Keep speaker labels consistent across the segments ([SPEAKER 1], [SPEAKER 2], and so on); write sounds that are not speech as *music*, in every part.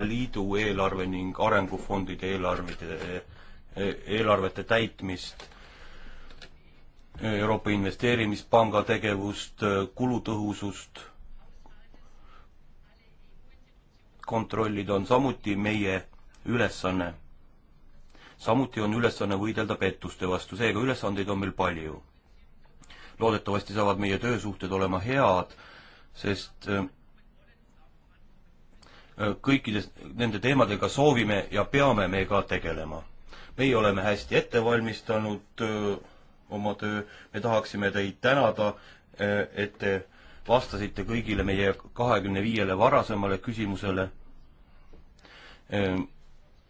[SPEAKER 1] Liidu eelarve ning arengufondide eelarvete, e-, eelarvete täitmist, Euroopa Investeerimispanga tegevust, kulutõhusust, kontrollida on samuti meie ülesanne. samuti on ülesanne võidelda pettuste vastu, seega ülesandeid on meil palju. loodetavasti saavad meie töösuhted olema head, sest kõikide nende teemadega soovime ja peame me ka tegelema. meie oleme hästi ette valmistanud öö, äh, oma töö, me tahaksime teid tänada, äh, et te vastasite kõigile meie kahekümne viiele varasemale küsimusele. Äh,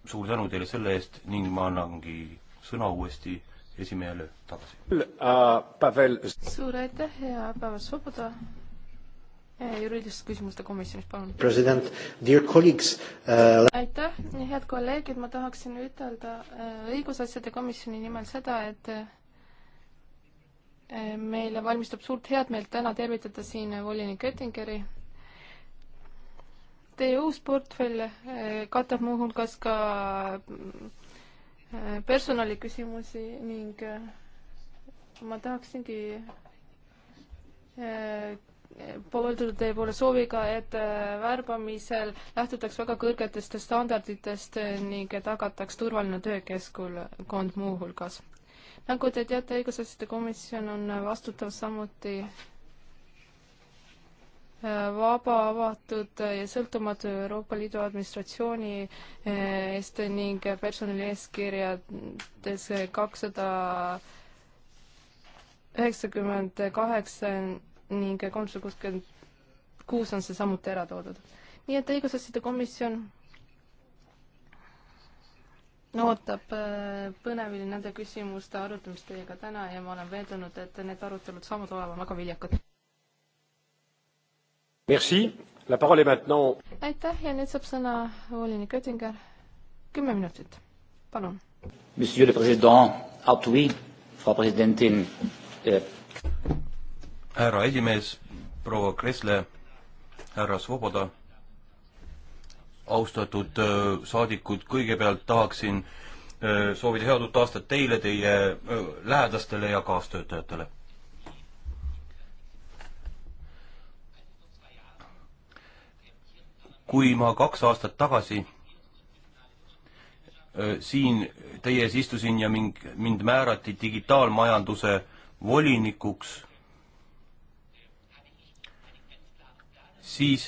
[SPEAKER 1] suur tänu teile selle eest ning ma annangi sõna uuesti esimehele tagasi.
[SPEAKER 2] suur aitäh ja päevast vabuda Eh, juriidiliste küsimuste komisjonis, palun. president,
[SPEAKER 3] dear colleagues uh....
[SPEAKER 2] aitäh, head kolleegid, ma tahaksin ütelda eh, õigusasjade komisjoni nimel seda, et meile valmistab suurt headmeelt täna tervitada siin volinik Oettingeri. Teie uus portfell katab muuhulgas ka personaliküsimusi ning ma tahaksingi pöörduda teie poole sooviga, et äh, värbamisel lähtutaks väga kõrgetest standarditest äh, ning tagataks turvaline töökeskkond muuhulgas. nagu te teate, õigusasjade komisjon on vastutav samuti äh, vaba, avatud ja sõltumatu Euroopa Liidu administratsiooni eest ning personalieeskirjades kakssada üheksakümmend kaheksa ning kolmsada kuuskümmend kuus on see samuti ära toodud. nii et õigusasjade komisjon ootab äh, põnevil nende küsimuste arutamist teiega täna ja ma olen veendunud, et need arutelud saavad olema väga viljakad.
[SPEAKER 3] Merci, la parole est maintenant.
[SPEAKER 2] aitäh ja nüüd saab sõna volinik Oettinger. kümme minutit, palun.
[SPEAKER 3] Monsieur le president, Artui, ah Frau Präsidentin
[SPEAKER 1] eh härra esimees, proua Kresle, härra Svoboda, austatud äh, saadikud, kõigepealt tahaksin äh, soovida head uut aastat teile, teie äh, lähedastele ja kaastöötajatele. kui ma kaks aastat tagasi siin teie ees istusin ja mind, mind määrati digitaalmajanduse volinikuks siis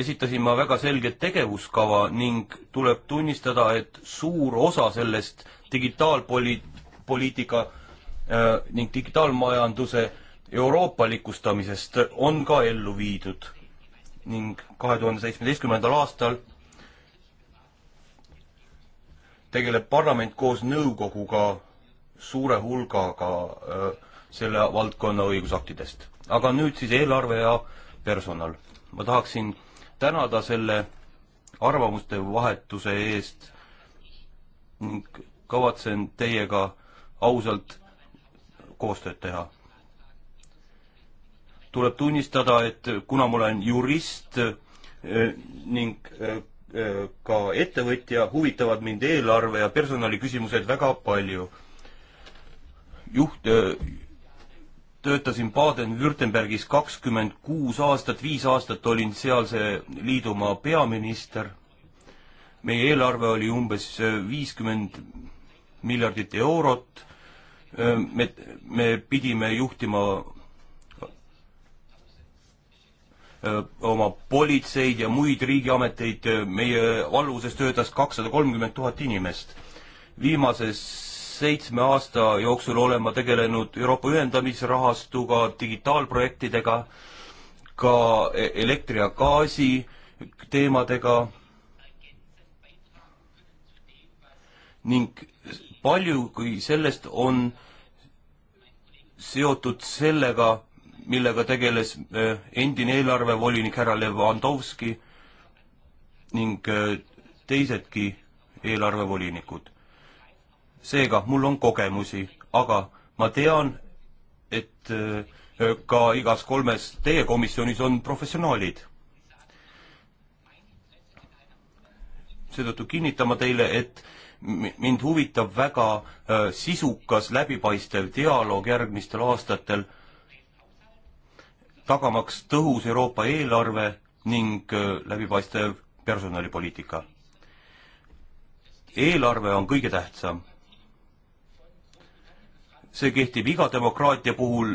[SPEAKER 1] esitasin ma väga selge tegevuskava ning tuleb tunnistada, et suur osa sellest digitaalpoliitika ning digitaalmajanduse euroopalikustamisest on ka ellu viidud ning kahe tuhande seitsmeteistkümnendal aastal tegeleb parlament koos nõukoguga suure hulgaga selle valdkonna õigusaktidest. aga nüüd siis eelarve ja äh, personal. ma tahaksin tänada selle arvamuste vahetuse eest ning kavatsen teiega ausalt koostööd teha. tuleb tunnistada, et kuna ma olen jurist eh, ning eh, eh, ka ettevõtja, huvitavad mind eelarve ja personaliküsimused väga palju. juht, töötasin Baden-Württembergis kakskümmend kuus aastat, viis aastat olin sealse liidumaa peaminister. meie eelarve oli umbes äh, viiskümmend miljardit eurot. Äh, me, me pidime juhtima äh, oma politseid ja muid riigiameteid, meie alluvuses töötas kakssada kolmkümmend tuhat inimest. viimases seitsme aasta jooksul olen ma tegelenud Euroopa ühendamisrahastuga, digitaalprojektidega, ka e-, elektri ja gaasi teemadega ning palju kui sellest on seotud sellega, millega tegeles e, endine eelarvevolinik härra Levandovski ning e, teisedki eelarvevolinikud seega mul on kogemusi, aga ma tean, et äh, ka igas kolmes teie komisjonis on professionaalid. seetõttu kinnitan ma teile, et mind huvitab väga äh, sisukas läbipaistev dialoog järgmistel aastatel, tagamaks tõhus Euroopa eelarve ning äh, läbipaistev personalipoliitika. eelarve on kõige tähtsam see kehtib iga demokraatia puhul,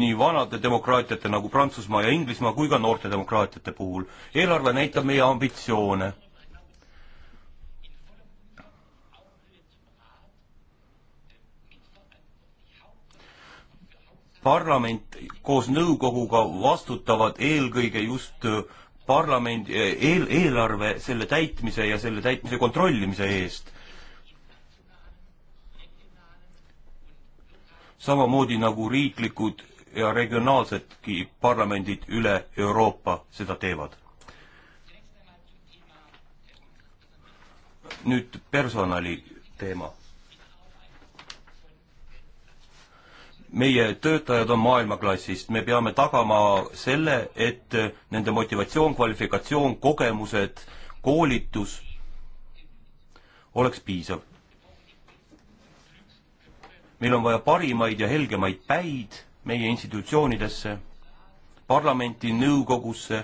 [SPEAKER 1] nii vanade demokraatiate nagu Prantsusmaa ja Inglismaa kui ka noorte demokraatiate puhul. eelarve näitab meie ambitsioone. parlament koos nõukoguga vastutavad eelkõige just parlamendi eel, eelarve, selle täitmise ja selle täitmise kontrollimise eest samamoodi nagu riiklikud ja regionaalsedki parlamendid üle Euroopa seda teevad. nüüd personali teema. meie töötajad on maailmaklassist, me peame tagama selle, et nende motivatsioon, kvalifikatsioon, kogemused, koolitus oleks piisav meil on vaja parimaid ja helgemaid päid meie institutsioonidesse, parlamenti, nõukogusse,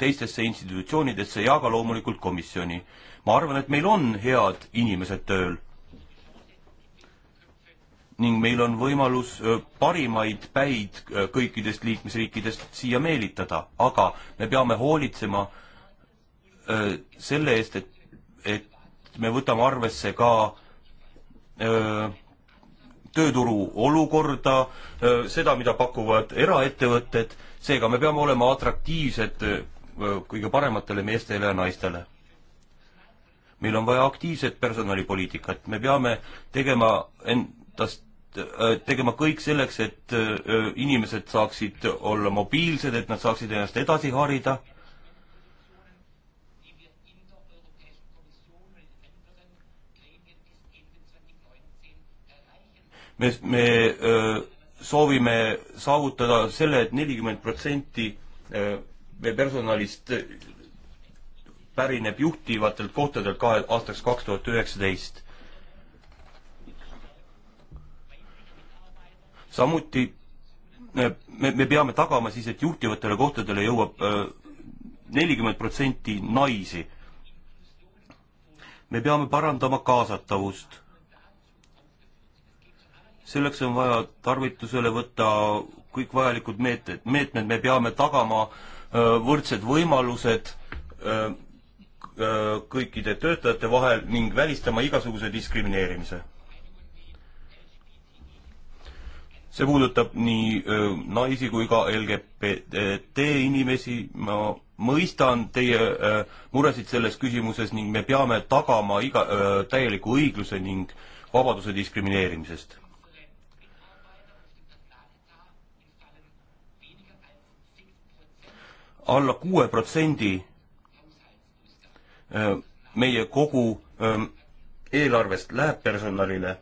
[SPEAKER 1] teistesse institutsioonidesse ja ka loomulikult komisjoni. ma arvan, et meil on head inimesed tööl. ning meil on võimalus parimaid päid kõikidest liikmesriikidest siia meelitada, aga me peame hoolitsema selle eest, et, et me võtame arvesse ka Äh, tööturu olukorda, äh, seda, mida pakuvad eraettevõtted, seega me peame olema atraktiivsed äh, kõige parematele meestele ja naistele. meil on vaja aktiivset personalipoliitikat, me peame tegema endast, tegema kõik selleks, et inimesed saaksid olla mobiilsed, et nad saaksid ennast edasi harida me, me öö, soovime saavutada selle et, et nelikümmend protsenti meie personalist pärineb juhtivatelt kohtadelt kahe, aastaks kaks tuhat üheksateist. samuti me, me peame tagama siis, et juhtivatele kohtadele jõuab nelikümmend protsenti naisi. me peame parandama kaasatavust selleks on vaja tarvitusele võtta kõik vajalikud meetmed, meetmed, me peame tagama äh, võrdsed võimalused äh, äh, kõikide töötajate vahel ning välistama igasuguse diskrimineerimise. see puudutab nii naisi kui ka LGBT inimesi, ma mõistan teie muresid selles küsimuses ning me peame tagama iga, täieliku õigluse ning vabaduse diskrimineerimisest alla kuue protsendi meie kogu eelarvest läheb personalile,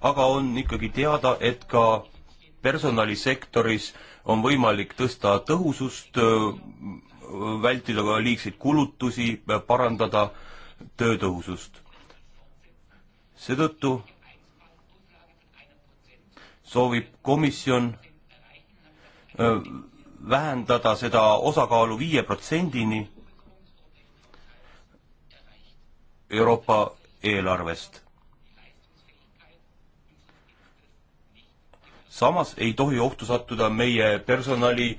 [SPEAKER 1] aga on ikkagi teada, et ka personalisektoris on võimalik tõsta tõhusust, vältida ka liigseid kulutusi, parandada töö tõhusust. seetõttu soovib komisjon vähendada seda osakaalu viie protsendini Euroopa eelarvest. samas ei tohi ohtu sattuda meie personali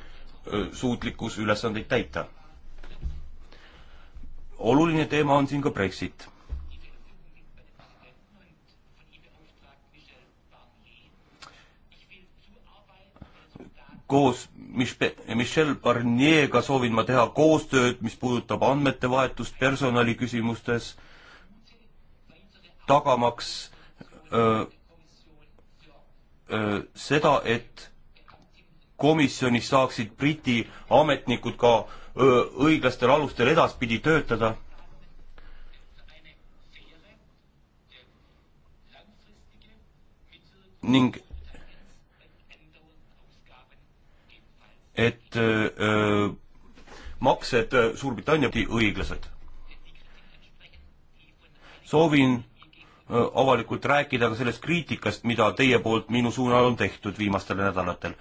[SPEAKER 1] suutlikkus ülesandeid täita. oluline teema on siin ka Brexit koos Michel Barnier'ga soovin ma teha koostööd, mis puudutab andmetevahetust personali küsimustes, tagamaks öö, öö, seda, et komisjonis saaksid Briti ametnikud ka öö, õiglastel alustel edaspidi töötada ning et öö, maksed Suurbritannia õiglased. soovin öö, avalikult rääkida ka sellest kriitikast, mida teie poolt minu suunal on tehtud viimastel nädalatel.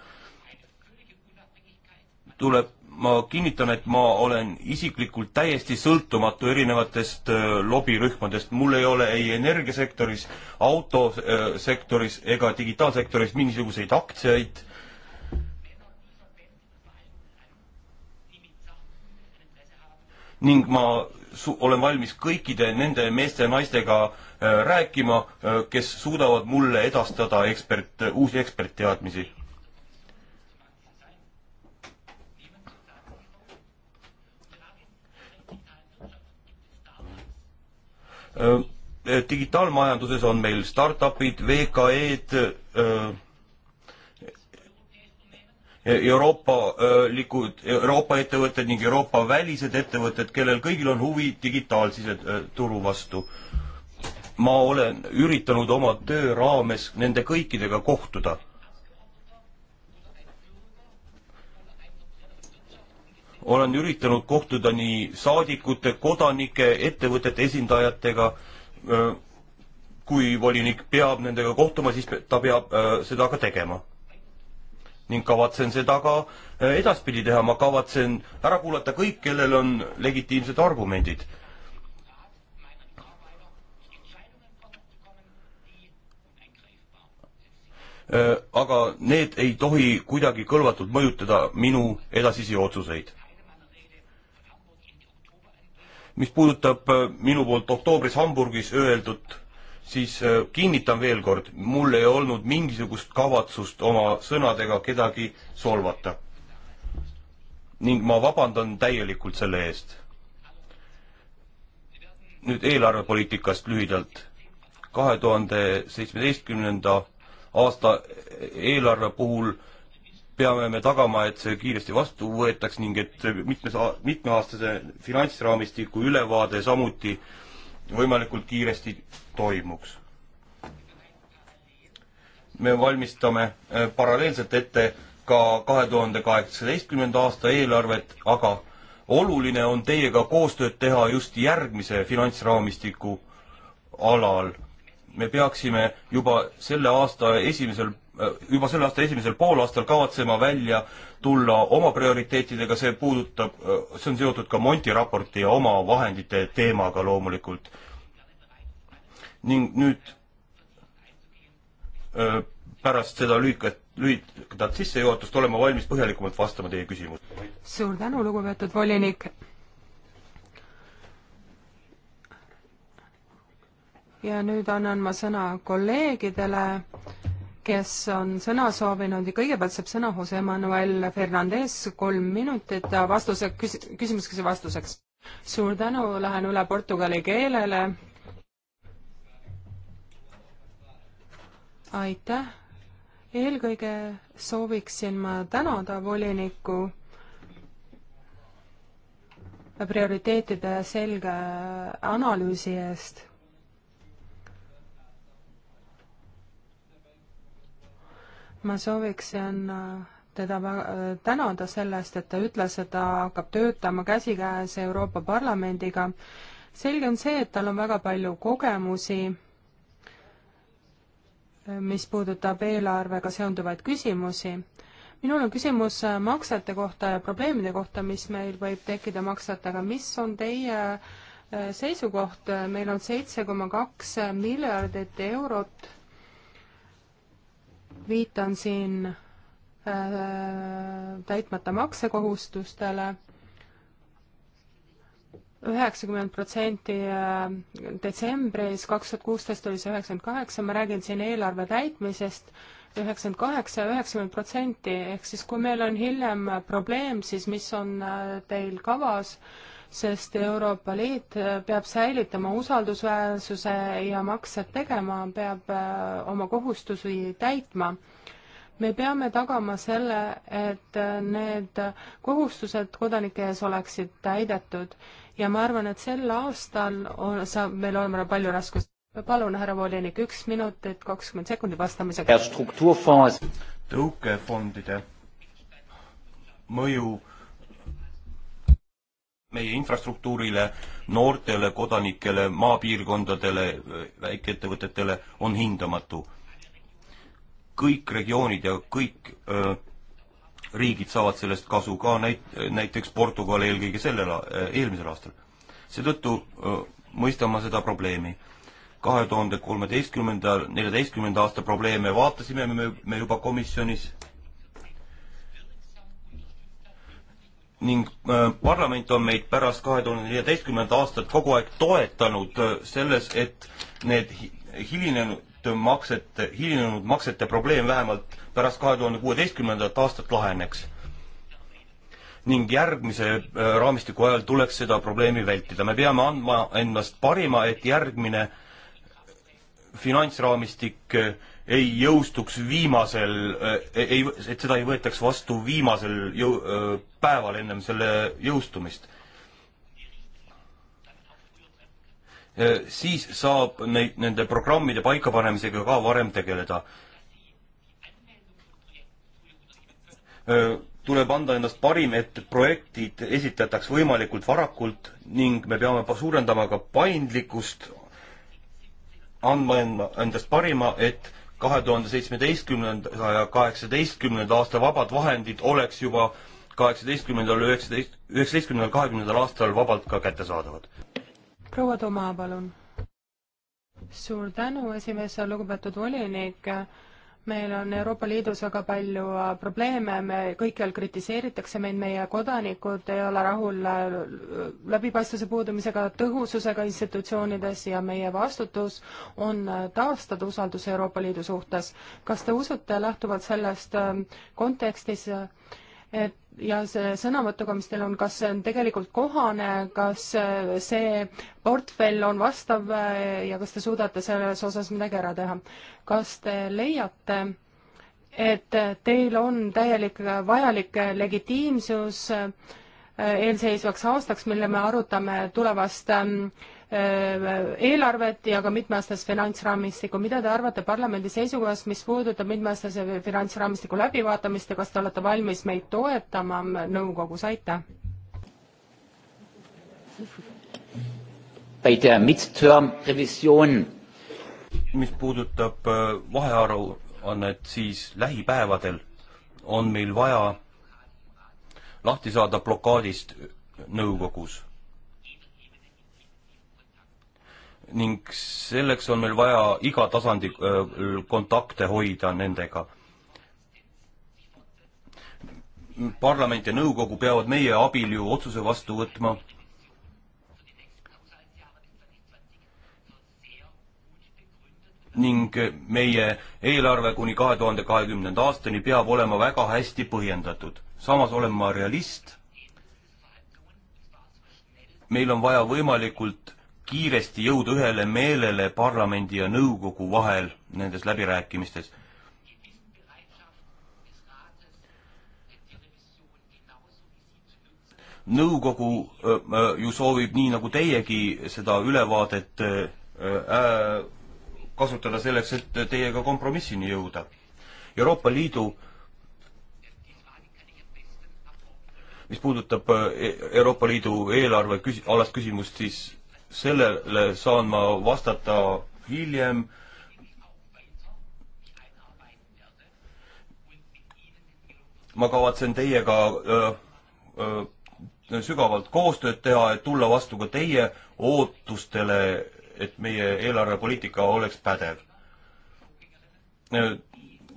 [SPEAKER 1] tuleb, ma kinnitan, et ma olen isiklikult täiesti sõltumatu erinevatest öö, lobirühmadest, mul ei ole ei energiasektoris, autosektoris ega digitaalsektoris mingisuguseid aktsiaid ning ma olen valmis kõikide nende meeste ja naistega äh, rääkima äh,, kes suudavad mulle edastada ekspert, äh, uusi ekspertteadmisi. Äh, digitaalmajanduses on meil startupid, VKE-d äh,, E, euroopalikud, Euroopa ettevõtted ning Euroopa välised ettevõtted, kellel kõigil on huvi digitaalse turu vastu. ma olen üritanud oma töö raames nende kõikidega kohtuda olen üritanud kohtuda nii saadikute, kodanike, ettevõtete esindajatega, kui volinik peab nendega kohtuma, siis ta peab seda ka tegema ning kavatsen seda ka äh, edaspidi teha, ma kavatsen ära kuulata kõik, kellel on legitiimsed argumendid. Äh, aga need ei tohi kuidagi kõlvatult mõjutada minu edasisi otsuseid. mis puudutab äh, minu poolt oktoobris Hamburgis öeldut siis äh, kinnitan veel kord, mul ei olnud mingisugust kavatsust oma sõnadega kedagi solvata. ning ma vabandan täielikult selle eest. nüüd eelarvepoliitikast lühidalt. kahe tuhande seitsmeteistkümnenda aasta eelarve puhul peame me tagama, et see kiiresti vastu võetaks ning et mitmes, mitmeaastase finantsraamistiku ülevaade samuti äh, võimalikult kiiresti toimuks. me valmistame äh, paralleelselt ette ka kahe tuhande kaheksateistkümnenda aasta eelarvet, aga oluline on teiega koostööd teha just järgmise finantsraamistiku alal. me peaksime juba selle aasta esimesel Äh, juba selle aasta esimesel poolaastal kavatsema välja tulla oma prioriteetidega, see puudutab, äh, see on seotud ka Monti raporti ja oma vahendite teemaga loomulikult. ning nüüd äh, pärast seda lühikat, lühikat sissejuhatust olen ma valmis põhjalikumalt vastama teie küsimustele.
[SPEAKER 4] suur tänu, lugupeetud volinik! ja nüüd annan ma sõna kolleegidele kes on sõna soovinud ja kõigepealt saab sõna Jose Manuel Fernandez, kolm minutit vastuse, küs-, küsimuseks ja vastuseks. suur tänu, lähen üle portugali keelele. aitäh. eelkõige sooviksin ma tänada volinikku prioriteetide selge analüüsi eest ma sooviksin äh, teda äh, tänada selle eest, et ta ütles, et ta hakkab töötama käsikäes Euroopa Parlamendiga. selge on see, et tal on väga palju kogemusi, äh, mis puudutab eelarvega seonduvaid küsimusi. minul on küsimus maksete kohta ja probleemide kohta, mis meil võib tekkida maksetega. mis on teie seisukoht, meil on seitse koma kaks miljardit eurot viitan siin äh, täitmata maksekohustustele, üheksakümmend protsenti äh, detsembris, kaks tuhat kuusteist oli see üheksakümmend kaheksa, ma räägin siin eelarve täitmisest, üheksakümmend kaheksa ja üheksakümmend protsenti, ehk siis kui meil on hiljem probleem, siis mis on äh, teil kavas äh, sest Euroopa Liit peab säilitama usaldusväärsuse ja maksed tegema, peab äh, oma kohustusi täitma. me peame tagama selle, et äh, need kohustused kodanike ees oleksid täidetud ja ma arvan, et sel aastal on, saab meil olema palju raskusi palun, härra volinik, üks minutit kakskümmend sekundit vastamiseks.
[SPEAKER 1] struktuurfond. tõukefondide mõju meie infrastruktuurile, noortele kodanikele, maapiirkondadele, väikeettevõtetele on hindamatu. kõik regioonid ja kõik öö, riigid saavad sellest kasu ka näit-, näiteks Portugal eelkõige sellel, eelmisel aastal. seetõttu mõistan ma seda probleemi. kahe tuhande kolmeteistkümnenda, neljateistkümnenda aasta probleeme vaatasime me, me juba komisjonis ning äh, parlament on meid pärast kahe tuhande neljateistkümnenda aastat kogu aeg toetanud äh, selles, et need hilinenud maksete, hilinenud maksete probleem vähemalt pärast kahe tuhande kuueteistkümnendat aastat laheneks. ning järgmise äh, raamistiku ajal tuleks seda probleemi vältida. me peame andma endast parima, et järgmine finantsraamistik äh, ei jõustuks viimasel, äh, ei, et seda ei võetaks vastu viimasel jõu, äh, päeval ennem selle jõustumist. Äh, siis saab neid, nende programmide paikapanemisega ka varem tegeleda. tuleb anda endast parim, et projektid esitataks võimalikult varakult ning me peame suurendama ka paindlikkust, andma endast parima, et kahe tuhande seitsmeteistkümnenda ja kaheksateistkümnenda aasta vabad vahendid oleks juba kaheksateistkümnendal, üheksateist, üheksateistkümnendal, kahekümnendal aastal vabalt ka kättesaadavad.
[SPEAKER 4] proua Toma, palun. suur tänu, esimees, lugupeetud volinik meil on Euroopa Liidus väga palju äh, probleeme, me kõikjal kritiseeritakse meid, meie kodanikud ei ole rahul äh, läbipaistvuse puudumisega, tõhususega institutsioonides ja meie vastutus on äh, taastada usaldus Euroopa Liidu suhtes. kas te usute lähtuvalt sellest kontekstis, et ja selle sõnavõtuga, mis teil on, kas see on tegelikult kohane, kas see portfell on vastav äh, ja kas te suudate selles osas midagi ära teha? kas te leiate, et teil on täielik vajalik legitiimsus äh, eelseisvaks aastaks, mille me arutame tulevast ähm, Äh, eelarvet ja ka mitmeaastast finantsraamistikku. mida te arvate parlamendi seisukohast, mis puudutab mitmeaastase finantsraamistiku läbivaatamist ja kas te olete valmis meid toetama nõukogus, aitäh!
[SPEAKER 1] Bei der Midterm-Revision mis puudutab äh, vahearuannet, siis lähipäevadel on meil vaja lahti saada blokaadist nõukogus. ning selleks on meil vaja iga tasandi kontakte hoida nendega. parlament ja nõukogu peavad meie abil ju otsuse vastu võtma. ning meie eelarve kuni kahe tuhande kahekümnenda aastani peab olema väga hästi põhjendatud. samas olen ma realist. meil on vaja võimalikult kiiresti jõuda ühele meelele parlamendi ja nõukogu vahel nendes läbirääkimistes. nõukogu öö, ju soovib, nii nagu teiegi, seda ülevaadet öö, kasutada selleks, et teiega kompromissini jõuda. Euroopa Liidu mis puudutab Euroopa Liidu eelarve küs-, alast küsimust, siis sellele saan ma vastata hiljem. ma kavatsen teiega öö, öö, sügavalt koostööd teha, et tulla vastu ka teie ootustele, et meie eelarvepoliitika oleks pädev.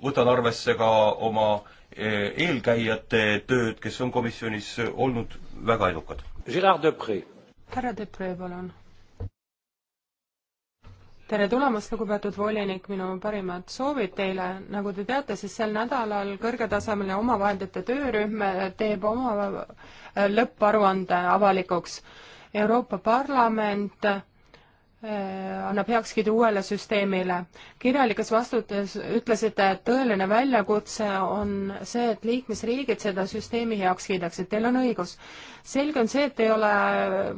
[SPEAKER 1] võtan arvesse ka oma e, eelkäijate tööd, kes on komisjonis olnud väga edukad.
[SPEAKER 4] härra Depre, palun tere tulemast, lugupeetud volinik, minu parimad soovid teile. nagu te teate, siis sel nädalal kõrgetasemeline omavahendite töörühm teeb oma lõpparuande avalikuks. Euroopa Parlament Äh, annab heakskiidu uuele süsteemile. kirjalikes vastutes ütlesite, et tõeline väljakutse on see, et liikmesriigid seda süsteemi heaks kiidaksid, teil on õigus. selge on see, et ei ole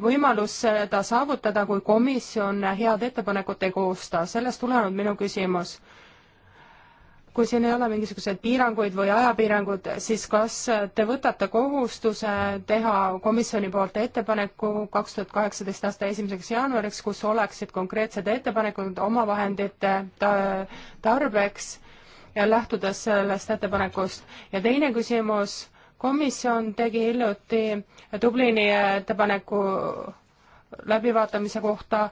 [SPEAKER 4] võimalus seda saavutada, kui komisjon head ettepanekut ei koosta, sellest tuleneb minu küsimus kui siin ei ole mingisuguseid piiranguid või ajapiirangud, siis kas te võtate kohustuse teha komisjoni poolt ettepaneku kaks tuhat kaheksateist aasta esimeseks jaanuariks, kus oleksid konkreetsed ettepanekud omavahendite ta-, tarbeks ja lähtudes sellest ettepanekust. ja teine küsimus, komisjon tegi hiljuti Dublini ettepaneku läbivaatamise kohta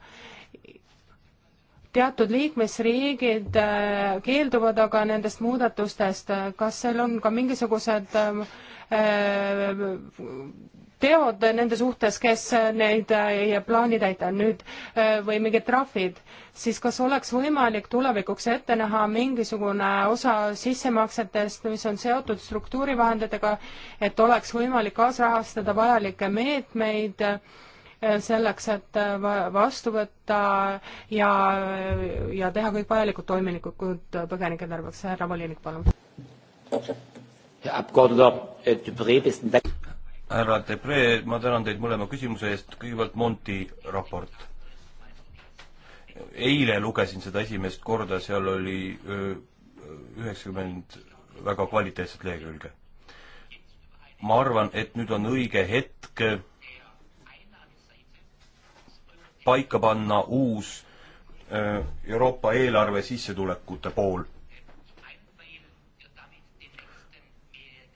[SPEAKER 4] teatud liikmesriigid äh, keelduvad aga nendest muudatustest, kas seal on ka mingisugused äh, teod nende suhtes, kes neid ei äh, plaani täita nüüd või mingid trahvid, siis kas oleks võimalik tulevikuks ette näha mingisugune osa sissemaksetest, mis on seotud struktuurivahenditega, et oleks võimalik kaasrahastada vajalikke meetmeid meet, selleks, et äh, vastu võtta ja, ja teha kõik vajalikud toimikud põgenike tarbeks. härra volinik, palun.
[SPEAKER 1] Äh, härra Debre, ma tänan teid mõlema küsimuse eest. kõigepealt Monti raport. eile lugesin seda esimest korda, seal oli äh, üheksakümmend väga kvaliteetset lehekülge. ma arvan, et nüüd on õige hetk paika panna uus äh, Euroopa eelarve sissetulekute pool.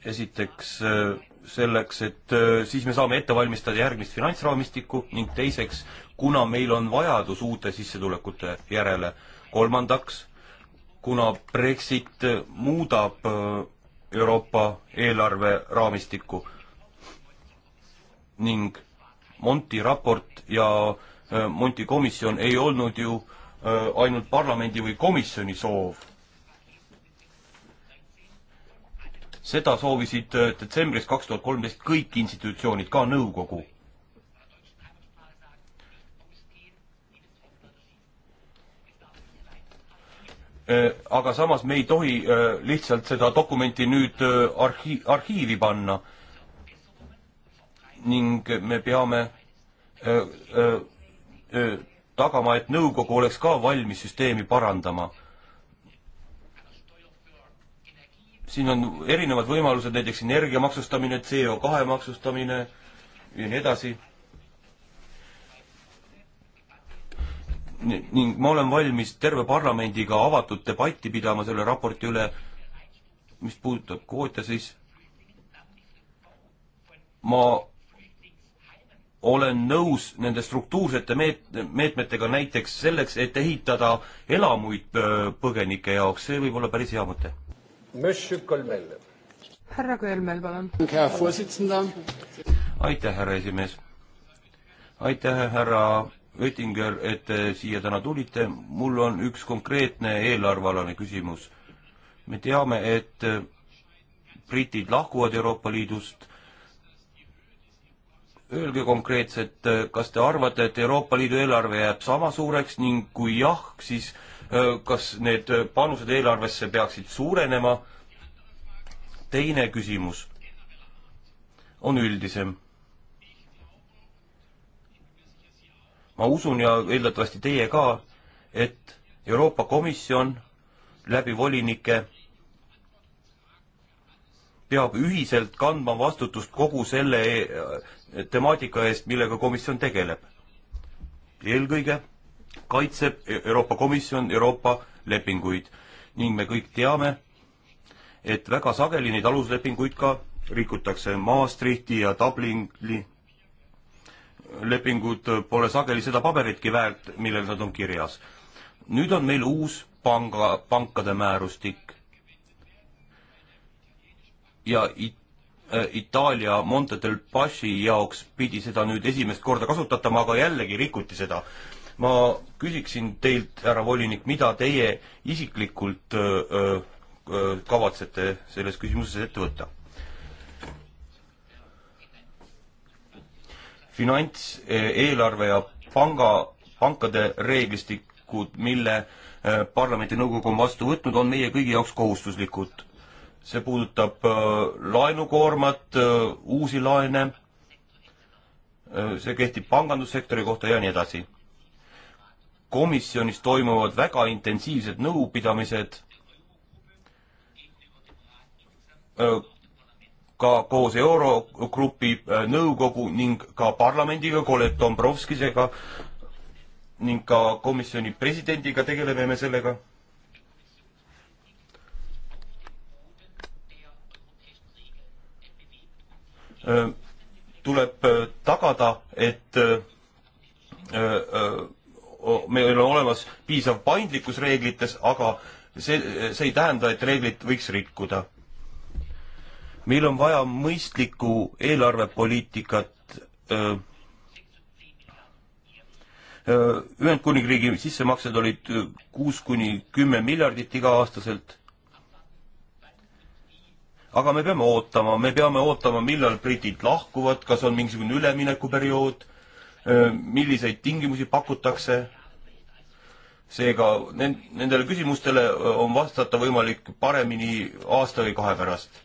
[SPEAKER 1] esiteks äh, selleks, et äh, siis me saame ette valmistada järgmist finantsraamistikku ning teiseks, kuna meil on vajadus uute sissetulekute järele. kolmandaks, kuna Brexit muudab Euroopa eelarveraamistikku ning Monti raport ja äh, Äh, Monti komisjon ei olnud ju äh, ainult parlamendi või komisjoni soov. seda soovisid äh, detsembris kaks tuhat kolmteist kõik institutsioonid, ka nõukogu aga samas me ei tohi lihtsalt seda dokumenti nüüd arhi-, arhiivi panna. ning me peame tagama, et nõukogu oleks ka valmis süsteemi parandama. siin on erinevad võimalused, näiteks energia maksustamine, CO kahe maksustamine ja nii edasi. ning ma olen valmis terve parlamendiga avatud debatti pidama selle raporti üle, mis puudutab kvoote, siis ma olen nõus nende struktuursete meet-, meetmetega näiteks selleks, et ehitada elamuid põgenike jaoks, see võib olla päris hea mõte.
[SPEAKER 4] härra Kölmel, palun.
[SPEAKER 1] aitäh, härra esimees. aitäh, härra Oettinger, et te siia täna tulite, mul on üks konkreetne eelarvealane küsimus. me teame, et britid lahkuvad Euroopa Liidust Öelge konkreetselt, äh, kas te arvate, et Euroopa Liidu eelarve jääb sama suureks ning kui jah, siis äh, kas need äh, panused eelarvesse peaksid suurenema? teine küsimus on üldisem. ma usun ja eeldatavasti teie ka, et Euroopa Komisjon läbi volinike peab ühiselt kandma vastutust kogu selle eh, temaatika eest, millega komisjon tegeleb. eelkõige kaitseb e-, Euroopa Komisjon Euroopa lepinguid ning me kõik teame, et väga sageli neid aluslepinguid ka rikutakse. Maastrichti ja Dublini lepingud pole sageli seda paberitki väärt, millel nad on kirjas. nüüd on meil uus panga, pankade määrustik ja It äh, Itaalia Monte del Paschi jaoks pidi seda nüüd esimest korda kasutatama, aga jällegi rikuti seda. ma küsiksin teilt, härra volinik, mida teie isiklikult öö, äh, öö, äh, kavatsete selles küsimuses ette võtta? finants, e-, eelarve ja panga, pankade reeglistikud, mille parlamendi nõukogu on vastu võtnud, on meie kõigi jaoks kohustuslikud see puudutab äh, laenukoormat, äh, uusi laene, äh, see kehtib pangandussektori kohta ja nii edasi. komisjonis toimuvad väga intensiivsed nõupidamised ka koos Eurogrupi nõukogu ning ka parlamendiga, kolleeg Dombrovskisega ning ka komisjoni presidendiga tegeleme me sellega tuleb tagada, et meil on olemas piisav paindlikkus reeglites, aga see, see ei tähenda, et reeglit võiks rikkuda. meil on vaja mõistlikku eelarvepoliitikat Ühendkuningriigi sissemaksed olid kuus kuni kümme miljardit iga-aastaselt aga me peame ootama, me peame ootama, millal britid lahkuvad, kas on mingisugune üleminekuperiood, milliseid tingimusi pakutakse. seega nendele küsimustele on vastata võimalik paremini aasta või kahe pärast.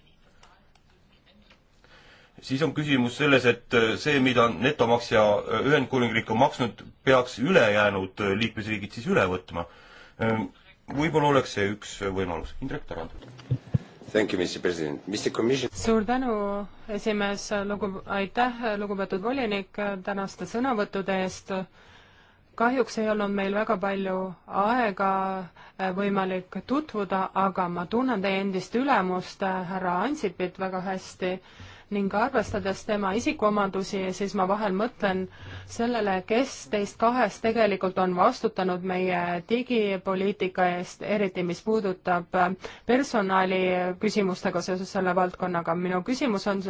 [SPEAKER 1] siis on küsimus selles, et see, mida netomaksja Ühendkuningriik on maksnud, peaks ülejäänud liikmesriigid siis üle võtma. võib-olla oleks see üks võimalus. Indrek Tarand suur tänu,
[SPEAKER 4] esimees, lugu, aitäh, lugupeetud volinik, tänaste sõnavõttude eest. kahjuks ei olnud meil väga palju aega eh, võimalik tutvuda, aga ma tunnen teie endist ülemust, härra Ansipit, väga hästi ning arvestades tema isikuomadusi, siis ma vahel mõtlen sellele, kes teist kahest tegelikult on vastutanud meie digipoliitika eest, eriti mis puudutab äh, personali küsimustega seoses selle valdkonnaga. minu küsimus on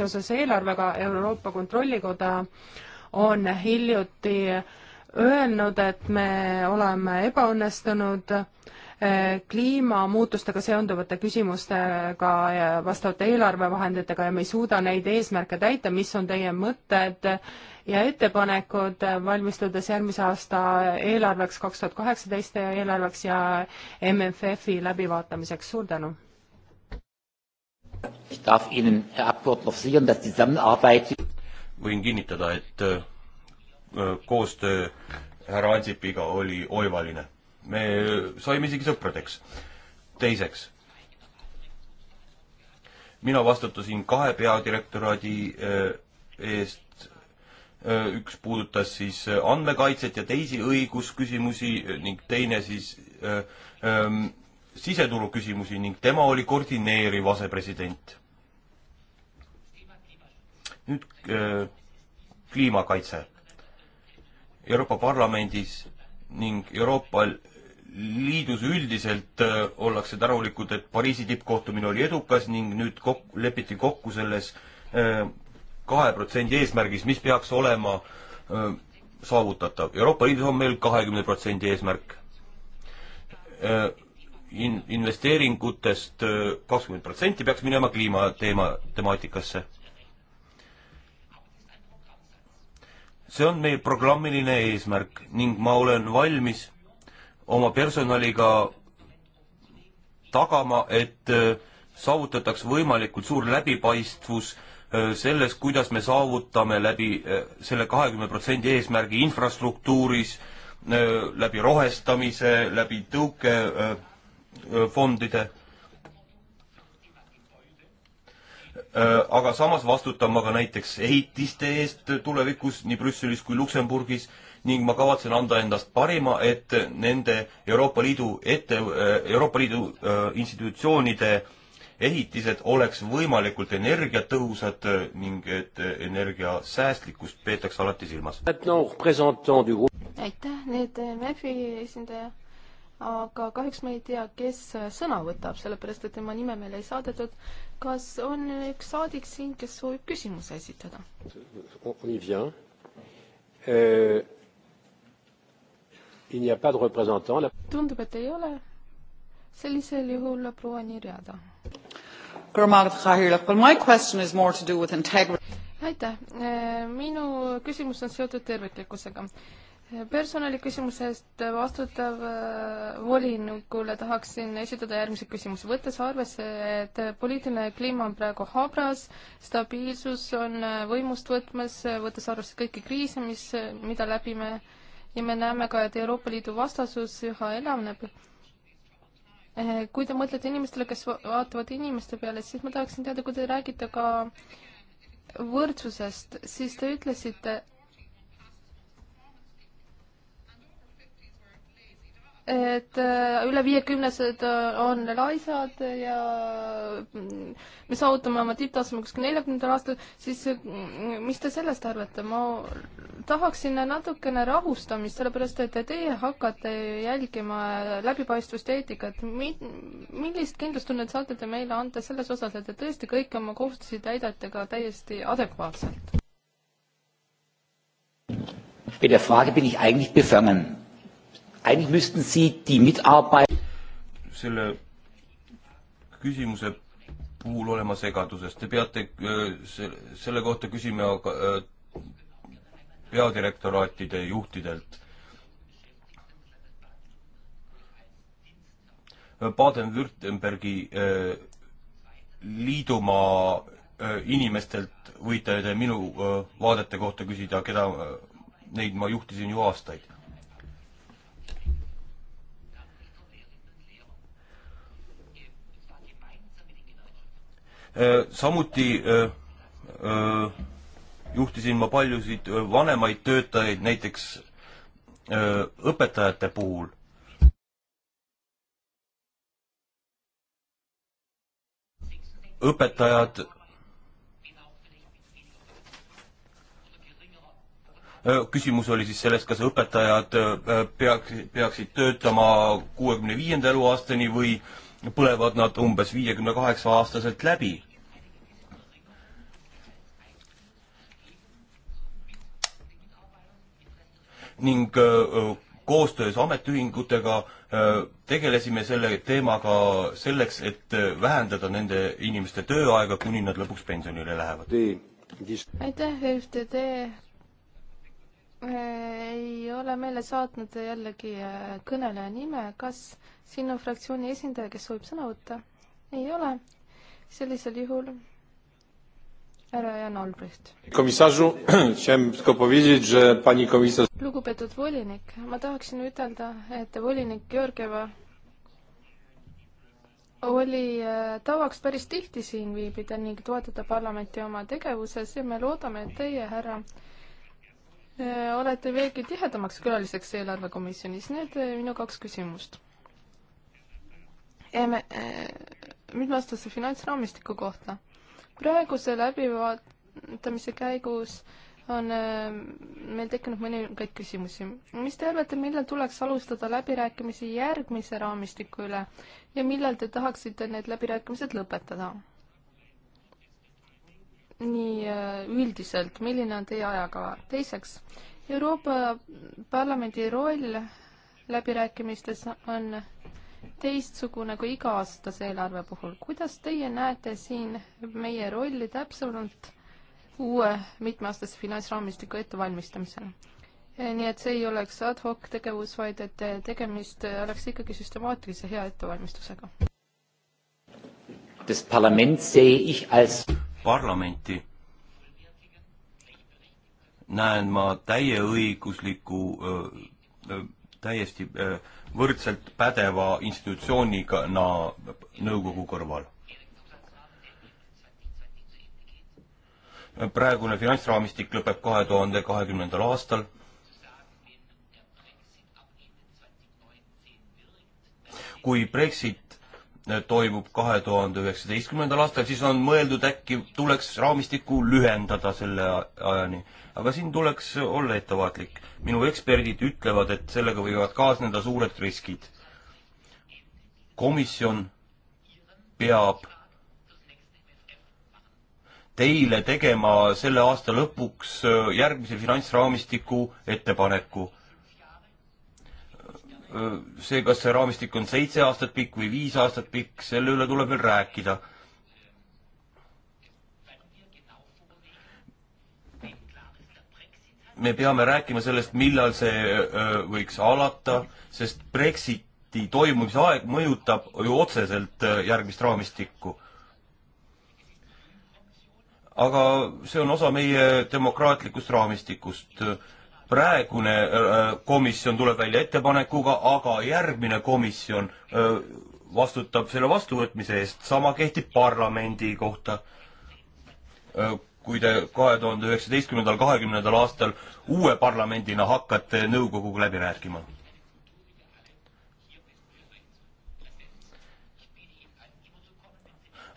[SPEAKER 4] seoses eelarvega, Euroopa Kontrollikoda on hiljuti öelnud, et me oleme ebaõnnestunud Äh, kliimamuutustega seonduvate küsimustega ja vastavate eelarvevahenditega ja me ei suuda neid eesmärke täita, mis on teie mõtted ja ettepanekud, äh, valmistudes järgmise aasta eelarveks kaks tuhat kaheksateist ja eelarveks ja MFF-i läbivaatamiseks, suur tänu!
[SPEAKER 1] võin kinnitada, et äh, koostöö härra Ansipiga oli oivaline me saime isegi sõpradeks. teiseks, mina vastutasin kahe peadirektoraadi äh, eest, äh, üks puudutas siis andmekaitset ja teisi õigusküsimusi ning teine siis äh, äh, siseturu küsimusi ning tema oli koordineeriv asepresident. nüüd äh, kliimakaitse. Euroopa Parlamendis ning Euroopa liidus üldiselt äh, ollakse tänulikud, et Pariisi tippkohtumine oli edukas ning nüüd kok-, lepiti kokku selles äh, kahe protsendi eesmärgis, mis peaks olema äh, saavutatav. Euroopa Liidus on meil kahekümne protsendi eesmärk. In-, investeeringutest kakskümmend protsenti peaks minema kliimateema, temaatikasse. see on meie programmiline eesmärk ning ma olen valmis oma personaliga tagama, et äh, saavutataks võimalikult suur läbipaistvus äh, selles, kuidas me saavutame läbi äh, selle kahekümne protsendi eesmärgi infrastruktuuris, läbi rohestamise, läbi tõukefondide. aga samas vastutan ma ka näiteks ehitiste eest tulevikus nii Brüsselis kui Luksemburgis ning ma kavatsen anda endast parima, et nende Euroopa Liidu ette, äh, Euroopa Liidu äh, institutsioonide ehitised oleks võimalikult energiatõhusad äh, ning et energiasäästlikkust peetakse alati silmas.
[SPEAKER 2] aitäh, nüüd MEF-i esindaja, aga kahjuks ma ei tea, kes sõna võtab, sellepärast et tema nime meile ei saadetud. kas on üks saadik siin, kes soovib küsimuse esitada? tundub, et ei ole. sellisel juhul proua Nirjada. aitäh, eh, minu küsimus on seotud terviklikkusega eh, personaliküsimusest vastutav eh, volinikule tahaksin esitada järgmise küsimuse. võttes arvesse, et poliitiline kliima on praegu habras, stabiilsus on võimust võtmas, võttes arvesse kõiki kriise, mis, mida läbime ja me näeme ka, et Euroopa Liidu vastasus üha elavneb. Eh, kui te mõtlete inimestele, kes vaatavad inimeste peale, siis ma tahaksin teada, kui te räägite ka võrdsusest, siis te ütlesite, et äh, üle viiekümnesed äh, on laisad ja mm, me saavutame oma tipptaseme kuskil neljakümnendal aastal, siis mm, mis te sellest arvate? ma tahaksin natukene rahustamist, sellepärast et teie hakkate jälgima läbipaistvust ja eetikat. Mi-, millist kindlustunnet saate te meile anda selles osas, et te tõesti kõiki oma kohustusi täidate ka täiesti adekvaatselt?
[SPEAKER 3] Bei
[SPEAKER 1] der Frage bin ich
[SPEAKER 3] eigentlich befangen
[SPEAKER 1] Eigentlich müssten Sie die Mitarbeit- selle küsimuse puhul olema segaduses, te peate äh, selle kohta küsima äh, peadirektoraatide juhtidelt. Baden-Württembergi äh, liidumaa inimestelt võite te minu vaadete kohta küsida, keda, neid ma juhtisin ju aastaid Äh, samuti äh, äh, juhtisin ma paljusid vanemaid töötajaid, näiteks õpetajate puhul. õpetajad küsimus oli siis selles, kas õpetajad peaks, peaksid töötama kuuekümne viienda eluaastani või põlevad nad umbes viiekümne kaheksa aastaselt läbi ning äh, äh, koostöös ametiühingutega äh, tegelesime selle teemaga selleks, et vähendada nende inimeste tööaega, kuni nad lõpuks pensionile lähevad.
[SPEAKER 2] aitäh, FTD ei ole meile saatnud jällegi kõneleja nime, kas siin on fraktsiooni esindaja, kes soovib sõna võtta? ei ole. sellisel juhul härra Jan Albrecht.
[SPEAKER 1] komissaru, *clears throat* komisar...
[SPEAKER 2] lugupeetud volinik, ma tahaksin ütelda, et volinik Georgieva oli äh, tavaks päris tihti siin viibida ning toetada parlamenti oma tegevuses ja me loodame, et teie, härra, äh, olete veelgi tihedamaks külaliseks eelarvekomisjonis. Need äh, minu kaks küsimust. nüüd vastasin finantsraamistiku kohta praeguse läbivaatamise käigus on äh, meil tekkinud mõningaid küsimusi. mis te arvate, millal tuleks alustada läbirääkimisi järgmise raamistiku üle ja millal te tahaksite need läbirääkimised lõpetada? nii äh, üldiselt, milline on teie ajakava? teiseks, Euroopa Parlamendi roll läbirääkimistes on teistsugune kui iga-aastase eelarve puhul. kuidas teie näete siin meie rolli täpsemalt uue mitmeaastase finantsraamistiku ettevalmistamisel? nii et see ei oleks ad hoc tegevus, vaid et tegemist oleks ikkagi süstemaatilise hea ettevalmistusega.
[SPEAKER 1] parlamenti näen ma täieõigusliku, täiesti öö, võrdselt pädeva institutsiooniga nõukogu kõrval. praegune finantsraamistik lõpeb kahe tuhande kahekümnendal aastal kui Brexit toimub kahe tuhande üheksateistkümnendal aastal, siis on mõeldud, äkki tuleks raamistikku lühendada selle ajani. aga siin tuleks olla ettevaatlik. minu eksperdid ütlevad, et sellega võivad kaasneda suured riskid. komisjon peab teile tegema selle aasta lõpuks järgmise finantsraamistiku ettepaneku see, kas see raamistik on seitse aastat pikk või viis aastat pikk, selle üle tuleb veel rääkida. me peame rääkima sellest, millal see võiks alata, sest Brexiti toimumise aeg mõjutab ju otseselt järgmist raamistikku. aga see on osa meie demokraatlikust raamistikust praegune komisjon tuleb välja ettepanekuga, aga järgmine komisjon vastutab selle vastuvõtmise eest, sama kehtib parlamendi kohta. kui te kahe tuhande üheksateistkümnendal, kahekümnendal aastal uue parlamendina hakkate nõukoguga läbi rääkima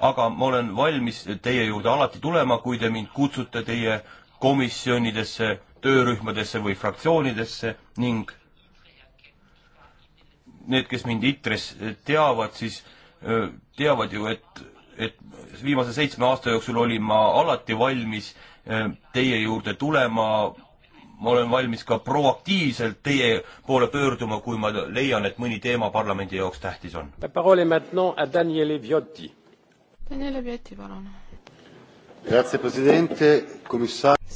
[SPEAKER 1] aga ma olen valmis teie juurde alati tulema, kui te mind kutsute teie komisjonidesse töörühmadesse või fraktsioonidesse ning need, kes mind ITRES teavad, siis teavad ju, et, et viimase seitsme aasta jooksul olin ma alati valmis teie juurde tulema, ma olen valmis ka proaktiivselt teie poole pöörduma, kui ma leian, et mõni teema parlamendi jaoks tähtis on. Daniele
[SPEAKER 2] Viotti, palun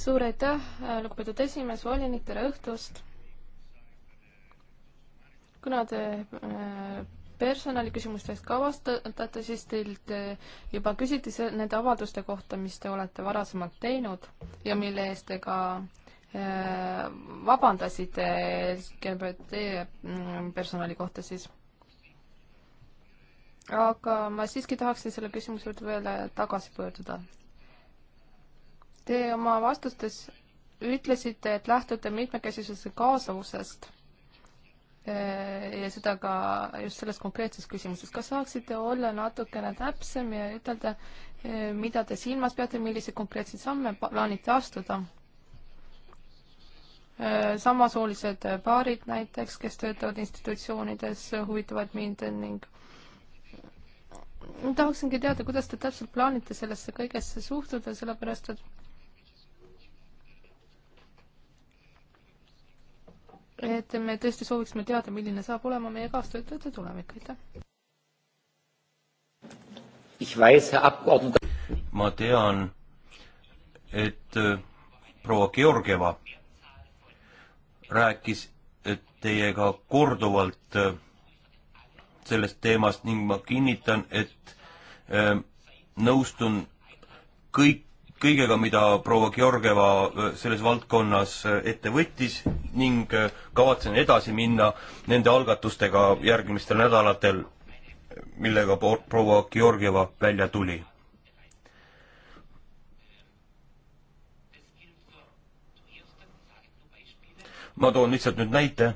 [SPEAKER 2] suur aitäh, lugupeetud esimees, volinik, tere õhtust! kuna te äh, personaliküsimustest ka vastate, siis teilt äh, juba küsiti nende avalduste kohta, mis te olete varasemalt teinud ja mille eest te ka äh, vabandasite LGBT mm, personali kohta siis. aga ma siiski tahaksin selle küsimuse juurde veel tagasi pöörduda Te oma vastustes ütlesite, et lähtute mitmekesisuse kaasavusest eh, ja seda ka just selles konkreetses küsimuses. kas saaksite olla natukene täpsem ja ütelda, eh, mida te silmas peate, milliseid konkreetseid samme plaanite astuda? Eh, samasoolised paarid näiteks, kes töötavad institutsioonides, huvitavad mind ning tahaksingi teada, kuidas te täpselt plaanite sellesse kõigesse suhtuda, sellepärast et et me tõesti sooviksime teada, milline saab olema meie kaastöötajate tulevik, aitäh.
[SPEAKER 1] ma tean, et äh, proua Georgieva rääkis teiega korduvalt äh, sellest teemast ning ma kinnitan, et äh, nõustun kõik kõigega, mida proua Georgieva äh, selles valdkonnas äh, ette võttis ning äh, kavatsen edasi minna nende algatustega järgmistel nädalatel, millega proua Georgieva välja tuli. ma toon lihtsalt nüüd näite,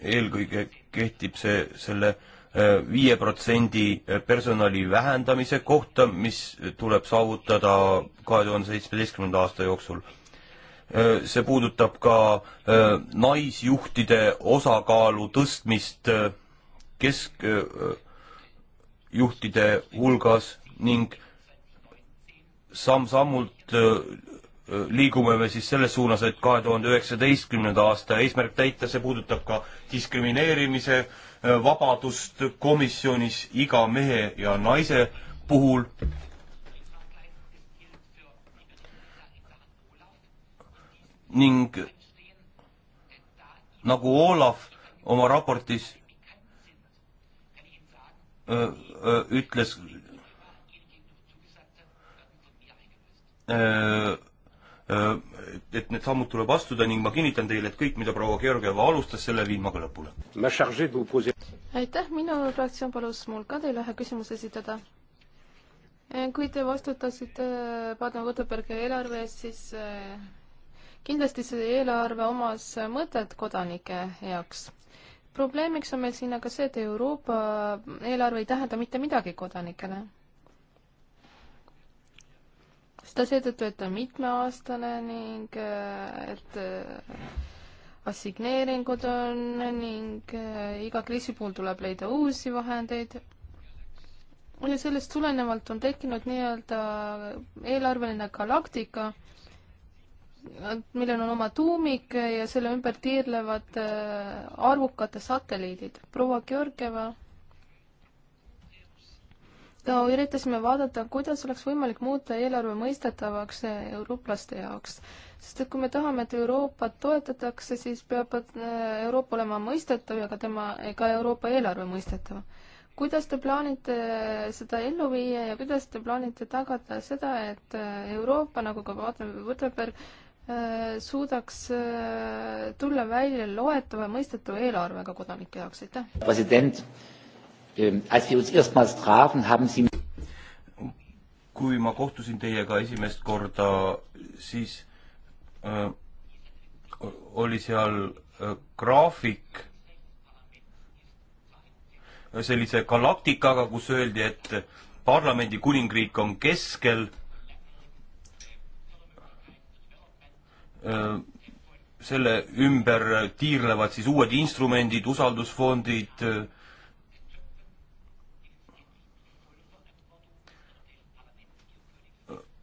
[SPEAKER 1] eelkõige kehtib see selle viie protsendi personali vähendamise kohta, mis tuleb saavutada kahe tuhande seitsmeteistkümnenda aasta jooksul. see puudutab ka äh, naisjuhtide osakaalu tõstmist äh, keskjuhtide äh, hulgas ning samm-sammult liigume me siis selles suunas, et kahe tuhande üheksateistkümnenda aasta eesmärk täita, see puudutab ka diskrimineerimise äh, Äh, vabadust komisjonis iga mehe ja naise puhul. ning nagu Olav oma raportis öö, äh, öö, äh, ütles öö, Äh, et need sammud tuleb astuda ning ma kinnitan teile, et kõik, mida proua Georgieva alustas, selle viin ma ka lõpule.
[SPEAKER 2] aitäh, minu fraktsioon palus mul ka teile ühe küsimuse esitada. Äh, kui te vastutasite Baden-Württembergi eelarve eest, siis äh, kindlasti see eelarve omas mõtet kodanike heaks. probleemiks on meil siin aga see, et Euroopa eelarve ei tähenda mitte midagi kodanikele seda seetõttu, et ta on mitmeaastane ning äh, et äh, assigneeringud on ning äh, iga kriisi puhul tuleb leida uusi vahendeid. ja sellest tulenevalt on tekkinud nii-öelda eelarveline galaktika, millel on oma tuumik ja selle ümber tiirlevad arvukate satelliidid. proua Georgieva ka üritasime vaadata, kuidas oleks võimalik muuta eelarve mõistetavaks eurooplaste jaoks. sest et kui me tahame, et Euroopat toetatakse, siis peab äh, Euroopa olema mõistetav ja ka tema, ka Euroopa eelarve mõistetav. kuidas te plaanite äh, seda ellu viia ja kuidas te plaanite tagada seda, et äh, Euroopa, nagu ka Baden-Württemberg, suudaks tulla välja loetava ja mõistetava eelarvega kodanike jaoks, aitäh!
[SPEAKER 3] president Ähm, als wir uns erstmals trafen, haben Sie
[SPEAKER 1] kui ma kohtusin teiega esimest korda, siis äh, oli seal äh, graafik sellise galaktikaga, kus öeldi, et parlamendi kuningriik on keskel äh,. selle ümber tiirlevad siis uued instrumendid, usaldusfondid äh,,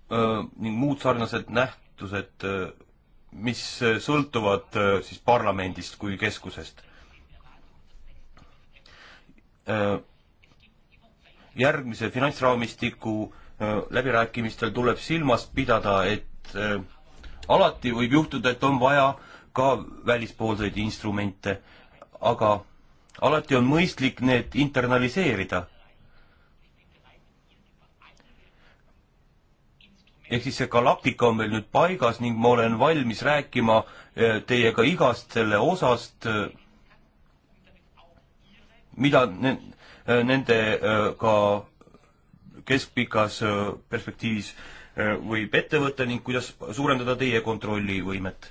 [SPEAKER 1] ning muud sarnased nähtused, mis sõltuvad siis parlamendist kui keskusest. järgmise finantsraamistiku läbirääkimistel tuleb silmas pidada, et alati võib juhtuda, et on vaja ka välispoolseid instrumente, aga alati on mõistlik need internaliseerida ehk siis see galaktika on meil nüüd paigas ning ma olen valmis rääkima eh, teiega igast selle osast, eh, mida eh, nendega keskpikas perspektiivis võib ette võtta ning kuidas suurendada teie kontrollivõimet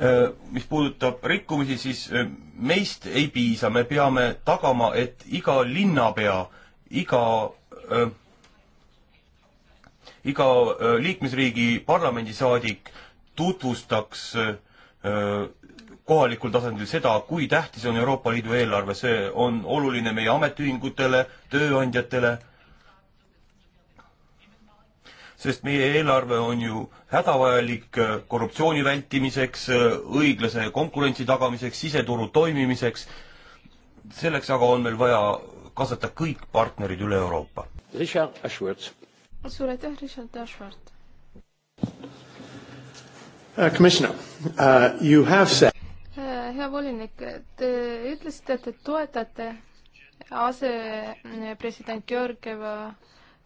[SPEAKER 1] Äh, mis puudutab rikkumisi, siis äh, meist ei piisa, me peame tagama, et iga linnapea, iga äh, iga äh, liikmesriigi parlamendisaadik tutvustaks äh, kohalikul tasandil seda, kui tähtis on Euroopa Liidu eelarve, see on oluline meie ametiühingutele, tööandjatele sest meie eelarve on ju hädavajalik äh, korruptsiooni vältimiseks, äh, õiglase konkurentsi tagamiseks, siseturu toimimiseks. selleks aga on meil vaja kaasata kõik partnerid üle Euroopa. Richard Ashworth.
[SPEAKER 2] suur aitäh, Richard Ashworth.
[SPEAKER 4] Uh, commissioner uh,, you have said
[SPEAKER 2] uh, hea volinik, te ütlesite, et te toetate asepresident Georgieva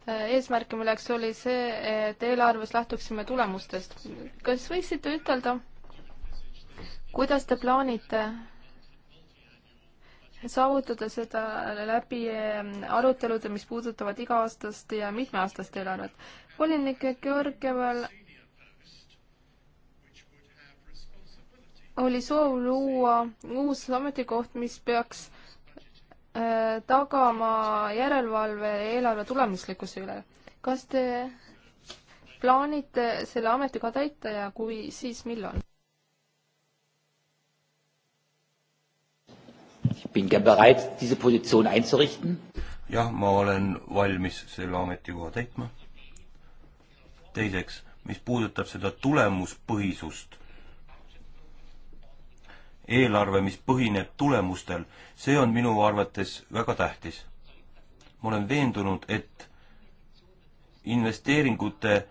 [SPEAKER 2] eesmärke, milleks oli see, et eelarves lähtuksime tulemustest. kas võiksite ütelda, kuidas te plaanite saavutada seda läbi ehm, arutelude, mis puudutavad iga-aastast ja mitmeaastast eelarvet? volinik Georgieval oli soov luua uus ametikoht, mis peaks Äh, tagama järelevalve eelarve tulemuslikkuse üle. kas te plaanite selle ametiga täita ja kui, siis millal?
[SPEAKER 1] jah, ma olen valmis selle ametikoha täitma. teiseks, mis puudutab seda tulemuspõhisust eelarve, mis põhineb tulemustel, see on minu arvates väga tähtis. ma olen veendunud, et investeeringute äh,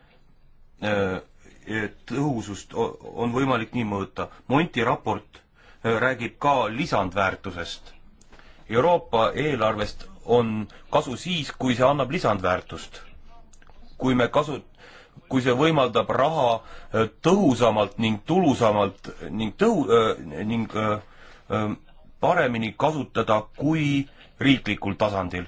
[SPEAKER 1] tõhusust on võimalik nii mõõta. Monti raport äh, räägib ka lisandväärtusest. Euroopa eelarvest on kasu siis, kui see annab lisandväärtust. kui me kasu-, kui see võimaldab raha äh, tõhusamalt ning tulusamalt ning tõhu- äh, ning äh, äh, paremini kasutada kui riiklikul tasandil.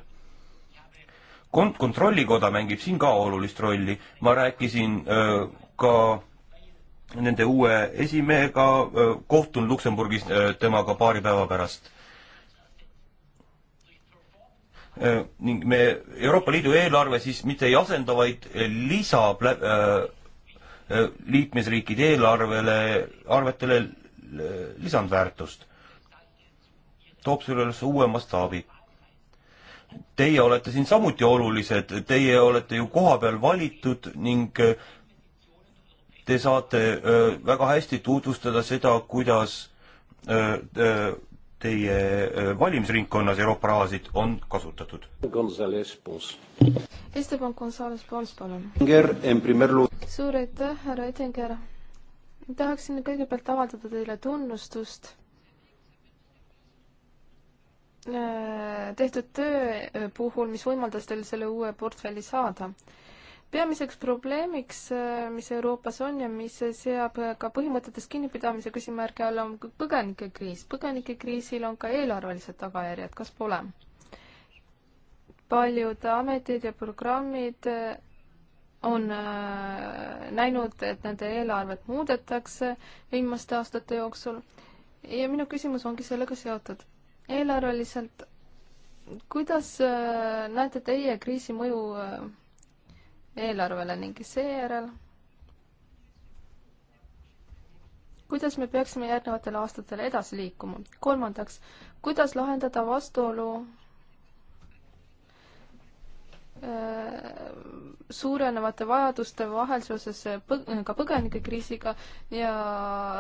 [SPEAKER 1] kont-, Kontrollikoda mängib siin ka olulist rolli, ma rääkisin öö, äh, ka nende uue esimehega, äh, kohtun Luksemburgis öö, temaga paari päeva pärast. Äh, ning me Euroopa Liidu eelarve siis mitte ei asenda, vaid lisab lä- äh,, äh liikmesriikide eelarvele, arvetele lisandväärtust. toob sellesse uue mastaabi. Teie olete siin samuti olulised, teie olete ju kohapeal valitud ning äh, te saate öö, väga hästi tutvustada seda, kuidas öö, öö, teie äh, valimisringkonnas Euroopa rahasid on kasutatud?
[SPEAKER 2] Esteban Gonzalez Pons, palun. suur aitäh, härra Edinger. tahaksin kõigepealt avaldada teile tunnustust äh, tehtud töö äh, puhul, mis võimaldas teil selle uue portfelli saada peamiseks probleemiks, äh, mis Euroopas on ja mis seab ka põhimõtetest kinnipidamise küsimärgi alla, on põgenikekriis. põgenikekriisil on ka eelarvelised tagajärjed, kas pole? paljud ametid ja programmid äh, on äh, näinud, et nende eelarvet muudetakse viimaste aastate jooksul ja minu küsimus ongi sellega seotud. eelarveliselt, kuidas näete teie kriisi mõju eelarvele ning seejärel kuidas me peaksime järgnevatel aastatel edasi liikuma. kolmandaks, kuidas lahendada vastuolu äh, suurenevate vajaduste vahel seoses äh, põ-, äh, ka põgenikekriisiga ja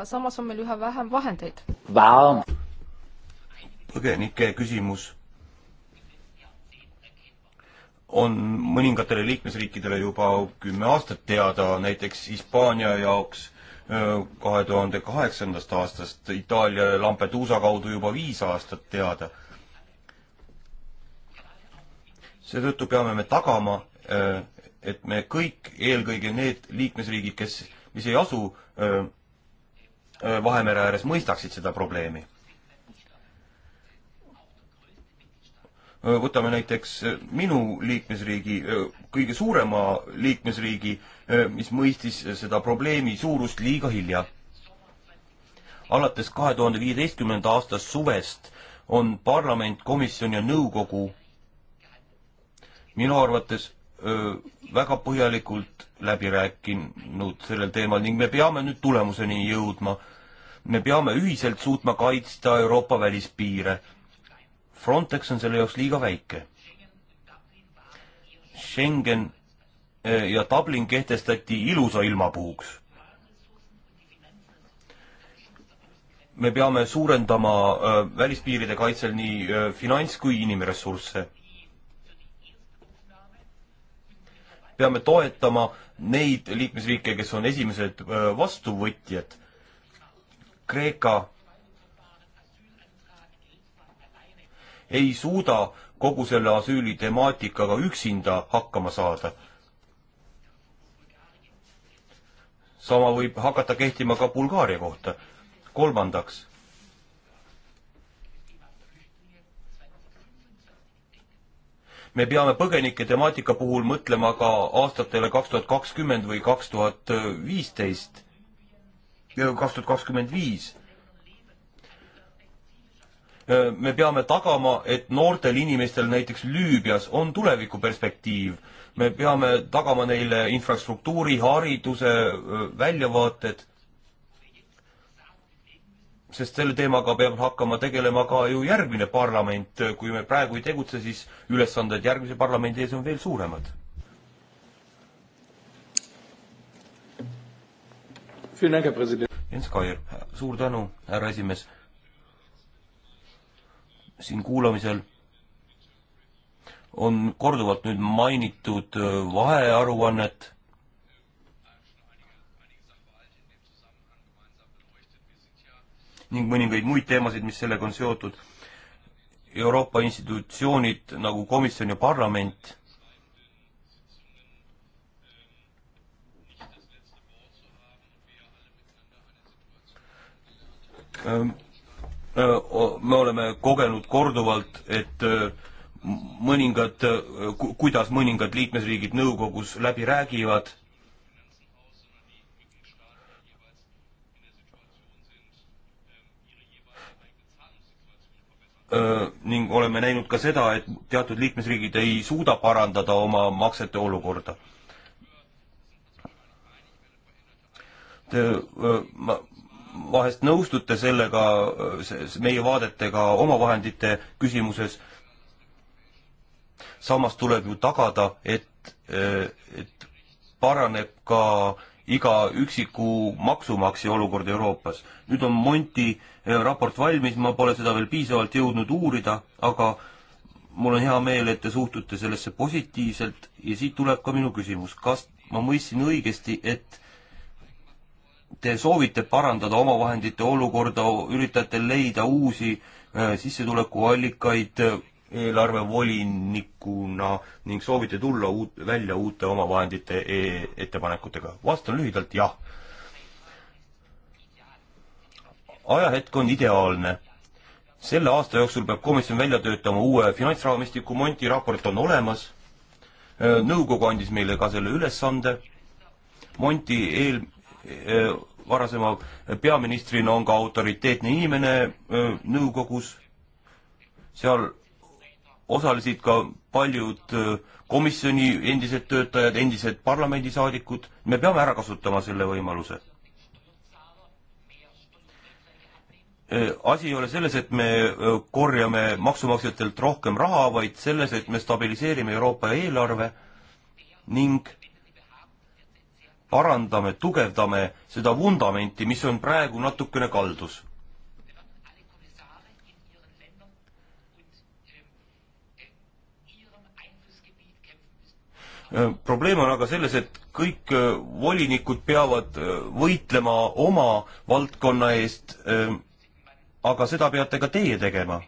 [SPEAKER 2] samas on meil üha vähem vahendeid
[SPEAKER 1] wow.. põgenike küsimus on mõningatele liikmesriikidele juba kümme aastat teada, näiteks Hispaania jaoks kahe tuhande kaheksandast aastast, Itaalia Lampeduusa kaudu juba viis aastat teada. seetõttu peame me tagama, et me kõik, eelkõige need liikmesriigid, kes, mis ei asu Vahemere ääres, mõistaksid seda probleemi võtame näiteks minu liikmesriigi, kõige suurema liikmesriigi, mis mõistis seda probleemi suurust liiga hilja. alates kahe tuhande viieteistkümnenda aasta suvest on parlament, komisjon ja nõukogu minu arvates öö, väga põhjalikult läbi rääkinud sellel teemal ning me peame nüüd tulemuseni jõudma. me peame ühiselt suutma kaitsta Euroopa välispiire Frontex on selle jaoks liiga väike. Schengen eh, ja Dublin kehtestati ilusa ilma puhuks. me peame suurendama eh, välispiiride kaitsel nii eh, finants- kui inimressursse. peame toetama neid liikmesriike, kes on esimesed vastuvõtjad. Kreeka ei suuda kogu selle asüülitemaatikaga üksinda hakkama saada. sama võib hakata kehtima ka Bulgaaria kohta. kolmandaks, me peame põgenike temaatika puhul mõtlema ka aastatele kaks tuhat kakskümmend või kaks tuhat viisteist, kaks tuhat kakskümmend viis me peame tagama, et noortel inimestel näiteks Lüübias on tulevikuperspektiiv. me peame tagama neile infrastruktuuri, hariduse, väljavaated, sest selle teemaga peab hakkama tegelema ka ju järgmine parlament, kui me praegu ei tegutse, siis ülesanded järgmise parlamendi ees on veel suuremad. Jens Kair, suur tänu, härra esimees siin kuulamisel on korduvalt nüüd mainitud äh, vahearuannet ning mõningaid muid teemasid, mis sellega on seotud. Euroopa institutsioonid nagu komisjon ja parlament ähm, me oleme kogenud korduvalt, et mõningad, kuidas mõningad liikmesriigid nõukogus läbi räägivad, ning oleme näinud ka seda, et teatud liikmesriigid ei suuda parandada oma maksete olukorda. Te, ma vahest nõustute sellega, meie vaadetega omavahendite küsimuses, samas tuleb ju tagada, et, et paraneb ka iga üksiku maksumaksja olukord Euroopas. nüüd on Monti eh, raport valmis, ma pole seda veel piisavalt jõudnud uurida, aga mul on hea meel, et te suhtute sellesse positiivselt ja siit tuleb ka minu küsimus, kas ma mõistsin õigesti, et te soovite parandada omavahendite olukorda, üritate leida uusi äh, sissetulekuallikaid äh, eelarvevolinikuna ning soovite tulla uut, välja uute omavahendite e ettepanekutega? vastan lühidalt jah. ajahetk on ideaalne. selle aasta jooksul peab komisjon välja töötama uue finantsraamistiku, Monti raport on olemas, äh, nõukogu andis meile ka selle ülesande, Monti eel, äh, varasema peaministrina on ka autoriteetne inimene nõukogus, seal osalesid ka paljud komisjoni endised töötajad, endised parlamendisaadikud, me peame ära kasutama selle võimaluse. asi ei ole selles, et me korjame maksumaksjatelt rohkem raha, vaid selles, et me stabiliseerime Euroopa eelarve ning parandame, tugevdame seda vundamenti, mis on praegu natukene kaldus. Äh, probleem on aga selles, et kõik äh, volinikud peavad äh, võitlema oma valdkonna eest, aga seda peate ka teie tegema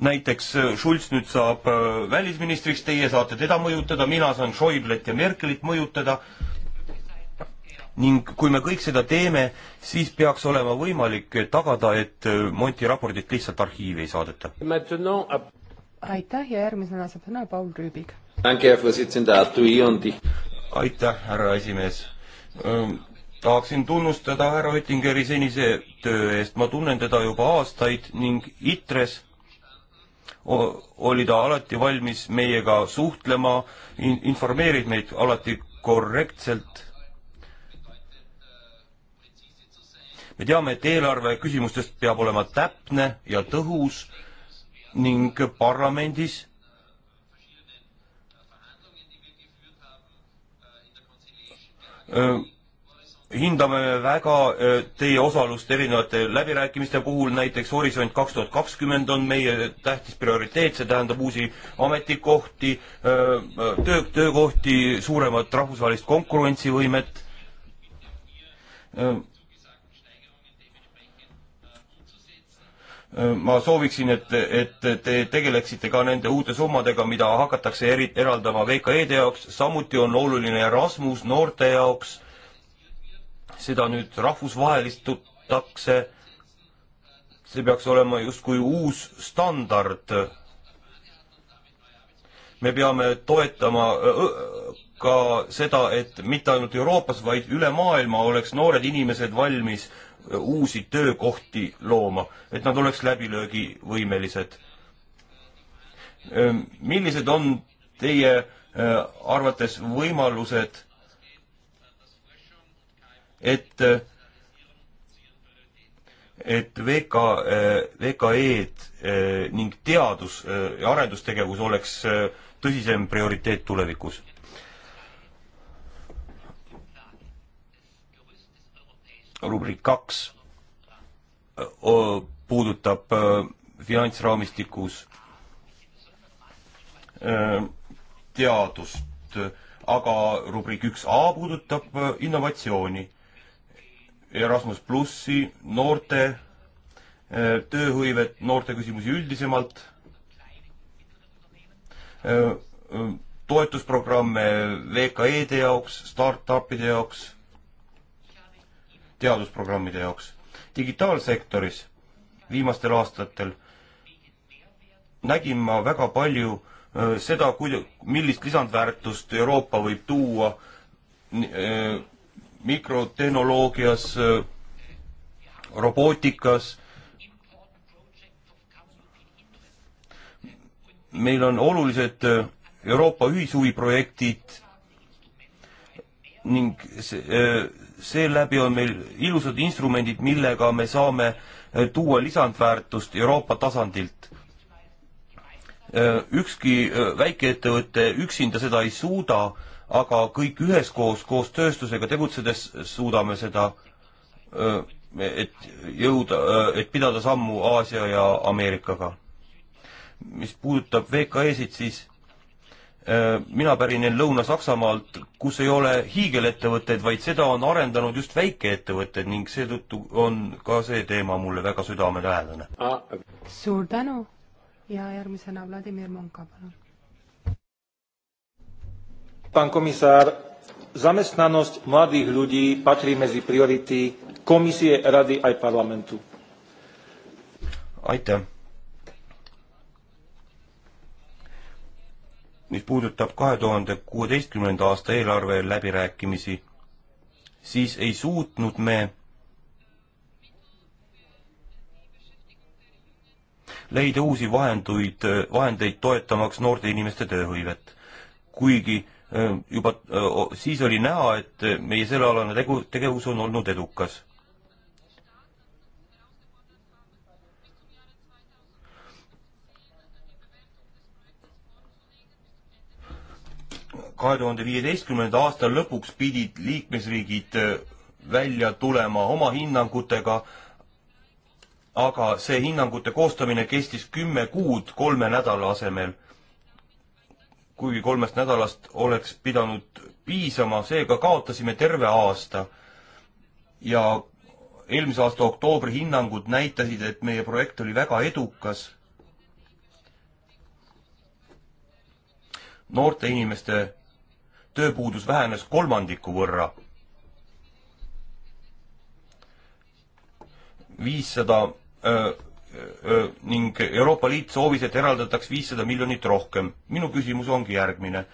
[SPEAKER 1] näiteks äh, Schulz nüüd saab äh, välisministriks, teie saate teda mõjutada, mina saan Schäublet ja Merkelit mõjutada. ning kui me kõik seda teeme, siis peaks olema võimalik äh, tagada, et Monti raportit lihtsalt arhiivi ei saadeta.
[SPEAKER 4] aitäh ja järgmisena saab sõna Paul Rüübik.
[SPEAKER 1] aitäh, härra esimees tahaksin tunnustada härra Oettingeri senise töö eest, ma tunnen teda juba aastaid ning ITRES oli ta alati valmis meiega suhtlema, informeerib meid alati korrektselt. me teame, et eelarve küsimustest peab olema täpne ja tõhus ning parlamendis öö, hindame väga teie osalust erinevate läbirääkimiste puhul, näiteks Horisont kaks tuhat kakskümmend on meie tähtis prioriteet, see tähendab uusi ametikohti, töö, töökohti, suuremat rahvusvahelist konkurentsivõimet. ma sooviksin, et, et te tegeleksite ka nende uute summadega, mida hakatakse eri, eraldama VKE-de jaoks, samuti on oluline Erasmus noorte jaoks seda nüüd rahvusvahelistutakse, see peaks olema justkui uus standard. me peame toetama ka seda, et mitte ainult Euroopas, vaid üle maailma oleks noored inimesed valmis uusi töökohti looma, et nad oleks läbilöögivõimelised. millised on teie arvates võimalused et et VK, VKE-d eh, ning teadus- eh, ja arendustegevus oleks eh, tõsisem prioriteet tulevikus. rubriik kaks puudutab finantsraamistikus teadust, aga rubriik üks A puudutab innovatsiooni Erasmus plussi, noorte eh, tööhõivet, noorte küsimusi üldisemalt, eh, eh, toetusprogramme VKE-de jaoks, startupide jaoks, teadusprogrammide jaoks. digitaalsektoris viimastel aastatel nägin ma väga palju seda, kuida-, millist lisandväärtust Euroopa võib tuua mikrotehnoloogias, robootikas. meil on olulised äh, Euroopa ühishuviprojektid ning äh, seeläbi on meil ilusad instrumendid, millega me saame äh, tuua lisandväärtust Euroopa tasandilt. ükski väikeettevõte üksinda seda ei suuda aga kõik üheskoos, koos tööstusega tegutsedes suudame seda, et jõuda, et pidada sammu Aasia ja Ameerikaga. mis puudutab VKE-sid, siis mina pärinen Lõuna-Saksamaalt, kus ei ole hiigelettevõtteid, vaid seda on arendanud just väikeettevõtted ning seetõttu on ka see teema mulle väga südamelähedane. Ah,
[SPEAKER 4] suur tänu ja järgmisena Vladimir Monka, palun.
[SPEAKER 1] Pán komisár, zamestnanosť mladých ľudí patrí medzi priority komisie, rady aj parlamentu. aitäh. mis puudutab kahe tuhande kuueteistkümnenda aasta eelarve läbirääkimisi, siis ei suutnud me leida uusi vahenduid, vahendeid toetamaks noorte inimeste tööhõivet. kuigi Äh, juba äh, siis oli näha, et äh, meie sellealane tegu, tegevus on olnud edukas. kahe tuhande viieteistkümnenda aasta lõpuks pidid liikmesriigid välja tulema oma hinnangutega, aga see hinnangute koostamine kestis kümme kuud kolme nädala asemel kuigi kolmest nädalast oleks pidanud piisama, seega kaotasime terve aasta. ja eelmise aasta oktoobri hinnangud näitasid, et meie projekt oli väga edukas. noorte inimeste tööpuudus vähenes kolmandiku võrra. viissada ning Euroopa Liit soovis, et eraldataks viissada miljonit rohkem. minu küsimus ongi järgmine.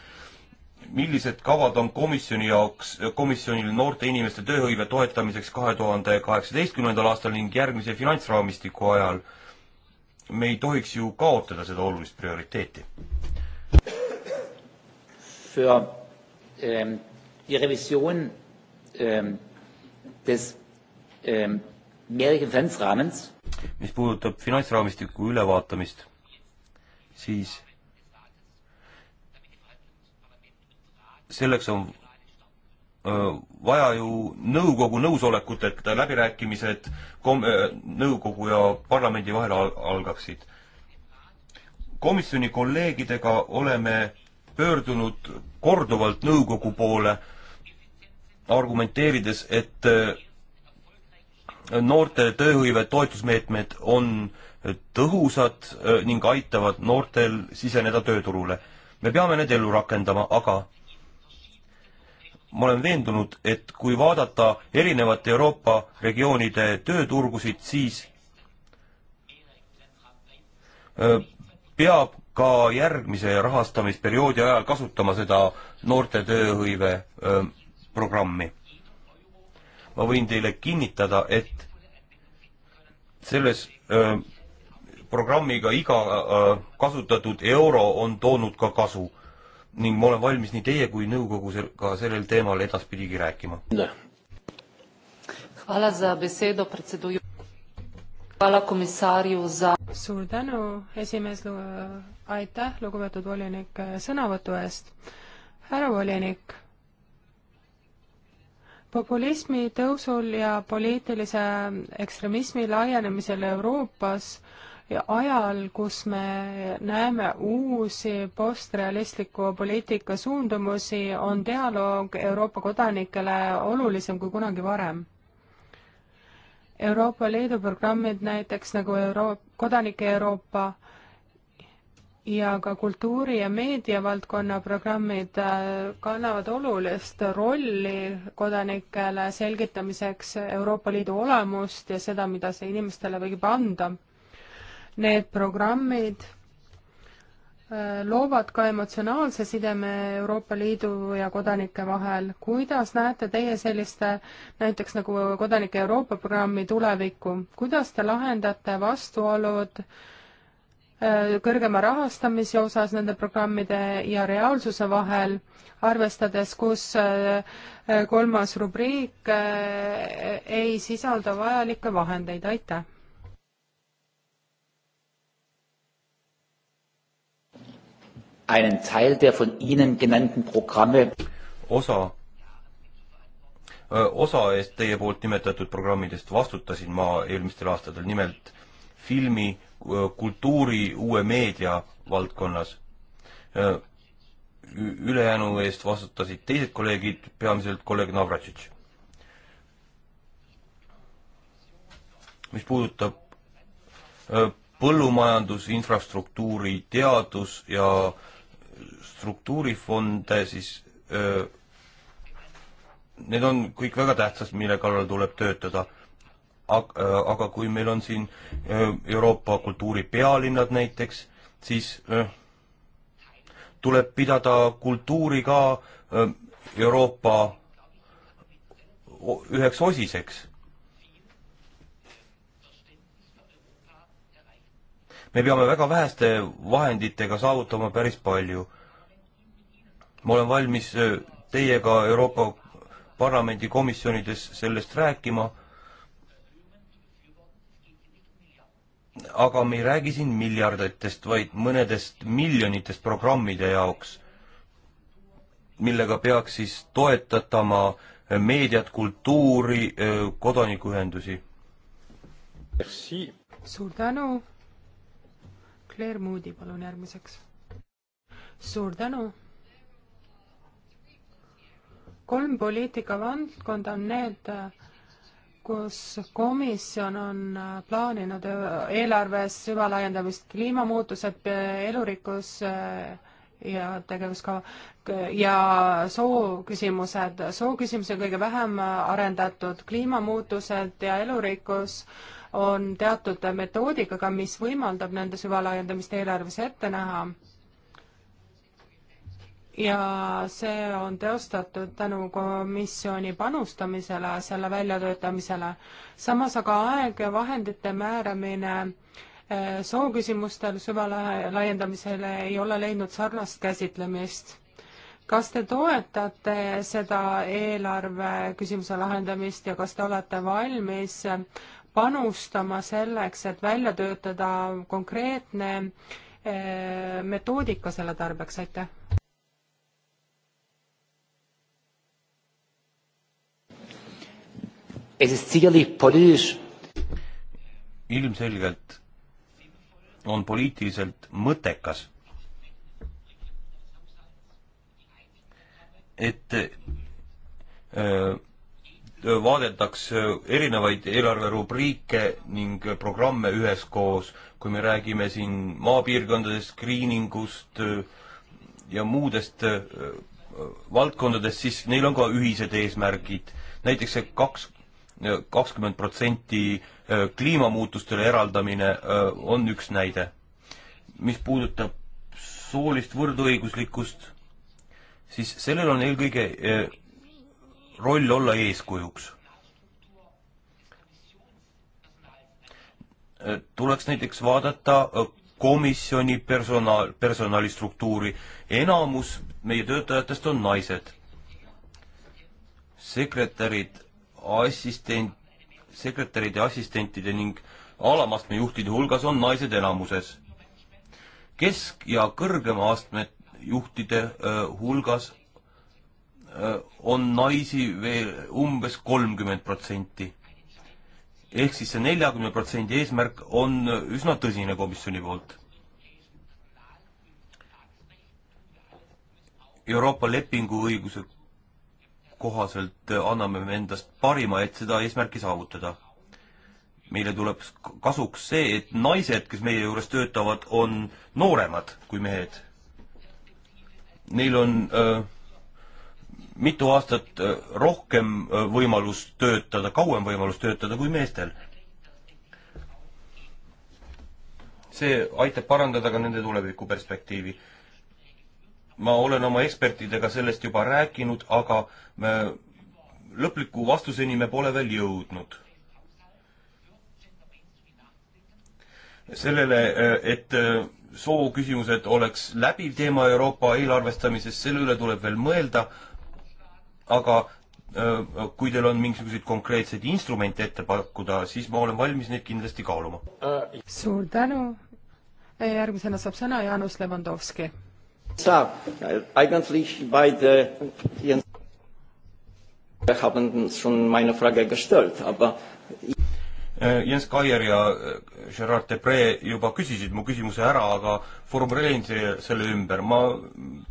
[SPEAKER 1] millised kavad on komisjoni jaoks, komisjonil noorte inimeste tööhõive toetamiseks kahe tuhande kaheksateistkümnendal aastal ning järgmise finantsraamistiku ajal? me ei tohiks ju kaotada seda olulist prioriteeti.
[SPEAKER 3] Für ähm, die Revision ähm,
[SPEAKER 1] des ähm, mis puudutab finantsraamistiku ülevaatamist, siis selleks on vaja ju nõukogu nõusolekut, et läbirääkimised kom-, nõukogu ja parlamendi vahel al algaksid. komisjoni kolleegidega oleme pöördunud korduvalt nõukogu poole, argumenteerides, et noorte tööhõive toetusmeetmed on tõhusad ning aitavad noortel siseneda tööturule. me peame need ellu rakendama, aga ma olen veendunud, et kui vaadata erinevate Euroopa regioonide tööturgusid, siis peab ka järgmise rahastamisperioodi ajal kasutama seda noorte tööhõive programmi ma võin teile kinnitada, et selles öö, programmiga iga öö, kasutatud euro on toonud ka kasu ning ma olen valmis nii teie kui nõukogu ka sellel teemal edaspidigi rääkima.
[SPEAKER 4] suur tänu, esimees, aitäh, lugupeetud volinik, sõnavõtu eest. härra volinik populismi tõusul ja poliitilise ekstremismi laienemisel Euroopas ja ajal, kus me näeme uusi postrealistliku poliitika suundumusi, on dialoog Euroopa kodanikele olulisem kui kunagi varem. Euroopa Liidu programmid näiteks nagu Euro-, kodanike Euroopa ja ka kultuuri- ja meediavaldkonna programmid äh, kannavad olulist rolli kodanikele selgitamiseks Euroopa Liidu olemust ja seda, mida see inimestele võib anda. Need programmid äh, loovad ka emotsionaalse sideme Euroopa Liidu ja kodanike vahel. kuidas näete teie selliste, näiteks nagu Kodanike Euroopa programmi tulevikku, kuidas te lahendate vastuolud äh, Äh, kõrgema rahastamise osas nende programmide ja reaalsuse vahel, arvestades, kus äh, äh, kolmas rubriik ei sisalda vajalikke vahendeid, aitäh!
[SPEAKER 3] einen Teil der von Ihnen genannten Programme osa
[SPEAKER 1] öö, osa eest teie poolt nimetatud programmidest vastutasin ma eelmistel aastatel, nimelt filmi, kultuuri, uue meedia valdkonnas. ülejäänu eest vastutasid teised kolleegid, peamiselt kolleeg Navratšitš. mis puudutab põllumajandusinfrastruktuuri, teadus ja struktuurifonde, siis öö, need on kõik väga tähtsad, mille kallal tuleb töötada Äh, aga kui meil on siin äh, Euroopa kultuuripealinnad näiteks, siis äh, tuleb pidada kultuuri ka Euroopa üheks osiseks. me peame väga väheste vahenditega saavutama päris palju. ma olen valmis teiega Euroopa Parlamendi komisjonides sellest rääkima aga me ei räägi siin miljarditest, vaid mõnedest miljonitest programmide jaoks, millega peaks siis toetatama meediat, kultuuri, kodanikuühendusi.
[SPEAKER 4] suur tänu. Claire Moody, palun järgmiseks. suur tänu kolm poliitikavaldkonda on need, kus komisjon on äh, plaaninud äh, eelarves süvalaiendamist kliimamuutused, äh, elurikkus ja tegevuskava ja sooküsimused, sooküsimus on kõige vähem arendatud, kliimamuutused ja elurikkus on teatud metoodikaga, mis võimaldab nende süvalaiendamist eelarves ette näha ja see on teostatud tänu komisjoni panustamisele, selle väljatöötamisele. samas aga aeg ja vahendite määramine eh, sooküsimustel süvalaiendamisele ei ole leidnud sarnast käsitlemist. kas te toetate seda eelarve küsimuse lahendamist ja kas te olete valmis panustama selleks, et välja töötada konkreetne eh, metoodika selle tarbeks, aitäh?
[SPEAKER 3] Es ist sicherlich politisch
[SPEAKER 1] ilmselgelt on poliitiliselt mõttekas, et öö, äh, vaadeldakse erinevaid eelarverubriike ning programme üheskoos, kui me räägime siin maapiirkondadest, screeningust äh, ja muudest äh, valdkondadest, siis neil on ka ühised eesmärgid. näiteks see kaks kakskümmend protsenti äh, kliimamuutustele eraldamine äh, on üks näide. mis puudutab soolist võrdõiguslikkust, siis sellel on eelkõige äh, roll olla eeskujuks. tuleks näiteks vaadata komisjoni personaal, personalistruktuuri. enamus meie töötajatest on naised. sekretärid assistent, sekretäride, assistentide ning alamastme juhtide hulgas on naised enamuses. kesk- ja kõrgema astme juhtide öö, hulgas öö, on naisi veel umbes kolmkümmend protsenti. ehk siis see neljakümne protsendi eesmärk on üsna tõsine komisjoni poolt. Euroopa lepinguõiguse kohaselt anname me endast parima, et seda eesmärki saavutada. meile tuleb kasuks see, et naised, kes meie juures töötavad, on nooremad kui mehed. Neil on öö, äh, mitu aastat äh, rohkem äh, võimalust töötada, kauem võimalust töötada kui meestel. see aitab parandada ka nende tulevikuperspektiivi ma olen oma ekspertidega sellest juba rääkinud, aga me äh, lõpliku vastuseni me pole veel jõudnud. sellele, äh, et äh, sooküsimused oleks läbiv teema Euroopa eelarvestamises, selle üle tuleb veel mõelda, aga kui teil on mingisuguseid konkreetseid instrumente ette pakkuda, siis ma olen valmis neid kindlasti kaaluma.
[SPEAKER 4] suur tänu. järgmisena saab sõna Jaanus Levandovski
[SPEAKER 1] Äh, Jens Kaier ja äh, Gerard Depree juba küsisid mu küsimuse ära, aga formuleerin selle ümber. ma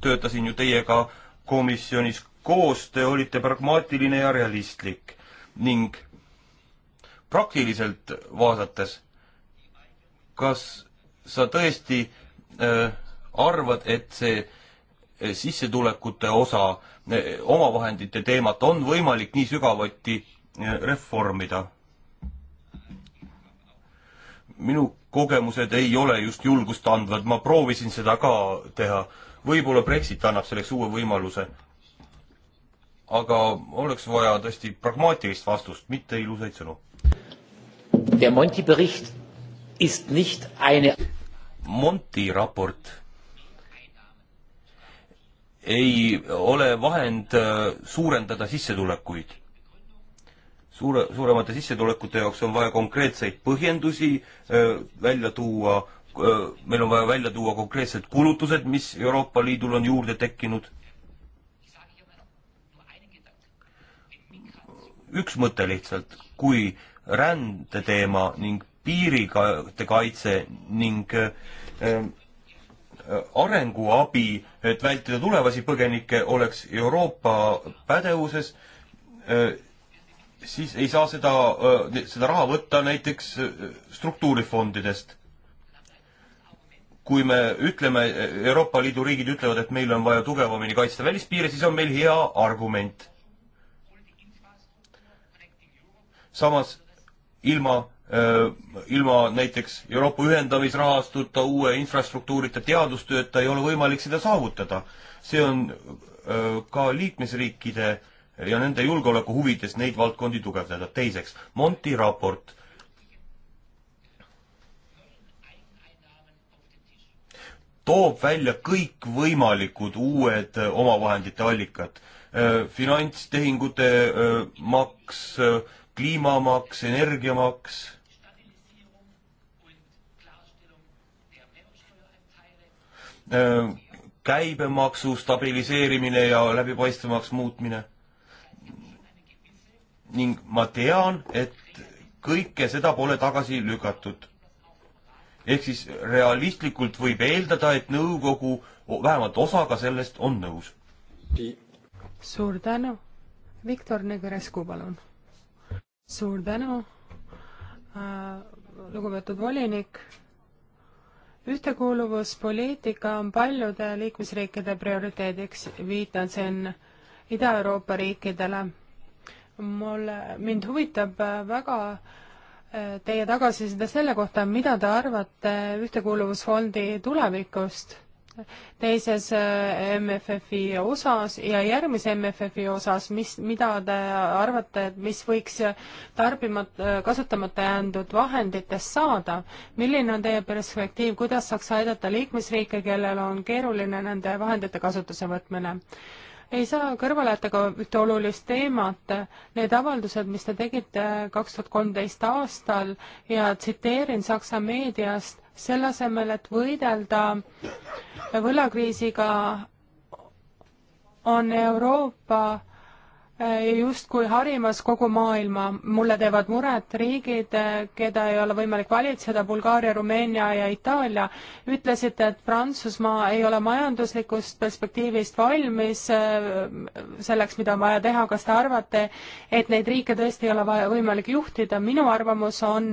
[SPEAKER 1] töötasin ju teiega komisjonis koos, te olite pragmaatiline ja realistlik ning praktiliselt vaadates, kas sa tõesti äh, arvad, et see eh, sissetulekute osa, eh, omavahendite teemat on võimalik nii sügavuti eh, reformida? minu kogemused ei ole just julgust andvad, ma proovisin seda ka teha. võib-olla Brexit annab selleks uue võimaluse. aga oleks vaja tõesti pragmaatilist vastust, mitte ilusaid sõnu. Der Monti bericht ist nicht eine Monti raport ei ole vahend äh, suurendada sissetulekuid. suure, suuremate sissetulekute jaoks on vaja konkreetseid põhjendusi äh, välja tuua, äh, meil on vaja välja tuua konkreetsed kulutused, mis Euroopa Liidul on juurde tekkinud. üks mõte lihtsalt, kui rändeteema ning piiriga kaitse ning äh, arenguabi, et vältida tulevasi põgenikke, oleks Euroopa pädevuses, siis ei saa seda, seda raha võtta näiteks struktuurifondidest. kui me ütleme, Euroopa Liidu riigid ütlevad, et meil on vaja tugevamini kaitsta välispiire, siis on meil hea argument. samas ilma Äh, ilma näiteks Euroopa ühendamisrahastuta, uue infrastruktuurita, teadustööta ei ole võimalik seda saavutada. see on äh, ka liikmesriikide ja nende julgeoleku huvides neid valdkondi tugevdada. teiseks, Monti raport. toob välja kõikvõimalikud uued äh, omavahendite allikad, finantstehingute maks, kliimamaks, energiamaks Äh, käibemaksu stabiliseerimine ja läbipaistvamaks muutmine. ning ma tean, et kõike seda pole tagasi lükatud. ehk siis realistlikult võib eeldada, et nõukogu vähemalt osaga sellest on nõus.
[SPEAKER 4] suur tänu. Viktor Negrescu, palun. suur tänu äh,, lugupeetud volinik ühtekuuluvuspoliitika on paljude liikmesriikide prioriteediks, viitan siin Ida-Euroopa riikidele. mul, mind huvitab äh, väga äh, teie tagasiside selle kohta, mida te arvate Ühtekuuluvusfondi tulevikust teises äh, MFF-i osas ja järgmise MFF-i osas, mis, mida te arvate, et mis võiks tarbimata, kasutamata jäänud vahenditest saada? milline on teie perspektiiv, kuidas saaks aidata liikmesriike, kellel on keeruline nende vahendite kasutuse võtmine? ei saa kõrvale jätta ka ühte olulist teemat, need avaldused, mis te tegite kaks tuhat kolmteist aastal ja tsiteerin Saksa meediast, selle asemel, et võidelda võlakriisiga, on Euroopa Äh, justkui harimas kogu maailma. mulle teevad muret riigid, äh, keda ei ole võimalik valitseda, Bulgaaria, Rumeenia ja Itaalia. ütlesite, et Prantsusmaa ei ole majanduslikust perspektiivist valmis äh, selleks, mida on vaja teha. kas te arvate, et neid riike tõesti ei ole vaja, võimalik juhtida? minu arvamus on,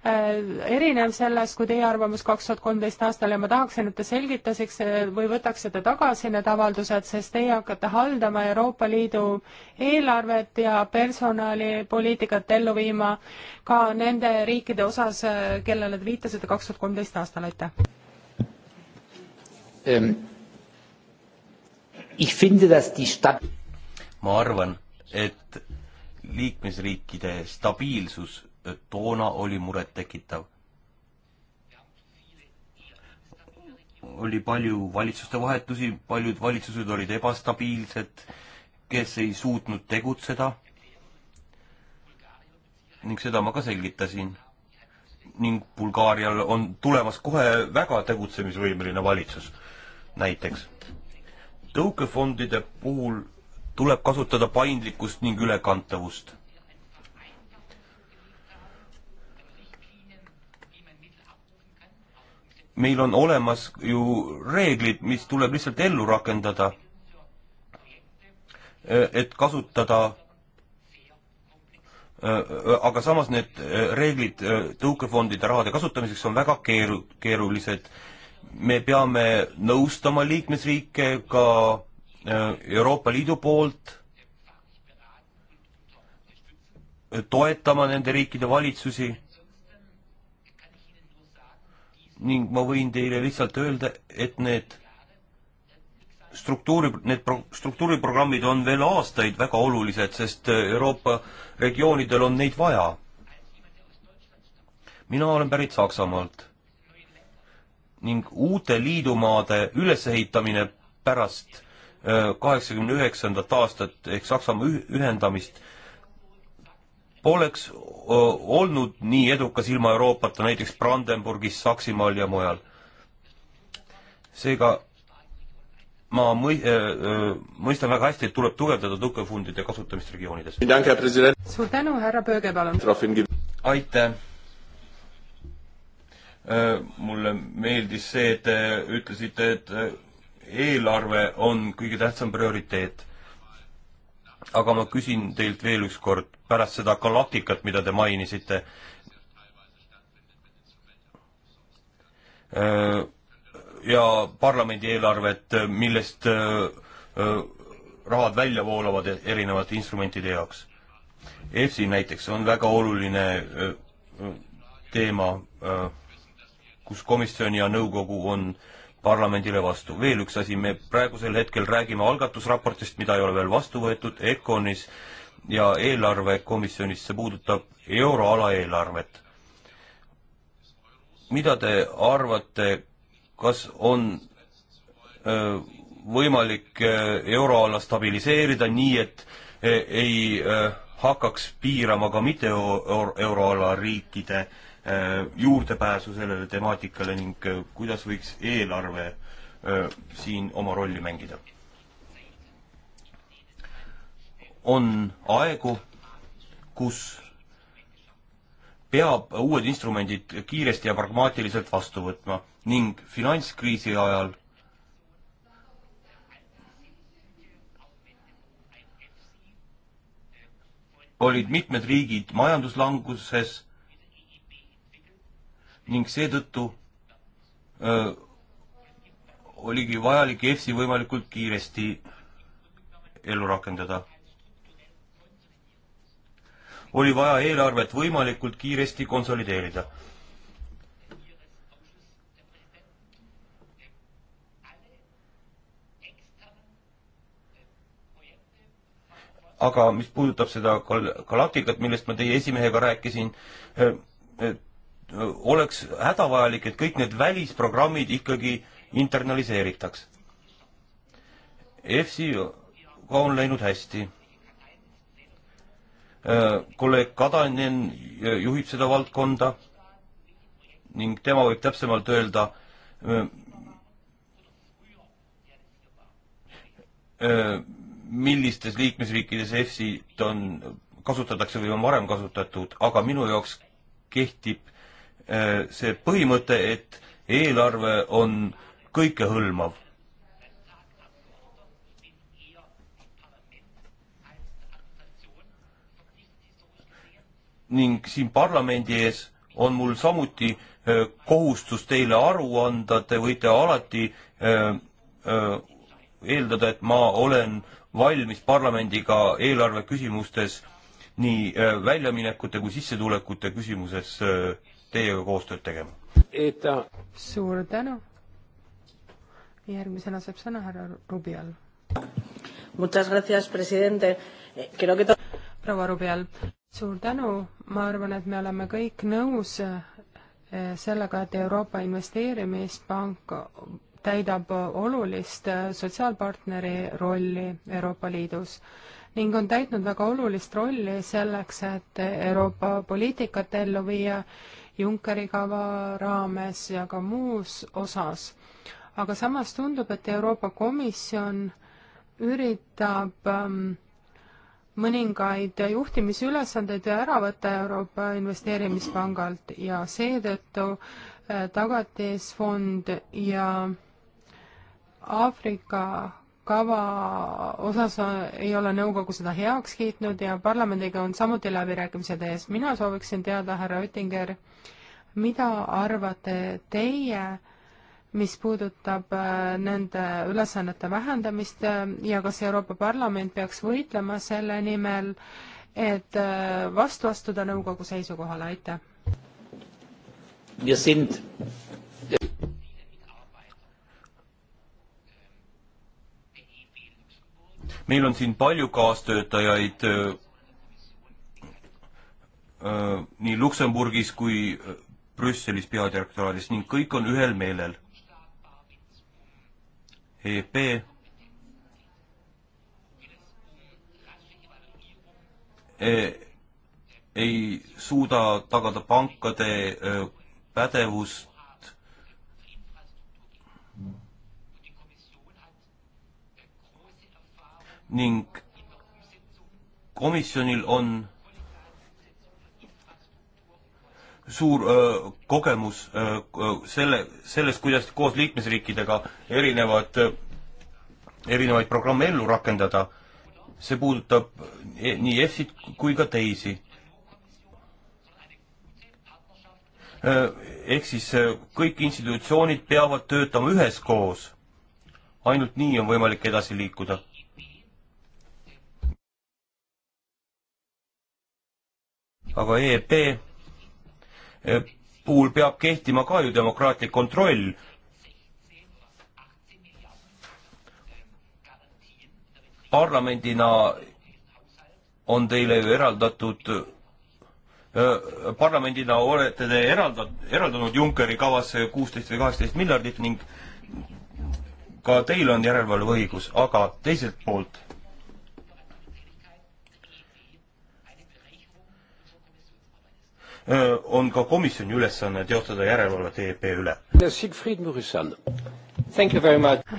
[SPEAKER 4] Äh, erinev sellest, kui teie arvamus kaks tuhat kolmteist aastal ja ma tahaksin, et te selgitaseks või võtaksite tagasi need avaldused, sest teie hakkate haldama Euroopa Liidu eelarvet ja personalipoliitikat ellu viima ka nende riikide osas, kellele te viitasite kaks tuhat kolmteist aastal, aitäh
[SPEAKER 3] ähm,. Ich finde, dass die Stadt
[SPEAKER 1] ma arvan, et liikmesriikide stabiilsus toona oli murettekitav. oli palju valitsuste vahetusi, paljud valitsused olid ebastabiilsed, kes ei suutnud tegutseda. ning seda ma ka selgitasin. ning Bulgaarial on tulemas kohe väga tegutsemisvõimeline valitsus, näiteks. tõukefondide puhul tuleb kasutada paindlikkust ning ülekantavust meil on olemas ju reeglid, mis tuleb lihtsalt ellu rakendada. E, et kasutada e, e, aga samas need reeglid tõukefondide rahade kasutamiseks on väga keeru-, keerulised. me peame nõustama liikmesriike ka Euroopa Liidu poolt, toetama nende riikide valitsusi ning ma võin teile lihtsalt öelda, et need struktuuri, need pro-, struktuuriprogrammid on veel aastaid väga olulised, sest Euroopa regioonidel on neid vaja. mina olen pärit Saksamaalt ning uute liidumaade ülesehitamine pärast äh, kaheksakümne üheksandat aastat ehk Saksamaa ühendamist poleks olnud nii edukas ilma Euroopata näiteks Brandenburgis, Saksimaal ja mujal. seega ma mõi-, mõistan väga hästi, et tuleb tugevdada tõukefondide kasutamist regioonides.
[SPEAKER 4] suur tänu, härra Pööge, palun!
[SPEAKER 1] aitäh! mulle meeldis see, et te ütlesite, et eelarve on kõige tähtsam prioriteet aga ma küsin teilt veel ükskord, pärast seda galaktikat, mida te mainisite, äh, ja parlamendi eelarvet, äh, millest äh, rahad välja voolavad e-, erinevate instrumentide jaoks. EFSI näiteks on väga oluline teema, kus komisjon ja nõukogu on äh, parlamendile vastu. veel üks asi, me praegusel hetkel räägime algatusraportist, mida ei ole veel vastu võetud ECONis ja eelarvekomisjonis, see puudutab euroala eelarvet. mida te arvate, kas on öö, võimalik euroala stabiliseerida nii, et ei öö, hakkaks piirama ka mitte euroala riikide öö, Äh, juurdepääsu sellele temaatikale ning äh, kuidas võiks eelarve äh, siin oma rolli mängida? on aegu, kus peab uued instrumendid kiiresti ja pragmaatiliselt vastu võtma ning finantskriisi ajal olid mitmed riigid majanduslanguses ning seetõttu öö, oligi vajalik EFSI võimalikult kiiresti ellu rakendada. oli vaja eelarvet võimalikult kiiresti konsolideerida. aga mis puudutab seda Galatikat, millest ma teie esimehega rääkisin, oleks hädavajalik, et kõik need välisprogrammid ikkagi internaliseeritaks. EFSI-ga on läinud hästi. kolleeg Kadanen juhib seda valdkonda ning tema võib täpsemalt öelda, millistes liikmesriikides EFSI-t on, kasutatakse või on varem kasutatud, aga minu jaoks kehtib Äh, see põhimõte, et eelarve on kõikehõlmav. ning siin parlamendi ees on mul samuti äh, kohustus teile aru anda, te võite alati äh, eeldada, et ma olen valmis parlamendiga eelarve küsimustes nii väljaminekute kui sissetulekute küsimuses teiega koostööd tegema.
[SPEAKER 4] suur tänu. järgmisena saab sõna härra Rubial. Eh, proua Rubial, suur tänu, ma arvan, et me oleme kõik nõus eh, sellega, et Euroopa Investeerimispank täidab olulist eh, sotsiaalpartneri rolli Euroopa Liidus ning on täitnud väga olulist rolli selleks, et Euroopa poliitikat ellu viia Junckeri kava raames ja ka muus osas. aga samas tundub, et Euroopa Komisjon üritab ähm, mõningaid juhtimisülesandeid ära võtta Euroopa Investeerimispangalt ja seetõttu äh, tagatisfond ja Aafrika kava osas ei ole nõukogu seda heaks kiitnud ja parlamendiga on samuti läbirääkimised ees. mina sooviksin teada, härra Oettinger, mida arvate teie, mis puudutab äh, nende ülesannete vähendamist äh, ja kas Euroopa Parlament peaks võitlema selle nimel, et äh, vastu astuda nõukogu seisukohale, aitäh!
[SPEAKER 1] meil on siin palju kaastöötajaid äh, äh, nii Luksemburgis kui äh, Brüsselis peadirektoraadis ning kõik on ühel meelel. EP e ei suuda tagada pankade pädevust ning komisjonil on suur öö, kogemus öö, selle, selles, kuidas koos liikmesriikidega erinevad, erinevaid programme ellu rakendada. see puudutab e, nii EFSit kui ka teisi. ehk siis öö, kõik institutsioonid peavad töötama üheskoos. ainult nii on võimalik edasi liikuda aga EEP e, puhul peab kehtima ka ju demokraatlik kontroll. parlamendina on teile ju eraldatud e, parlamendina olete te eraldat-, eraldanud Junckeri kavasse kuusteist või kaheksateist miljardit ning ka teil on järelevalveõigus, aga teiselt poolt Äh, on ka komisjoni ülesanne teostada järelevalvet EIP üle. Siegfried Murussan.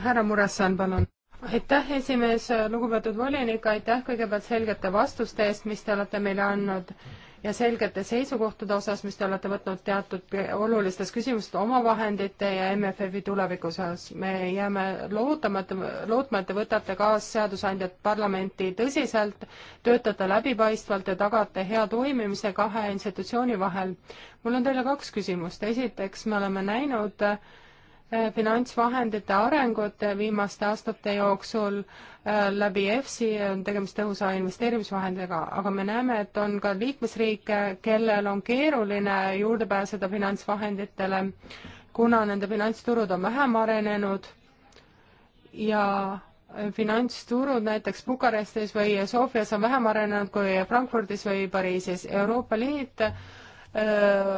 [SPEAKER 4] härra Murassan, palun. aitäh, esimees, lugupeetud volinik, aitäh kõigepealt selgete vastuste eest, mis te olete meile andnud ja selgete seisukohtade osas, mis te olete võtnud teatud olulistes küsimustes omavahendite ja MFF-i tuleviku osas. me jääme lootama, et, lootma, et te võtate kaasseadusandjat parlamenti tõsiselt, töötate läbipaistvalt ja tagate hea toimimise kahe institutsiooni vahel. mul on teile kaks küsimust. esiteks, me oleme näinud äh, Äh, finantsvahendite arengut viimaste aastate jooksul äh, läbi EFSI on äh, tegemist tõhusa investeerimisvahendiga, aga me näeme, et on ka liikmesriike, kellel on keeruline juurde pääseda finantsvahenditele, kuna nende finantsturud on vähem arenenud ja finantsturud näiteks Bukarestis või Sofias on vähem arenenud kui Frankfurdis või Pariisis. Euroopa Liit öö,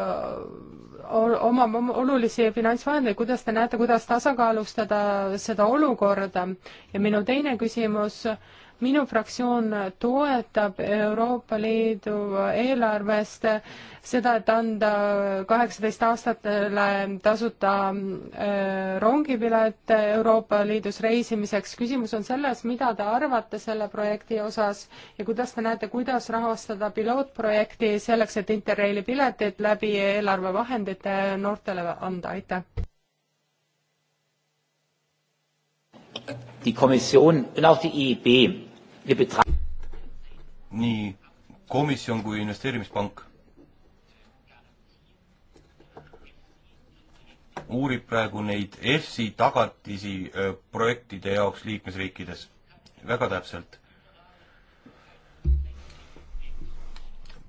[SPEAKER 4] omab olulisi finantsvahendeid, kuidas te näete, kuidas tasakaalustada seda olukorda ja minu teine küsimus äh, minu fraktsioon toetab Euroopa Liidu eelarvest seda, et anda kaheksateist aastatele tasuta äh, rongipilet Euroopa Liidus reisimiseks. küsimus on selles, mida te arvate selle projekti osas ja kuidas te näete, kuidas rahastada pilootprojekti selleks, et Interraili piletid läbi eelarvevahendite noortele anda, aitäh!
[SPEAKER 3] die kommission und auch die eib
[SPEAKER 1] nii komisjon kui investeerimispank uurib praegu neid EFSI tagatisi äh, projektide jaoks liikmesriikides väga täpselt.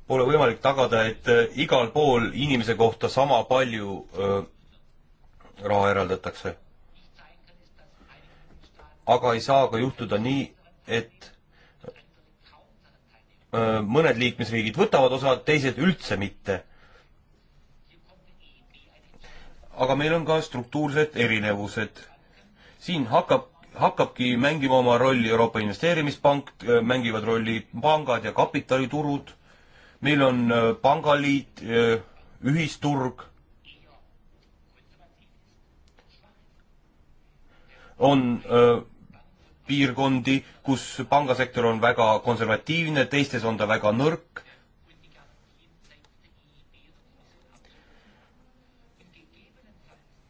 [SPEAKER 1] Pole võimalik tagada, et äh, igal pool inimese kohta sama palju öö, äh, raha eraldatakse. aga ei saa ka juhtuda nii, et mõned liikmesriigid võtavad osa, teised üldse mitte. aga meil on ka struktuursed erinevused. siin hakkab, hakkabki mängima oma rolli Euroopa Investeerimispank, mängivad rolli pangad ja kapitaliturud, meil on pangaliit, ühisturg, on öö, piirkondi, kus pangasektor on väga konservatiivne, teistes on ta väga nõrk.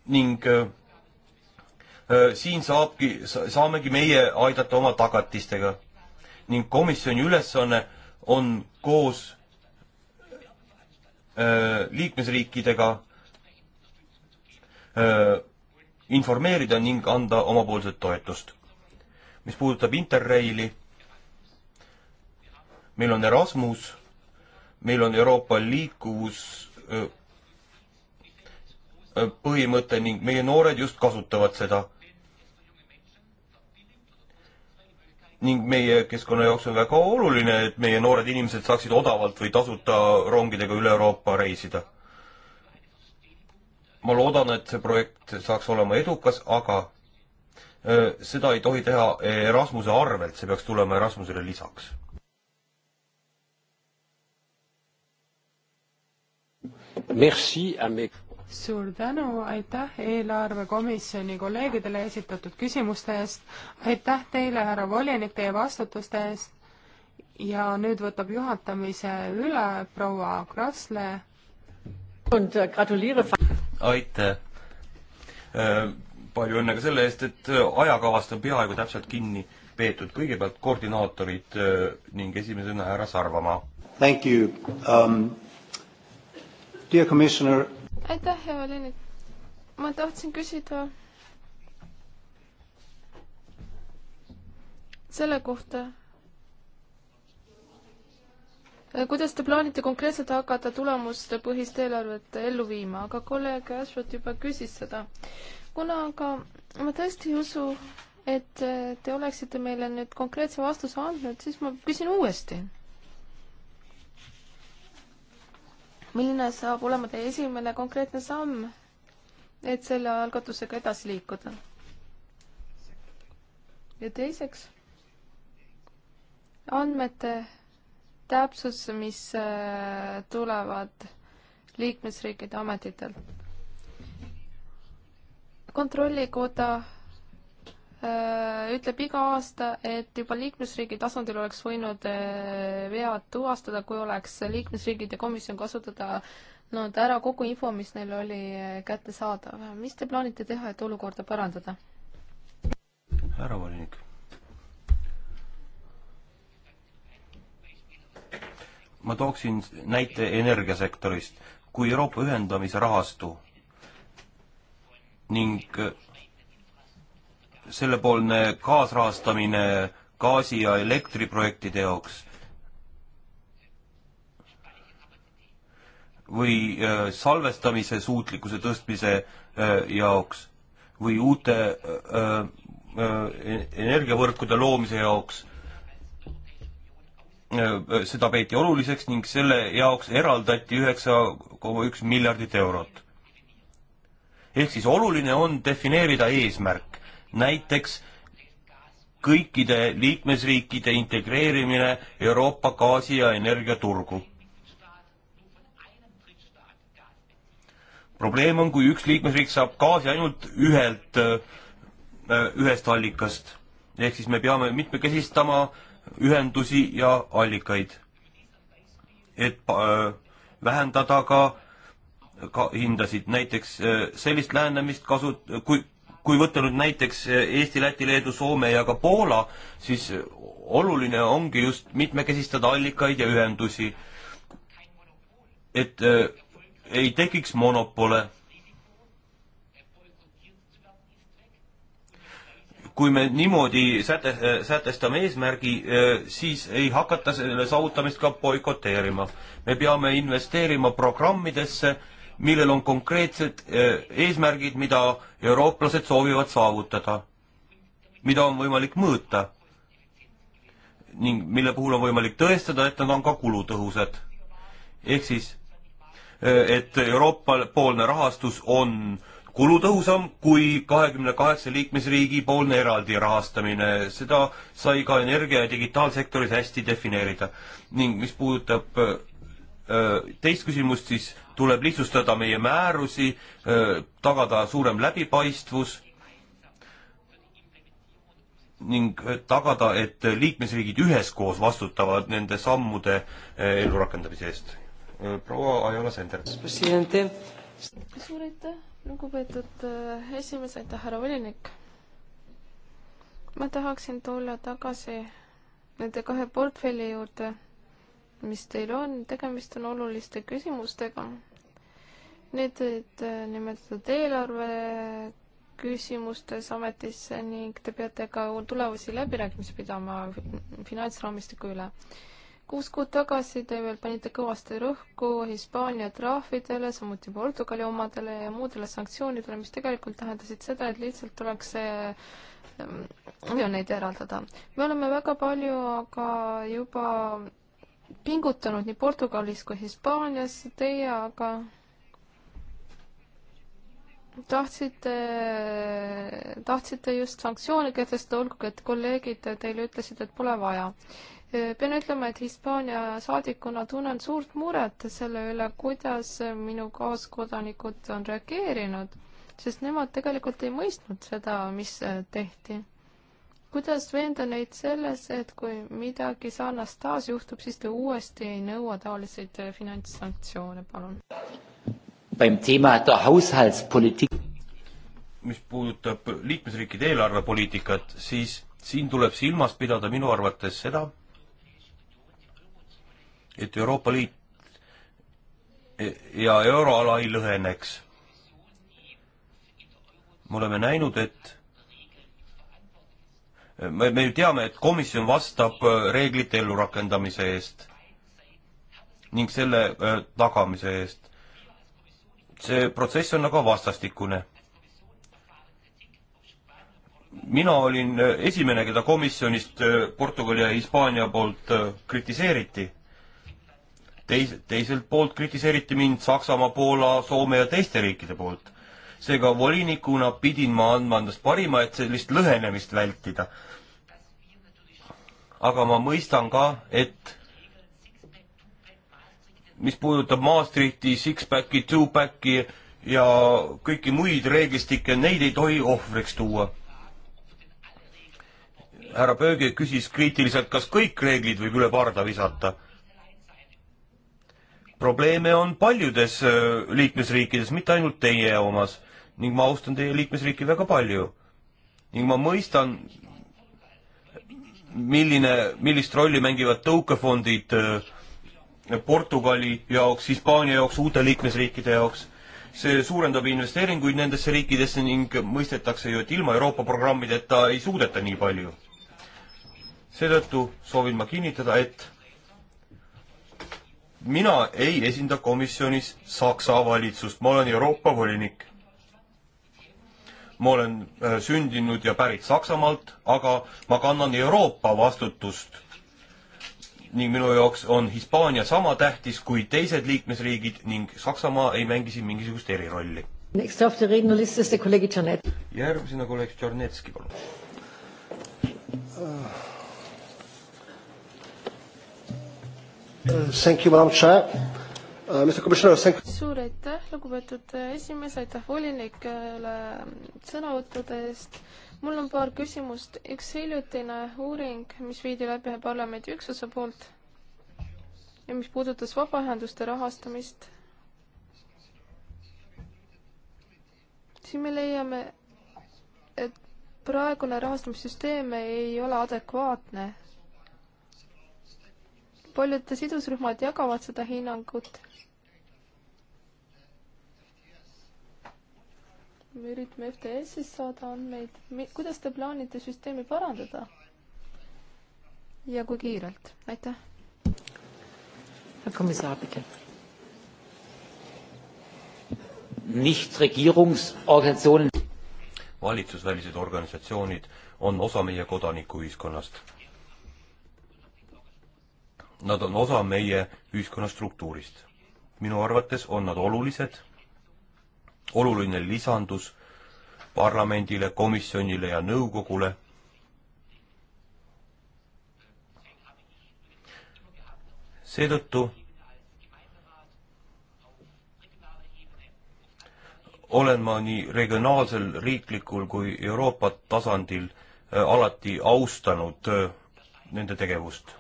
[SPEAKER 1] ning öö, äh, äh, siin saabki, saamegi meie aidata oma tagatistega ning komisjoni ülesanne on koos öö, äh, liikmesriikidega öö, informeerida ning anda omapoolset toetust mis puudutab Interraili, meil on Erasmus, meil on Euroopa liikuvus öö, põhimõte ning meie noored just kasutavad seda. ning meie keskkonna jaoks on väga oluline, et meie noored inimesed saaksid odavalt või tasuta rongidega üle Euroopa reisida. ma loodan, et see projekt saaks olema edukas, aga seda ei tohi teha Erasmuse arvelt, see peaks tulema Erasmusele lisaks. Merci à mes
[SPEAKER 4] suur tänu, aitäh eelarvekomisjoni kolleegidele esitatud küsimuste eest, aitäh teile, härra volinik, teie vastutuste eest ja nüüd võtab juhatamise üle proua Krasle. Äh,
[SPEAKER 1] aitäh palju õnne ka selle eest, et äh, ajakavast on peaaegu täpselt kinni peetud. kõigepealt koordinaatorid äh, ning esimesena härra Sarvamaa. Thank you um,. Dear commissioner.
[SPEAKER 2] aitäh, hea Valeni. ma tahtsin küsida selle kohta, äh, kuidas te plaanite konkreetselt hakata tulemustepõhist eelarvet ellu viima, aga kolleeg Ashford juba küsis seda kuna aga ma tõesti ei usu, et äh, te oleksite meile nüüd konkreetse vastuse andnud, siis ma küsin uuesti. milline saab olema teie esimene konkreetne samm, et selle algatusega edasi liikuda? ja teiseks, andmete täpsus, mis äh, tulevad liikmesriikide ametitelt kontrollikoda äh, ütleb iga aasta, et juba liikmesriigi tasandil oleks võinud äh, vead tuvastada, kui oleks liikmesriigid ja komisjon kasutada no ära kogu info, mis neil oli äh, kättesaadav. mis te plaanite teha, et olukorda parandada?
[SPEAKER 1] härra volinik. ma tooksin näite energiasektorist. kui Euroopa ühendamise rahastu ning sellepoolne kaasrahastamine gaasi- ja elektriprojektide jaoks või äh, salvestamise suutlikkuse tõstmise äh, jaoks või uute äh, energiavõrkude loomise jaoks, seda peeti oluliseks ning selle jaoks eraldati üheksa koma üks miljardit eurot ehk siis oluline on defineerida eesmärk, näiteks kõikide liikmesriikide integreerimine Euroopa gaasi- ja energiaturgu. probleem on, kui üks liikmesriik saab gaasi ainult ühelt, äh, ühest allikast. ehk siis me peame mitmekesistama ühendusi ja allikaid, et äh, vähendada ka ka-, hindasid, näiteks äh, sellist lähenemist kasu-, kui, kui võtta nüüd näiteks äh, Eesti, Läti, Leedu, Soome ja ka Poola, siis äh, oluline ongi just mitmekesistada allikaid ja ühendusi, et äh, ei tekiks monopole. kui me niimoodi säte-, sätestame eesmärgi, siis ei hakata selle saavutamist ka boikoteerima. me peame investeerima programmidesse, millel on konkreetsed eh, eesmärgid, mida eurooplased soovivad saavutada, mida on võimalik mõõta ning mille puhul on võimalik tõestada, et nad on ka kulutõhusad. ehk siis, eh, et Euroopa-poolne rahastus on kulutõhusam kui kahekümne kaheksa liikmesriigi poolne eraldi rahastamine, seda sai ka energia- ja digitaalsektoris hästi defineerida. ning mis puudutab eh, Äh, teist küsimust, siis tuleb lihtsustada meie määrusi, äh, tagada suurem läbipaistvus ning äh, tagada, et liikmesriigid üheskoos vastutavad nende sammude ellurakendamise eest. proua Ajala Sender.
[SPEAKER 2] suur aitäh, lugupeetud esimees, aitäh, härra volinik. ma tahaksin tulla tagasi nende kahe portfelli juurde mis teil on, tegemist on oluliste küsimustega. Need olid äh, nimetatud eelarve küsimustes ametisse ning te peate ka tulevasi läbirääkimisi pidama finantsraamistiku üle. kuus kuud tagasi te veel panite kõvasti rõhku Hispaania trahvidele, samuti Portugali omadele ja muudele sanktsioonidele, mis tegelikult tähendasid seda, et lihtsalt tuleks ähm, miljoneid eraldada. me oleme väga palju aga juba pingutanud nii Portugalis kui Hispaanias, teie aga tahtsite, tahtsite just sanktsioone kehtestada, olgugi et kolleegid teile ütlesid, et pole vaja. pean ütlema, et Hispaania saadikuna tunnen suurt muret selle üle, kuidas minu kaaskodanikud on reageerinud, sest nemad tegelikult ei mõistnud seda, mis tehti kuidas veenda neid selles, et kui midagi sarnast taas juhtub, siis te uuesti ei nõua taoliseid äh, finantssanktsioone, palun?
[SPEAKER 1] mis puudutab liikmesriikide eelarvepoliitikat, siis siin tuleb silmas pidada minu arvates seda, et Euroopa Liit e-, ja euroala ei lõheneks. me oleme näinud, et me, me ju teame, et komisjon vastab äh, reeglite ellurakendamise eest ning selle äh, tagamise eest. see protsess on aga vastastikune. mina olin äh, esimene, keda komisjonist Portugali ja Hispaania poolt kritiseeriti. Teis-, teiselt poolt kritiseeriti mind Saksamaa, Poola, Soome ja teiste riikide poolt seega volinikuna pidin ma andma endast parima, et sellist lõhenemist vältida. aga ma mõistan ka, et mis puudutab Maastrichti, Sixpacki, Twopacki ja kõiki muid reeglistikke, neid ei tohi ohvriks tuua. härra Pööge küsis kriitiliselt, kas kõik reeglid võib üle parda visata probleeme on paljudes äh, liikmesriikides, mitte ainult teie omas ning ma austan teie liikmesriiki väga palju. ning ma mõistan, milline, millist rolli mängivad tõukefondid äh, Portugali jaoks, Hispaania jaoks, uute liikmesriikide jaoks. see suurendab investeeringuid nendesse riikidesse ning mõistetakse ju, et ilma Euroopa programmideta ei suudeta nii palju. seetõttu soovin ma kinnitada, et mina ei esinda komisjonis Saksa valitsust, ma olen Euroopa volinik ma olen äh, sündinud ja pärit Saksamaalt, aga ma kannan Euroopa vastutust ning minu jaoks on Hispaania sama tähtis kui teised liikmesriigid ning Saksamaa ei mängi siin mingisugust erirolli. järgmisena kolleeg Tšornetski, palun. Thank you, Madam Chair. Äh,
[SPEAKER 2] suur aitäh, lugupeetud esimees, aitäh volinikele sõnavõttude eest. mul on paar küsimust. üks hiljutine uuring, mis viidi läbi ühe parlamendiüksuse poolt ja mis puudutas vabaühenduste rahastamist. siin me leiame, et praegune rahastamissüsteem ei ole adekvaatne paljud sidusrühmad jagavad seda hinnangut. me üritame FTS-ist saada andmeid, kuidas te plaanite süsteemi parandada? ja kui kiirelt, aitäh. hakkame saabida.
[SPEAKER 1] valitsusvälised organisatsioonid on osa meie kodanikuühiskonnast Nad on osa meie ühiskonna struktuurist. minu arvates on nad olulised, oluline lisandus parlamendile, komisjonile ja nõukogule. seetõttu olen ma nii regionaalsel, riiklikul kui Euroopa tasandil äh, alati austanud äh, nende tegevust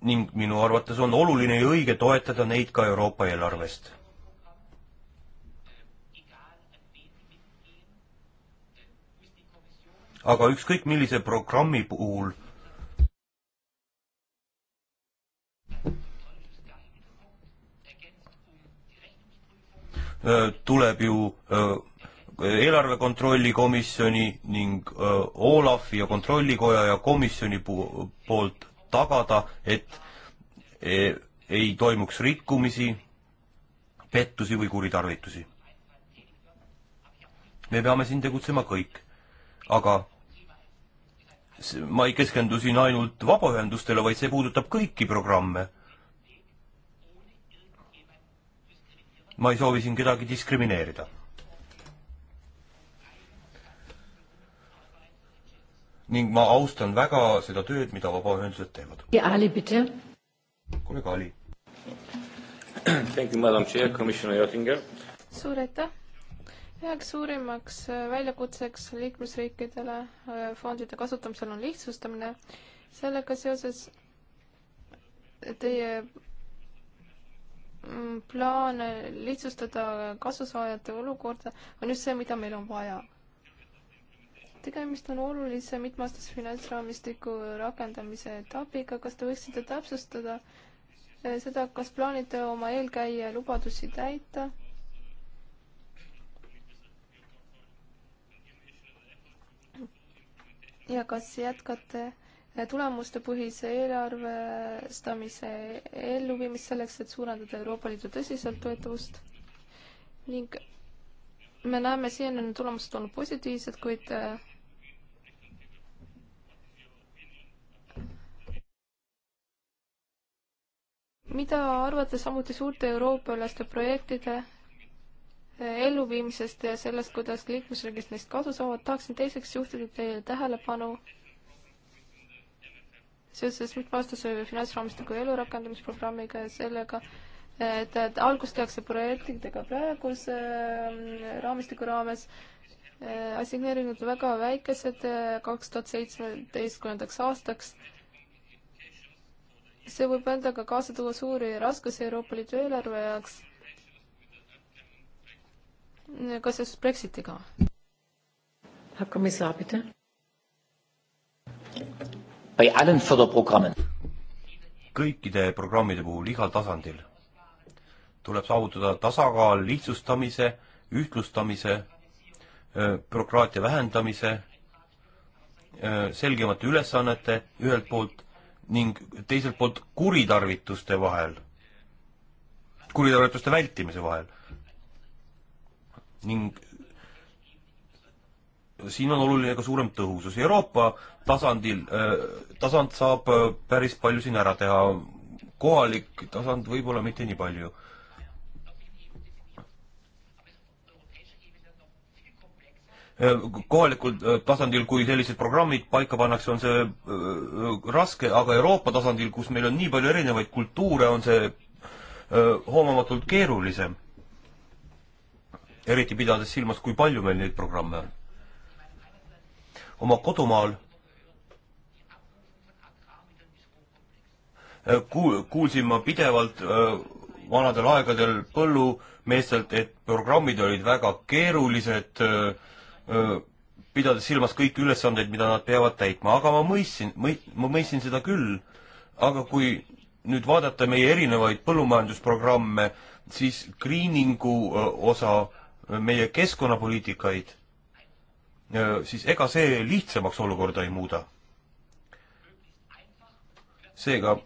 [SPEAKER 1] ning minu arvates on oluline ja õige toetada neid ka Euroopa eelarvest. aga ükskõik millise programmi puhul äh, tuleb ju äh, eelarve kontrolli komisjoni ning äh, Olafi ja kontrollikoja ja komisjoni poolt tagada, et e, ei toimuks rikkumisi, pettusi või kuritarvitusi. me peame siin tegutsema kõik, aga ma ei keskendu siin ainult vabaühendustele, vaid see puudutab kõiki programme. ma ei soovi siin kedagi diskrimineerida ning ma austan väga seda tööd, mida vabaühendused teevad.
[SPEAKER 3] ja Ali, bitte.
[SPEAKER 1] kolleeg Ali. Thank you, madam chair, commissioner Oettinger.
[SPEAKER 2] suur aitäh. üheks suurimaks äh, väljakutseks liikmesriikidele äh, fondide kasutamisel on lihtsustamine. sellega seoses teie mm, plaan lihtsustada kasusaajate olukorda on just see, mida meil on vaja tegemist on olulise mitmeaastase finantsraamistiku rakendamise etapiga, kas te võiksite täpsustada eh, seda, kas plaanite oma eelkäija lubadusi täita? ja kas jätkate eh, tulemustepõhise eelarvestamise elluviimist selleks, et suurendada Euroopa Liidu tõsiseltvõetavust ning me näeme, siiani on tulemused olnud positiivsed, kuid eh, mida arvate samuti suurte eurooplaste projektide eh, elluviimisest ja sellest, kuidas liikmesriigid neist kasu saavad, tahaksin teiseks juhtida teie tähelepanu seoses mitmeaastase finantsraamistiku elurakendamisprogrammiga ja sellega, et, et algust tehakse projektidega praeguse äh, raamistiku raames äh,, assigneeringud väga väikesed eh, kaks tuhat seitsmeteistkümnendaks aastaks äh,, see võib endaga kaasa tuua suuri raskusi Euroopa Liidu eelarve jaoks. kas seoses Brexitiga? hakkame saa
[SPEAKER 3] pidi.
[SPEAKER 1] kõikide programmide puhul igal tasandil tuleb saavutada tasakaal lihtsustamise, ühtlustamise, bürokraatia vähendamise, selgemate ülesannete ühelt poolt ning teiselt poolt kuritarvituste vahel, kuritarvituste vältimise vahel. ning siin on oluline ka suurem tõhusus. Euroopa tasandil, äh, tasand saab äh, päris palju siin ära teha, kohalik tasand võib-olla mitte nii palju Äh, kohalikul äh, tasandil, kui sellised programmid paika pannakse, on see äh, raske, aga Euroopa tasandil, kus meil on nii palju erinevaid kultuure, on see hoomamatult keerulisem. eriti pidades silmas, kui palju meil neid programme on. oma kodumaal kuul-, kuulsin ma pidevalt vanadel aegadel põllumeestelt, et programmid olid väga keerulised äh,, pidades silmas kõiki ülesandeid, mida nad peavad täitma, aga ma mõistsin, mõi-, ma mõistsin seda küll, aga kui nüüd vaadata meie erinevaid põllumajandusprogramme, siis greening'u osa, meie keskkonnapoliitikaid, siis ega see lihtsamaks olukorda ei muuda. seega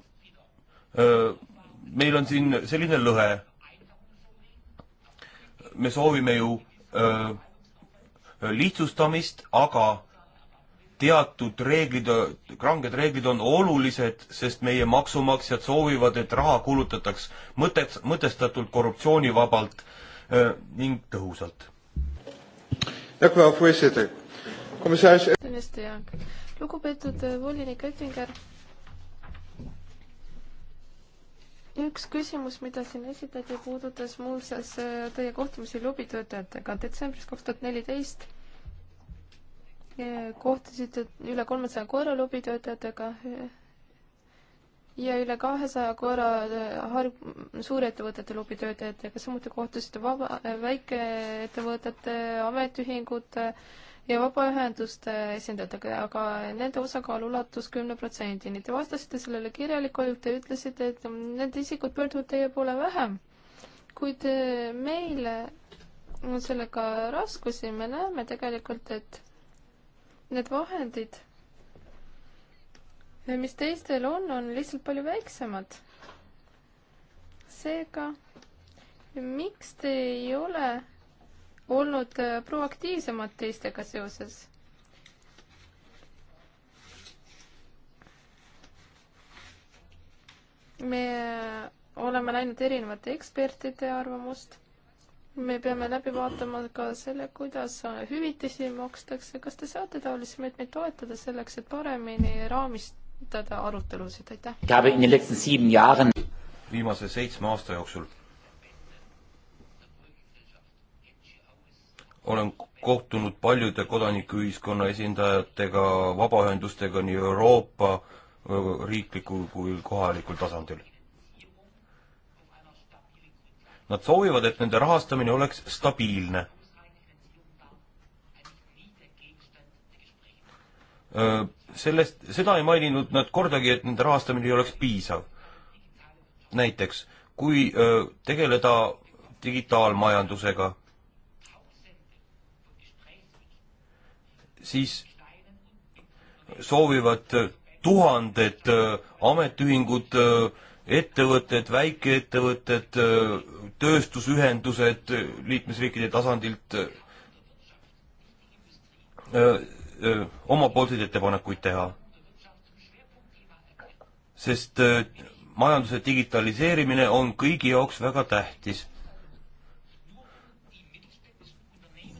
[SPEAKER 1] meil on siin selline lõhe. me soovime ju öö, lihtsustamist, aga teatud reeglid, ranged reeglid on olulised, sest meie maksumaksjad soovivad, et raha kulutataks mõtet, mõtestatult, korruptsioonivabalt öö, ning tõhusalt.
[SPEAKER 2] lugupeetud äh, volinik Oettinger üks küsimus, mida siin esitati, puudutas muuseas äh, teie kohtumisi lobitöötajatega detsembris kaks tuhat neliteist. Äh, kohtusite üle kolmesaja koera lobitöötajatega äh, ja üle kahesaja koera harg-, suurettevõtete lobitöötajatega, samuti kohtusite vaba, väikeettevõtete, ametiühingute äh, ja vabaühenduste esindajatega, aga nende osakaal ulatus kümne protsendini. Te vastasite sellele kirjalikult, te ütlesite, et need isikud pöörduvad teie poole vähem, kuid meil on sellega raskusi, me näeme tegelikult, et need vahendid, mis teistel on, on lihtsalt palju väiksemad. seega, miks te ei ole olnud proaktiivsemad teistega seoses. me oleme näinud erinevate ekspertide arvamust. me peame läbi vaatama ka selle, kuidas hüvitisi makstakse, kas te saate taolisi meetmeid toetada selleks, et paremini raamistada arutelusid, aitäh!
[SPEAKER 1] viimase seitsme aasta jooksul olen kohtunud paljude kodanikuühiskonna esindajatega, vabaühendustega nii Euroopa riiklikul kui kohalikul tasandil. Nad soovivad, et nende rahastamine oleks stabiilne. Sellest, seda ei maininud nad kordagi, et nende rahastamine ei oleks piisav. näiteks, kui tegeleda digitaalmajandusega siis soovivad tuhanded äh, ametiühingud, äh, ettevõtted, väikeettevõtted, äh, tööstusühendused liikmesriikide tasandilt omapoolseid ettepanekuid teha. sest majanduse digitaliseerimine on kõigi jaoks väga tähtis.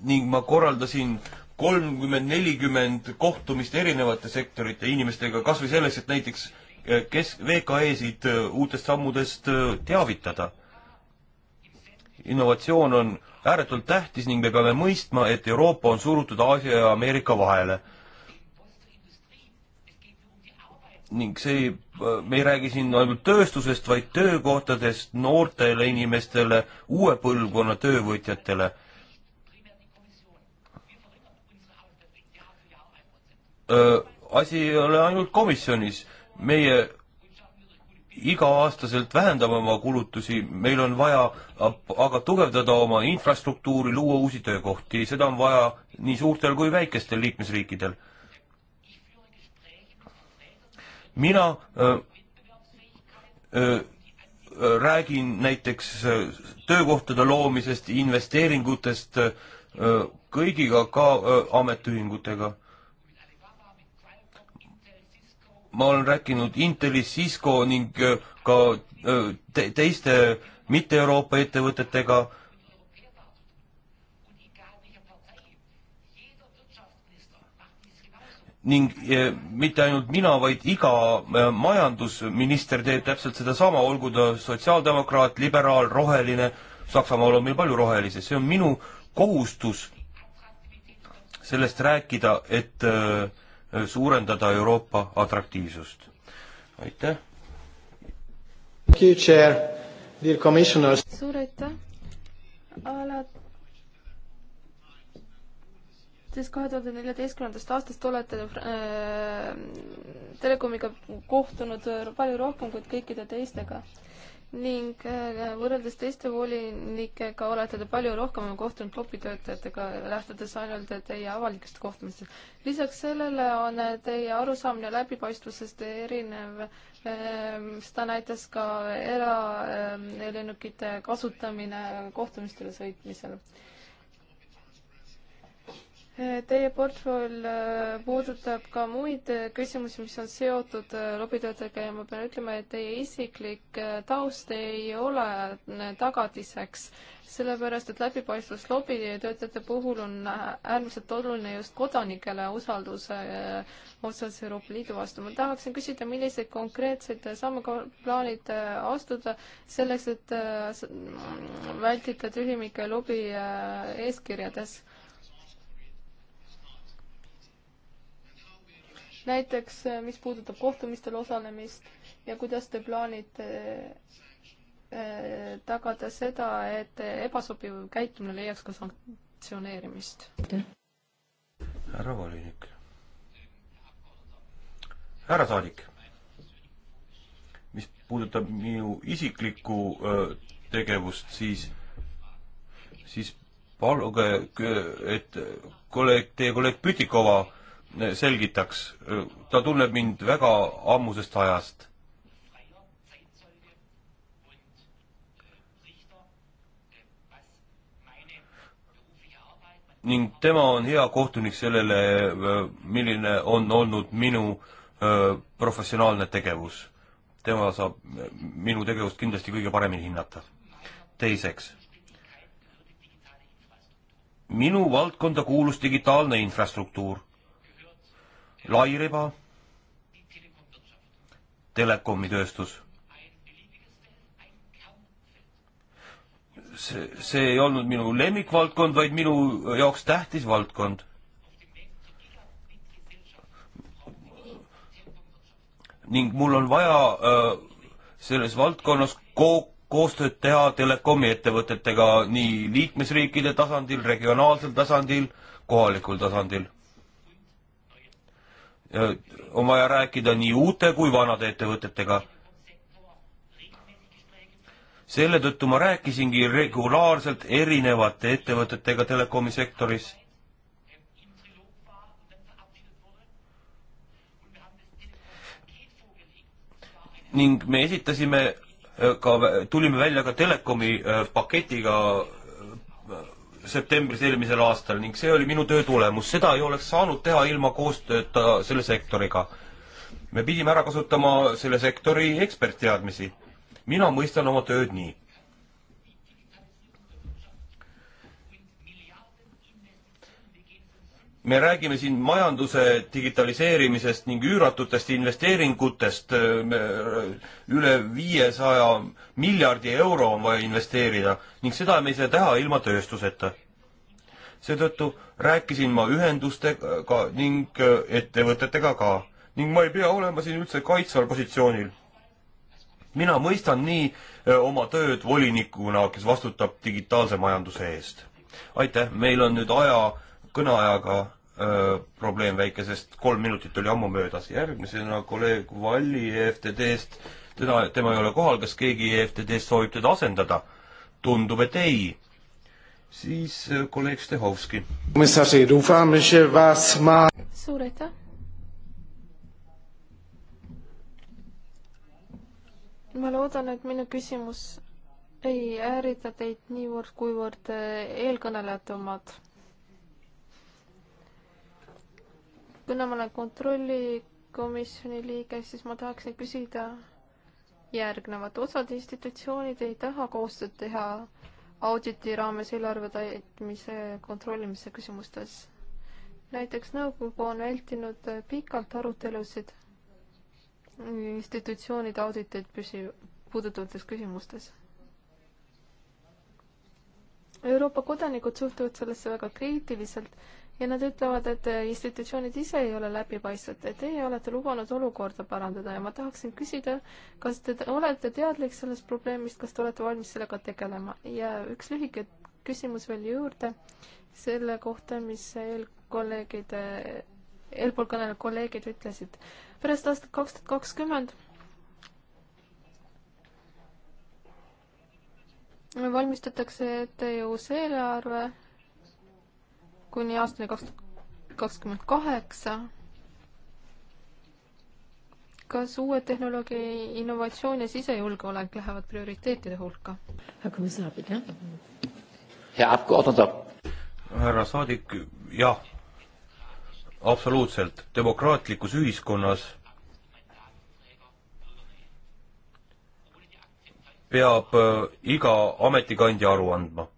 [SPEAKER 1] ning ma korraldasin äh, kolmkümmend, nelikümmend kohtumist erinevate sektorite inimestega, kas või selleks, et näiteks eh, kes, VKE-sid eh, uutest sammudest eh, teavitada. innovatsioon on ääretult tähtis ning me peame mõistma, et Euroopa on surutud Aasia ja Ameerika vahele. ning see, me ei räägi siin ainult tööstusest, vaid töökohtadest noortele inimestele, uue põlvkonna töövõtjatele asi ei ole ainult komisjonis, meie iga-aastaselt vähendame oma kulutusi, meil on vaja aga tugevdada oma infrastruktuuri, luua uusi töökohti, seda on vaja nii suurtel kui väikestel liikmesriikidel. mina öö, öö, räägin näiteks töökohtade loomisest, investeeringutest öö, kõigiga, ka öö, ametiühingutega ma olen rääkinud Intelis, Cisco ning äh, ka äh, te teiste mitte Euroopa ettevõtetega. ning äh, mitte ainult mina, vaid iga majandusminister teeb täpselt sedasama, olgu ta sotsiaaldemokraat, liberaal, roheline. Saksamaal on meil palju rohelisi, see on minu kohustus sellest rääkida, et äh, suurendada Euroopa atraktiivsust. aitäh!
[SPEAKER 2] suur aitäh! alates kahe tuhande neljateistkümnendast aastast olete äh, Telekomiga kohtunud palju rohkem kui kõikide teistega ning äh, võrreldes teiste volinikega olete te palju rohkem kohtunud klopitöötajatega, lähtudes ainult teie avalikest kohtumistest. lisaks sellele on teie arusaamine läbipaistvusest erinev. Ähm, seda näitas ka eralennukite ähm, kasutamine kohtumistele sõitmisel. Teie portfell äh, puudutab ka muid äh, küsimusi, mis on seotud äh, lobitöötajatega ja ma pean ütlema, et teie isiklik taust ei ole tagatiseks, sellepärast et läbipaistvus lobitöötajate puhul on äärmiselt oluline just kodanikele usalduse osas Euroopa Liidu vastu. ma tahaksin küsida, milliseid konkreetseid samme plaanite astuda selleks, et vältida tühimikke lobi eeskirjades näiteks äh, mis puudutab kohtumistel osalemist ja kuidas te plaanite äh, tagada seda, et ebasobiv käitumine leiaks ka sanktsioneerimist?
[SPEAKER 1] härra volinik. härra saadik, mis puudutab minu isiklikku tegevust, siis, siis paluge, et kolleeg, teie kolleeg Pütikova selgitaks. ta tunneb mind väga ammusest ajast. ning tema on hea kohtunik sellele, milline on olnud minu professionaalne tegevus. tema saab minu tegevust kindlasti kõige paremini hinnata. teiseks minu valdkonda kuulus digitaalne infrastruktuur lairiba, telekomitööstus. see, see ei olnud minu lemmikvaldkond, vaid minu jaoks tähtis valdkond. ning mul on vaja öö, äh, selles valdkonnas ko-, koostööd teha telekomi ettevõtetega nii liikmesriikide tasandil, regionaalsel tasandil, kohalikul tasandil on vaja rääkida nii uute kui vanade ettevõtetega. selle tõttu ma rääkisingi regulaarselt erinevate ettevõtetega telekomi sektoris. ning me esitasime ka, tulime välja ka telekomi paketiga septembris eelmisel aastal ning see oli minu töö tulemus. seda ei oleks saanud teha ilma koostööta selle sektoriga. me pidime ära kasutama selle sektori ekspertteadmisi. mina mõistan oma tööd nii. me räägime siin majanduse digitaliseerimisest ning üüratutest investeeringutest, üle viiesaja miljardi euro on vaja investeerida ning seda me ei saa teha ilma tööstuseta. seetõttu rääkisin ma ühendustega ning äh, ettevõtetega ka ning ma ei pea olema siin üldse kaitsval positsioonil. mina mõistan nii äh, oma tööd volinikuna, kes vastutab digitaalse majanduse eest. aitäh, meil on nüüd aja kõneajaga öö, probleem väike, sest kolm minutit oli ammu möödas. järgmisena kolleeg Valli EFTD-st, teda, tema ei ole kohal, kas keegi EFTD-st soovib teda asendada? tundub, et ei. siis kolleeg Stehovski.
[SPEAKER 2] suur aitäh. ma loodan, et minu küsimus ei häirita teid niivõrd, kuivõrd äh, eelkõnelejate omad kuna ma olen kontrollikomisjoni liige, siis ma tahaksin küsida järgnevat. osad institutsioonid ei taha koostööd teha auditi raames eelarve täitmise kontrollimise küsimustes. näiteks nõukogu on vältinud pikalt arutelusid institutsioonide auditeid püsi-, puudutavates küsimustes. Euroopa kodanikud suhtuvad sellesse väga kriitiliselt ja nad ütlevad, et eh, institutsioonid ise ei ole läbipaistvad ja teie olete lubanud olukorda parandada ja ma tahaksin küsida, kas te olete teadlik sellest probleemist, kas te olete valmis sellega tegelema ja üks lühike küsimus veel juurde selle kohta, mis eelkolleegid, eh, eelpool kõnelenud kolleegid ütlesid. pärast aastat kaks tuhat kakskümmend valmistatakse ette ju see eelarve kuni aastani kaks, kakskümmend kaheksa. kas uue tehnoloogia innovatsioon ja sisejulgeolek lähevad prioriteetide hulka?
[SPEAKER 1] härra saadik, jah, absoluutselt, demokraatlikus ühiskonnas peab äh, iga ametikandja aru andma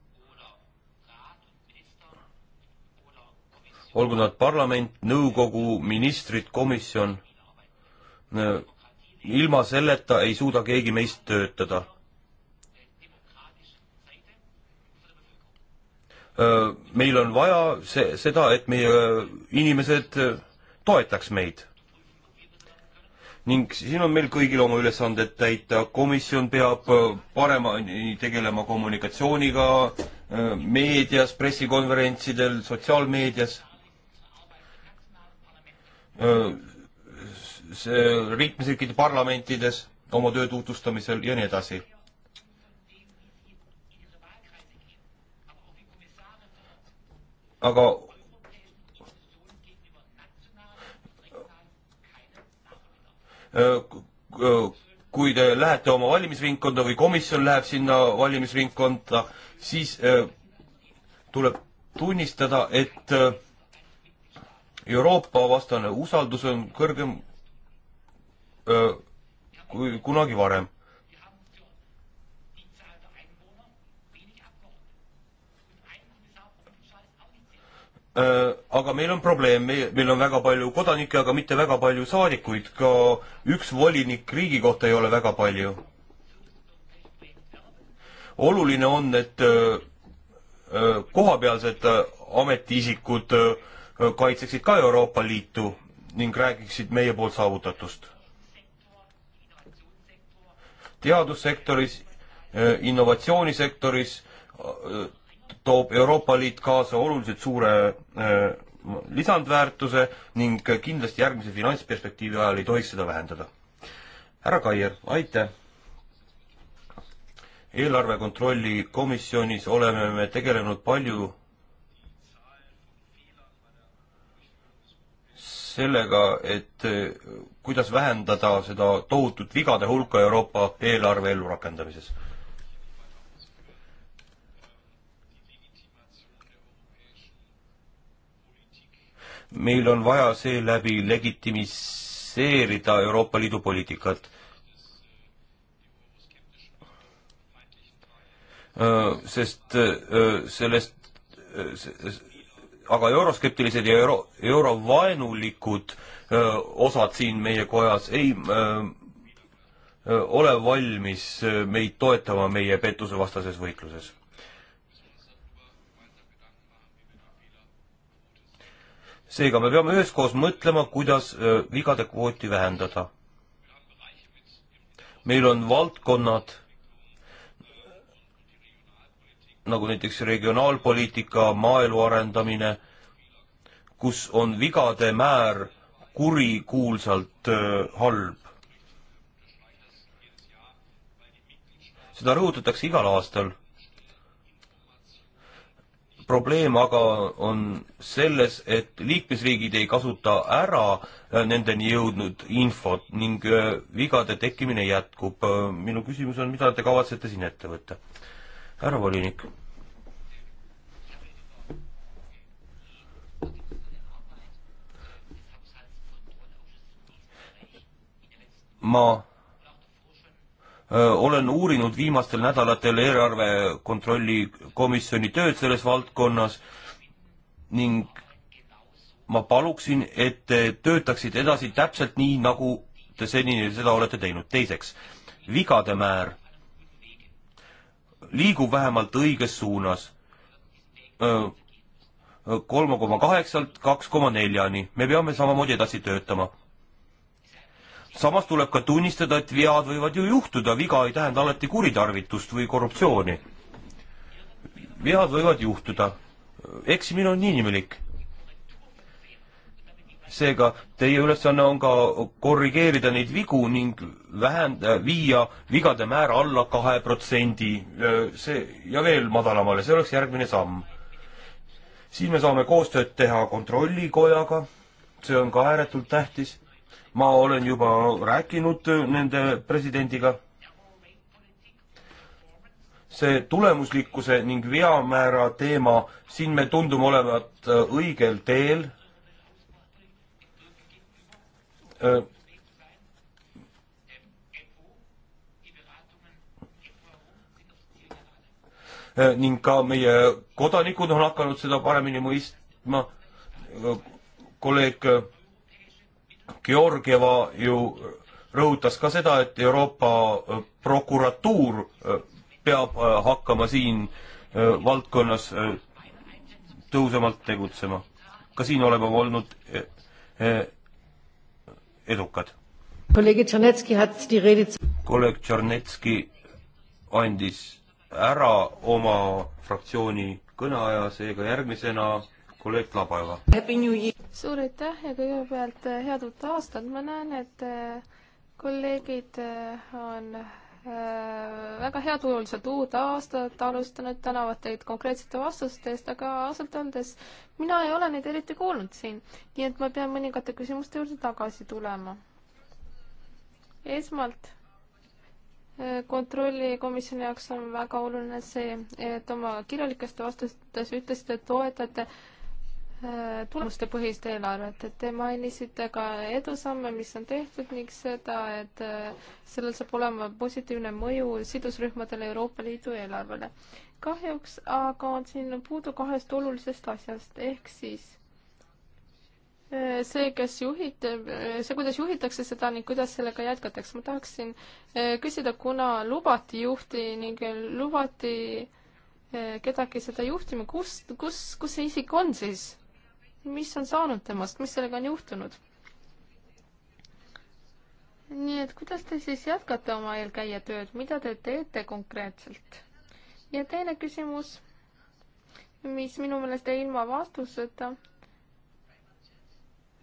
[SPEAKER 1] olgu nad parlament, nõukogu, ministrid, komisjon, äh, ilma selleta ei suuda keegi meist töötada. Äh, meil on vaja see, seda, et meie äh, inimesed toetaks meid. ning siin on meil kõigil oma ülesanded täita, komisjon peab paremini tegelema kommunikatsiooniga, meedias, pressikonverentsidel, sotsiaalmeedias see liikmesriikide parlamentides oma töö tutvustamisel ja nii edasi. aga kui te lähete oma valimisringkonda või komisjon läheb sinna valimisringkonda, siis tuleb tunnistada, et Euroopa vastane usaldus on kõrgem öö, kui kunagi varem. aga meil on probleem, meil on väga palju kodanikke, aga mitte väga palju saadikuid, ka üks volinik riigi kohta ei ole väga palju. oluline on, et kohapealsed ametiisikud öö, kaitseksid ka Euroopa Liitu ning räägiksid meie poolt saavutatust. teadussektoris, innovatsioonisektoris toob Euroopa Liit kaasa oluliselt suure lisandväärtuse ning kindlasti järgmise finantsperspektiivi ajal ei tohiks seda vähendada. härra Kaier, aitäh! eelarve kontrolli komisjonis oleme me tegelenud palju sellega, et eh, kuidas vähendada seda tohutut vigade hulka Euroopa eelarve ellurakendamises? meil on vaja seeläbi legitimiseerida Euroopa Liidu poliitikat. Äh, sest äh, sellest äh, aga euroskeptilised ja euro, eurovaenulikud öö, osad siin meie kojas ei öö, ole valmis meid toetama meie pettusevastases võitluses. seega me peame üheskoos mõtlema, kuidas vigade kvooti vähendada. meil on valdkonnad nagu näiteks regionaalpoliitika, maaelu arendamine, kus on vigade määr kurikuulsalt halb. seda rõhutatakse igal aastal. probleem aga on selles, et liikmesriigid ei kasuta ära nendeni jõudnud infot ning vigade tekkimine jätkub. minu küsimus on, mida te kavatsete siin ette võtta? härra volinik. ma olen uurinud viimastel nädalatel eelarve kontrolli komisjoni tööd selles valdkonnas ning ma paluksin, et te töötaksid edasi täpselt nii, nagu te senini seda olete teinud. teiseks, vigade määr liigub vähemalt õiges suunas. kolme koma kaheksalt kaks koma neljani, me peame samamoodi edasi töötama. samas tuleb ka tunnistada, et vead võivad ju juhtuda, viga ei tähenda alati kuritarvitust või korruptsiooni. vead võivad juhtuda, eksimine on inimlik seega teie ülesanne on ka korrigeerida neid vigu ning vähend-, äh, viia vigade määr alla kahe protsendi, äh, see, ja veel madalamale, see oleks järgmine samm. siin me saame koostööd teha Kontrollikojaga, see on ka ääretult tähtis, ma olen juba rääkinud äh, nende presidendiga, see tulemuslikkuse ning veamäära teema, siin me tundume olevat õigel teel Äh, äh, ning ka meie kodanikud on hakanud seda paremini mõistma. Äh, kolleeg Georgieva ju rõhutas ka seda, et Euroopa prokuratuur peab hakkama siin valdkonnas tõhusamalt tegutsema. ka siin oleme olnud edukad. kolleeg Tšernetski andis ära oma fraktsiooni kõneaja, seega järgmisena kolleeg Tlabaeva.
[SPEAKER 2] suur aitäh ja kõigepealt eh, head uut aastat, ma näen, et eh, kolleegid eh, on Äh, väga heatujuliselt uut aastat alustanud, tänavad teid konkreetsete vastuste eest, aga ausalt öeldes mina ei ole neid eriti kuulnud siin, nii et ma pean mõningate küsimuste juurde tagasi tulema. esmalt äh, kontrollikomisjoni jaoks on väga oluline see, et oma kirjalikest vastustest ütlesite, et toetate äh, tulemustepõhist eelarvet, et te mainisite ka edusamme, mis on tehtud ning seda, et äh, sellel saab olema positiivne mõju sidusrühmadele Euroopa Liidu eelarvele. kahjuks aga on siin puudu kahest olulisest asjast, ehk siis äh, see, kes juhid, äh, see, kuidas juhitakse seda ning kuidas sellega jätkatakse. ma tahaksin küsida, kuna lubati juhti ning lubati kedagi seda juhtima, kus, kus, kus see isik on siis? mis on saanud temast, mis sellega on juhtunud? nii et kuidas te siis jätkate oma eelkäija tööd, mida te teete konkreetselt? ja teine küsimus, mis minu meelest jäi ilma vastuseta.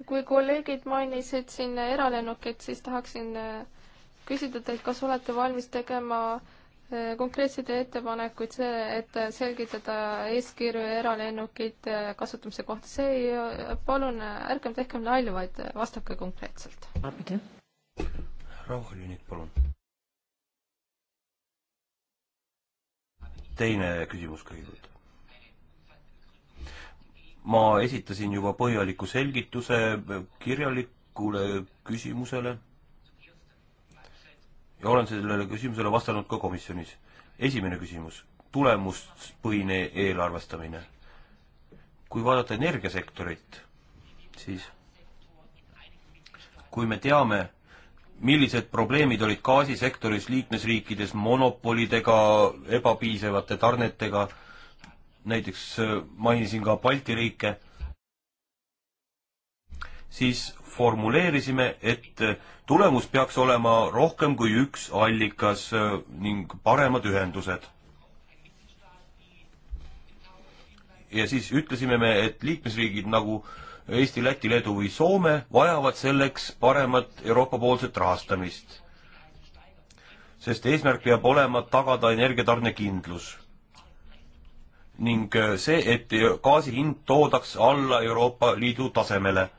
[SPEAKER 2] kui kolleegid mainisid siin eralennukeid, siis tahaksin äh, küsida teilt, kas olete valmis tegema äh, Äh, konkreetseid ettepanekuid, see, et selgitada eeskirju eralennukite äh, kasutamise kohta, see ei, äh, palun ärgem tehkem nalju, vaid vastake konkreetselt.
[SPEAKER 1] rahul nüüd palun. teine küsimus kõigepealt. ma esitasin juba põhjaliku selgituse kirjalikule küsimusele olen sellele küsimusele vastanud ka komisjonis. esimene küsimus, tulemuspõhine eelarvestamine. kui vaadata energiasektorit, siis kui me teame, millised probleemid olid gaasisektoris liikmesriikides monopolidega, ebapiisavate tarnetega, näiteks äh, mainisin ka Balti riike, siis formuleerisime, et tulemus peaks olema rohkem kui üks allikas äh, ning paremad ühendused. ja siis ütlesime me, et liikmesriigid nagu Eesti, Läti, Leedu või Soome vajavad selleks paremat Euroopa-poolset rahastamist. sest eesmärk peab olema tagada energiatarnekindlus ning äh, see, et gaasi hind toodaks alla Euroopa Liidu tasemele.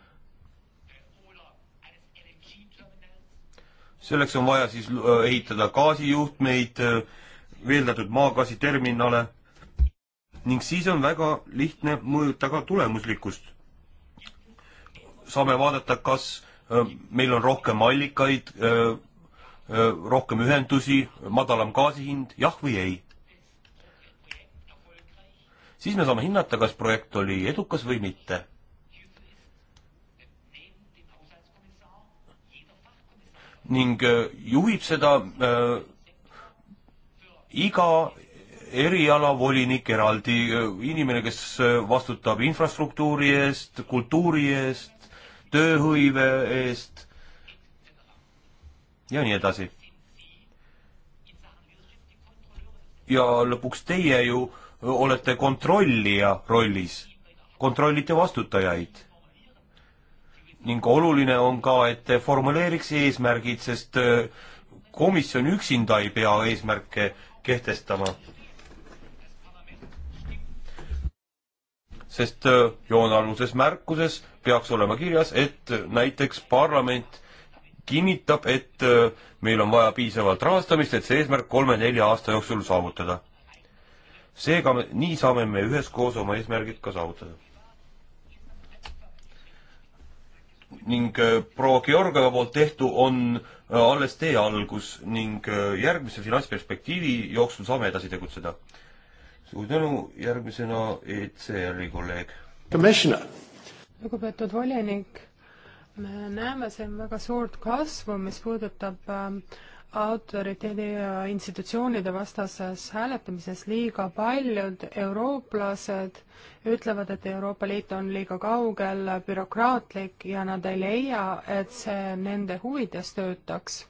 [SPEAKER 1] selleks on vaja siis äh, ehitada gaasijuhtmeid, äh, veeldatud maagaasiterminale ning siis on väga lihtne mõõta ka tulemuslikkust. saame vaadata, kas äh, meil on rohkem allikaid, rohkem ühendusi, madalam gaasi hind, jah või ei. siis me saame hinnata, kas projekt oli edukas või mitte. ning äh, juhib seda äh, iga erialavolinik eraldi, äh, inimene, kes äh, vastutab infrastruktuuri eest, kultuuri eest, tööhõive eest ja nii edasi. ja lõpuks teie ju olete kontrollija rollis, kontrollite vastutajaid ning oluline on ka, et te formuleeriks eesmärgid, sest äh, komisjon üksinda ei pea eesmärke kehtestama. sest äh, joonealuses märkuses peaks olema kirjas, et äh, näiteks parlament kinnitab, et meil on vaja piisavalt rahastamist, et see eesmärk kolme-nelja aasta jooksul saavutada. seega me, nii saame me üheskoos oma eesmärgid ka saavutada. ning äh, proua Georgieva poolt tehtu on äh, alles tee algus ning äh, järgmise finantsperspektiivi jooksul saame edasi tegutseda. suur tänu, järgmisena ECR-i kolleeg.
[SPEAKER 4] lugupeetud volinik, me näeme siin väga suurt kasvu, mis puudutab äh, autoriteedi ja institutsioonide vastases hääletamises liiga paljud eurooplased ütlevad, et Euroopa Liit on liiga kaugel, bürokraatlik ja nad ei leia, et see nende huvides töötaks.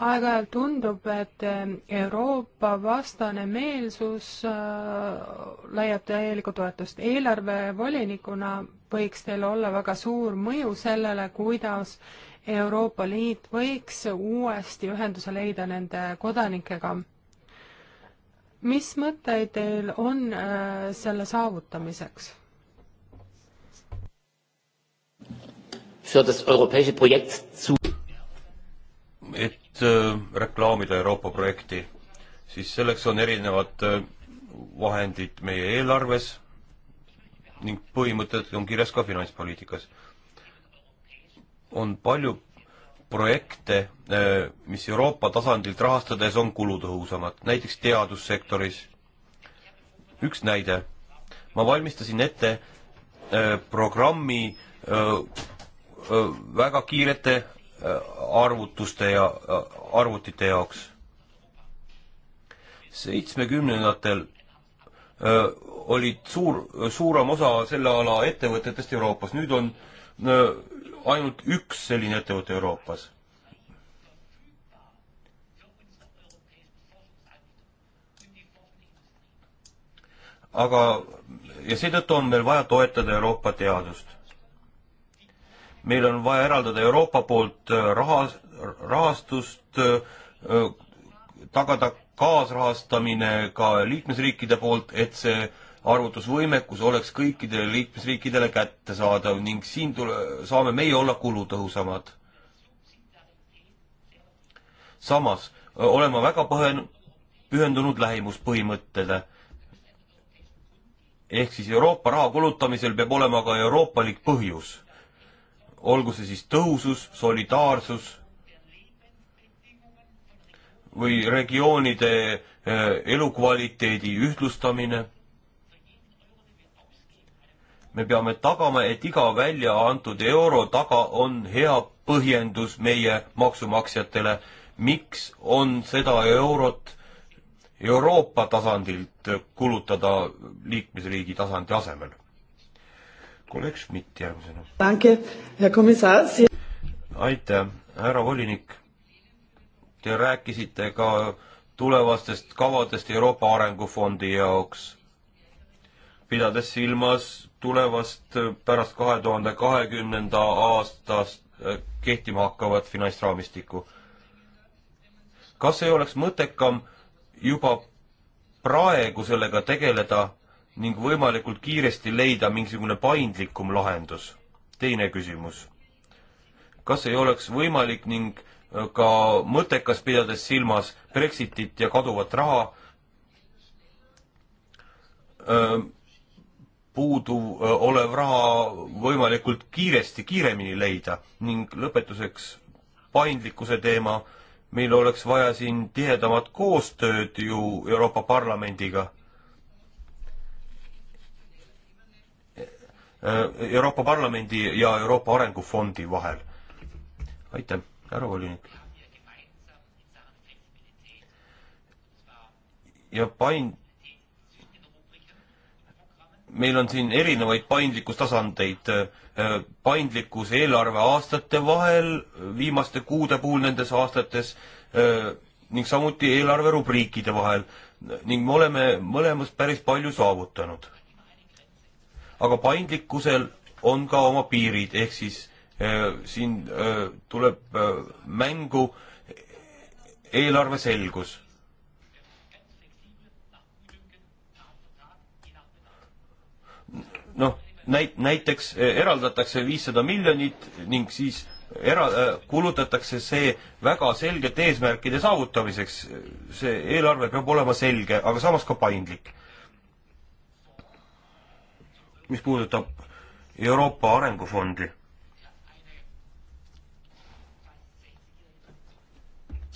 [SPEAKER 4] aeg-ajalt tundub, et Euroopa vastane meelsus äh, leiab täielikku toetust. eelarvevolinikuna võiks teil olla väga suur mõju sellele, kuidas Euroopa Liit võiks uuesti ühenduse leida nende kodanikega. mis mõtteid teil on äh, selle saavutamiseks?
[SPEAKER 3] für das europäische Projekt zu.
[SPEAKER 1] et äh, reklaamida Euroopa projekti, siis selleks on erinevad äh, vahendid meie eelarves ning põhimõtted on kirjas ka finantspoliitikas on palju projekte, äh, mis Euroopa tasandilt rahastades on kulutõhusamad, näiteks teadussektoris. üks näide, ma valmistasin ette äh, programmi äh, väga kiirete arvutuste ja arvutite jaoks. seitsmekümnendatel olid suur, suurem osa selle ala ettevõtetest Euroopas, nüüd on öö, ainult üks selline ettevõte Euroopas. aga, ja seetõttu on meil vaja toetada Euroopa teadust. meil on vaja eraldada Euroopa poolt äh, raha, rahastust, äh, tagada kaasrahastamine ka liikmesriikide poolt, et see äh, arvutusvõimekus oleks kõikidele liikmesriikidele kättesaadav ning siin tule-, saame meie olla kulutõhusamad. samas olen ma väga põhen-, pühendunud lähimuspõhimõttele. ehk siis Euroopa raha kulutamisel peab olema ka euroopalik põhjus. olgu see siis tõhusus, solidaarsus või regioonide elukvaliteedi ühtlustamine me peame tagama, et iga välja antud euro taga on hea põhjendus meie maksumaksjatele, miks on seda eurot Euroopa tasandilt kulutada liikmesriigi tasandi asemel. kolleeg Schmidt järgmisena. aitäh, härra volinik. Te rääkisite ka tulevastest kavadest Euroopa Arengufondi jaoks, pidades silmas tulevast pärast kahe tuhande kahekümnenda aastast äh, kehtima hakkavat finantsraamistikku. kas ei oleks mõttekam juba praegu sellega tegeleda ning võimalikult kiiresti leida mingisugune paindlikum lahendus? teine küsimus. kas ei oleks võimalik ning äh, ka mõttekas, pidades silmas Brexitit ja kaduvat raha, äh, puuduv olev raha võimalikult kiiresti, kiiremini leida ning lõpetuseks paindlikkuse teema, meil oleks vaja siin tihedamat koostööd ju Euroopa Parlamendiga. Euroopa Parlamendi ja Euroopa Arengufondi vahel. aitäh, härra volinik. ja pain-, meil on siin erinevaid paindlikkustasandeid, äh, paindlikkus eelarveaastate vahel, viimaste kuude puhul nendes aastates äh, ning samuti eelarverubriikide vahel ning me oleme mõlemas päris palju saavutanud. aga paindlikkusel on ka oma piirid, ehk siis äh, siin äh, tuleb äh, mängu eelarve selgus noh, näit-, näiteks e, eraldatakse viissada miljonit ning siis era-, e, kulutatakse see väga selgete eesmärkide saavutamiseks. see eelarve peab olema selge, aga samas ka paindlik. mis puudutab Euroopa Arengufondi,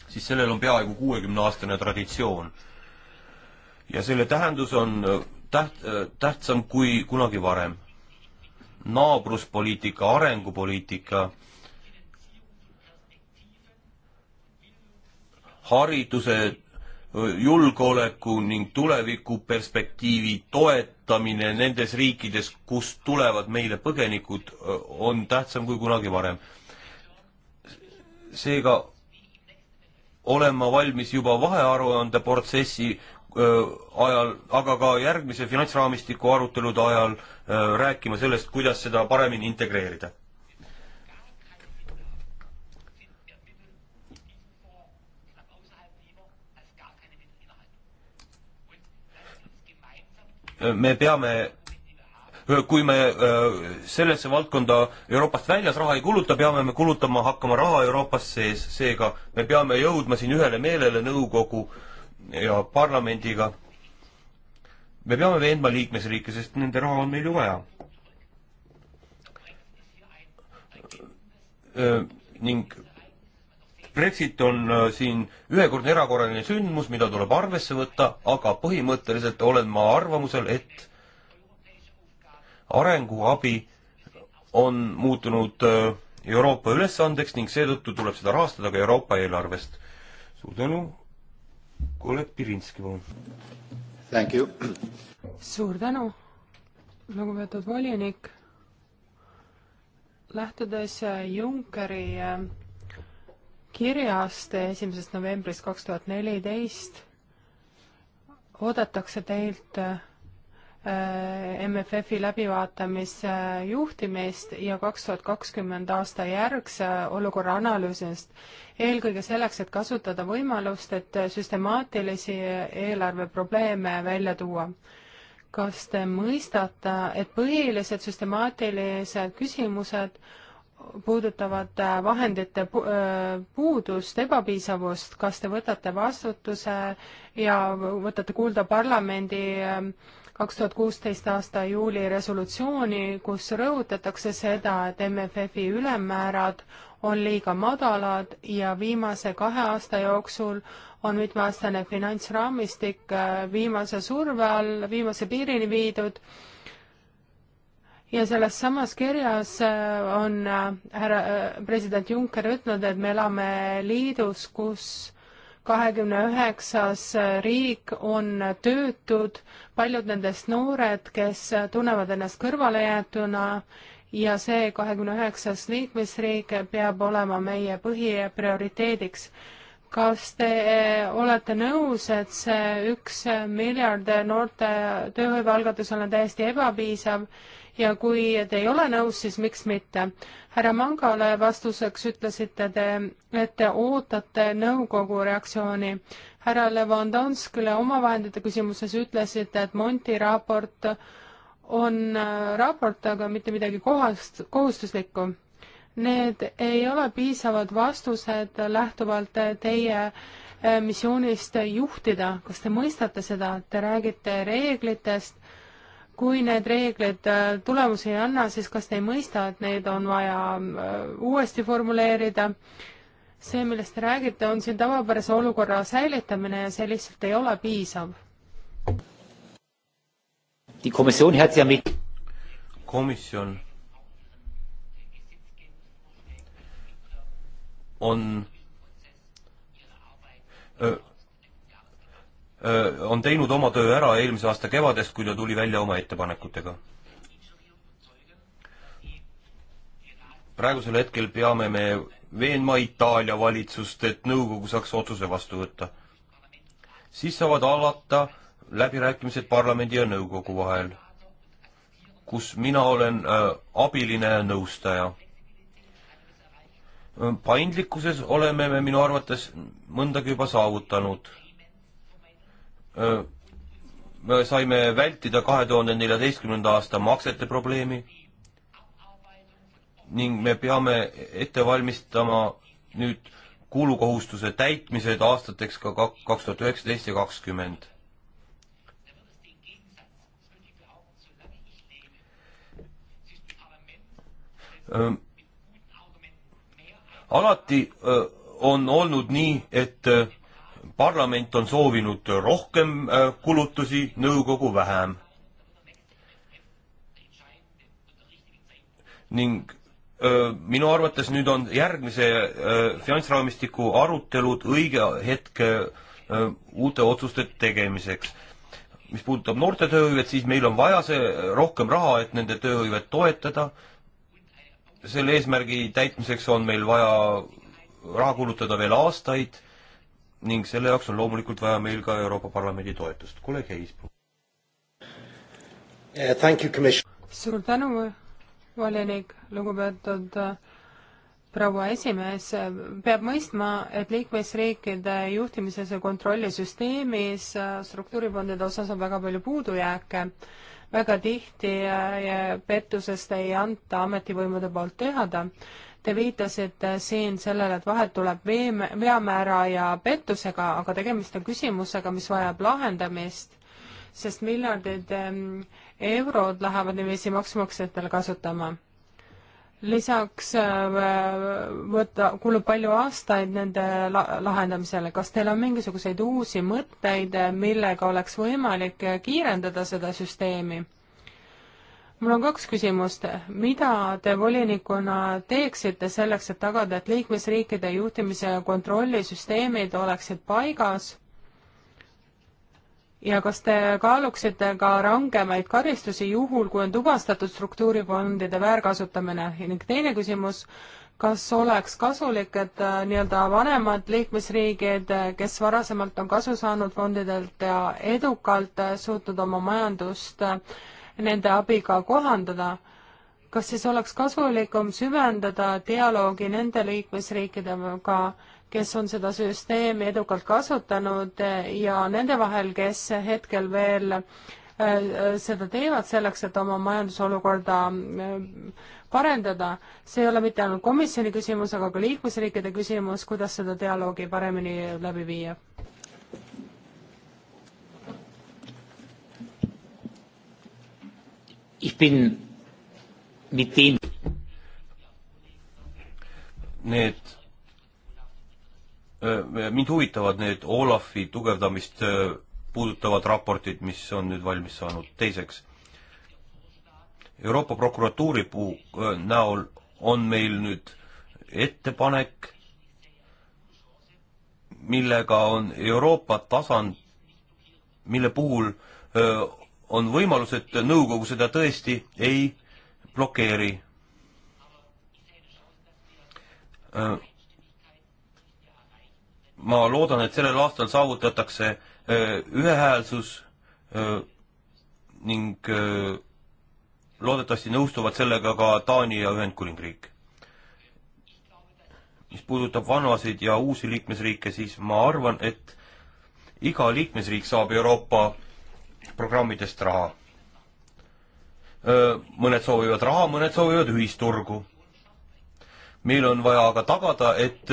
[SPEAKER 1] siis sellel on peaaegu kuuekümneaastane traditsioon. ja selle tähendus on täht-, äh, tähtsam kui kunagi varem. naabruspoliitika, arengupoliitika, hariduse, julgeoleku ning tulevikuperspektiivi toetamine nendes riikides, kust tulevad meile põgenikud, on tähtsam kui kunagi varem. seega olen ma valmis juba vahearuande protsessi ajal, aga ka järgmise finantsraamistiku arutelude ajal rääkima sellest, kuidas seda paremini integreerida. me peame, kui me sellesse valdkonda Euroopast väljas raha ei kuluta, peame me kulutama hakkama raha Euroopas sees, seega me peame jõudma siin ühele meelele nõukogu äh, ja parlamendiga. me peame veenma liikmesriike, sest nende raha on meil ju vaja. ning Brexit on siin ühekordne erakorraline sündmus, mida tuleb arvesse võtta, aga põhimõtteliselt olen ma arvamusel, et arenguabi on muutunud Euroopa ülesandeks ning seetõttu tuleb seda rahastada ka Euroopa eelarvest. suur tänu, kolleeg Pirinski, palun.
[SPEAKER 4] suur tänu, lugupeetud volinik. lähtudes Junckeri äh, kirjast esimesest novembrist kaks tuhat neliteist, oodatakse teilt äh, Äh, MFF-i läbivaatamise juhtimist ja kaks tuhat kakskümmend aasta järgse olukorra analüüsist, eelkõige selleks, et kasutada võimalust, et süstemaatilisi eelarveprobleeme välja tuua. kas te mõistate, et põhilised süstemaatilised küsimused puudutavad vahendite äh, puudust, ebapiisavust, kas te võtate vastutuse ja võtate kuulda parlamendi äh, kaks tuhat kuusteist aasta juuli resolutsiooni, kus rõhutatakse seda, et MFF-i ülemmäärad on liiga madalad ja viimase kahe aasta jooksul on mitmeaastane finantsraamistik äh, viimase surve all, viimase piirini viidud ja selles samas kirjas äh, on äh, härra president Juncker ütelnud, et me elame liidus, kus kahekümne üheksas riik on töötud, paljud nendest noored, kes tunnevad ennast kõrvalejäetuna ja see kahekümne üheksas liikmesriik peab olema meie põhiprioriteediks kas te eh, olete nõus, et see üks miljard noorte tööhõivealgatusel on täiesti ebapiisav ja kui te ei ole nõus, siis miks mitte. härra Mangale vastuseks ütlesite te, et te ootate nõukogu reaktsiooni. härra Levandonskile omavahendite küsimuses ütlesite, et Monti raport on äh, raport, aga mitte midagi kohast, kohustuslikku. Need ei ole piisavad vastused lähtuvalt teie äh, missioonist juhtida, kas te mõistate seda, te räägite reeglitest, kui need reeglid äh, tulemusi ei anna, siis kas te ei mõista, et neid on vaja äh, uuesti formuleerida? see, millest te räägite, on siin tavapärase olukorra säilitamine ja see lihtsalt ei ole piisav.
[SPEAKER 1] komisjon on öö äh, on teinud oma töö ära eelmise aasta kevadest, kui ta tuli välja oma ettepanekutega. praegusel hetkel peame me veenma Itaalia valitsust, et nõukogu saaks otsuse vastu võtta. siis saavad alata läbirääkimised parlamendi ja nõukogu vahel, kus mina olen abiline nõustaja paindlikkuses oleme me minu arvates mõndagi juba saavutanud me saime vältida kahe tuhande neljateistkümnenda aasta maksete probleemi ning me peame ette valmistama nüüd kuulukohustuse täitmised aastateks ka kaks tuhat üheksateist ja kakskümmend. alati on olnud nii, et parlament on soovinud rohkem äh, kulutusi, nõukogu vähem. ning äh, minu arvates nüüd on järgmise äh, finantsraamistiku arutelud õige hetk uute otsuste tegemiseks. mis puudutab noorte tööhõivet, siis meil on vaja see rohkem raha, et nende tööhõivet toetada. selle eesmärgi täitmiseks on meil vaja raha kulutada veel aastaid ning selle jaoks on loomulikult vaja meil ka Euroopa Parlamendi toetust. kolleeg Heispuu yeah,.
[SPEAKER 4] suur tänu, volinik, lugupeetud äh, proua esimees, peab mõistma, et liikmesriikide juhtimises ja kontrollisüsteemis äh, struktuurifondide osas on väga palju puudujääke. väga tihti äh, pettusest ei anta ametivõimude poolt teada Te viitasite siin sellele, et vahet tuleb veeme, veamäära ja pettusega, aga tegemist on küsimusega, mis vajab lahendamist, sest miljardid ehm, eurod lähevad niiviisi maksumaksjatele kasutama. lisaks äh, võtta, kulub palju aastaid nende la lahendamisele. kas teil on mingisuguseid uusi mõtteid, millega oleks võimalik kiirendada seda süsteemi? mul on kaks küsimust. mida te volinikuna teeksite selleks, et tagada, et liikmesriikide juhtimise ja kontrollisüsteemid oleksid paigas? ja kas te kaaluksite ka rangemaid karistusi juhul, kui on tuvastatud struktuurifondide väärkasutamine? ning teine küsimus, kas oleks kasulik, et äh, nii-öelda vanemad liikmesriigid, äh, kes varasemalt on kasu saanud fondidelt ja edukalt äh, suutnud oma majandust nende abiga kohandada. kas siis oleks kasulikum süvendada dialoogi nende liikmesriikidega, kes on seda süsteemi edukalt kasutanud ja nende vahel, kes hetkel veel äh, seda teevad selleks, et oma majandusolukorda äh, parendada. see ei ole mitte ainult komisjoni küsimus, aga ka liikmesriikide küsimus, kuidas seda dialoogi paremini läbi viia.
[SPEAKER 3] Ich bin
[SPEAKER 1] mit dem Need äh, mind huvitavad need Olafi tugevdamist äh, puudutavad raportid, mis on nüüd valmis saanud. teiseks, Euroopa prokuratuuri puu-, äh, näol on meil nüüd ettepanek, millega on Euroopa tasand, mille puhul öö, on võimalus, et nõukogu seda tõesti ei blokeeri. Äh, ma loodan, et sellel aastal saavutatakse äh, ühehäälsus äh, ning loodetavasti nõustuvad sellega ka Taani ja Ühendkuningriik. mis puudutab vanasid ja uusi liikmesriike, siis ma arvan, et iga liikmesriik saab Euroopa programmidest raha. mõned soovivad raha, mõned soovivad ühisturgu. meil on vaja aga tagada, et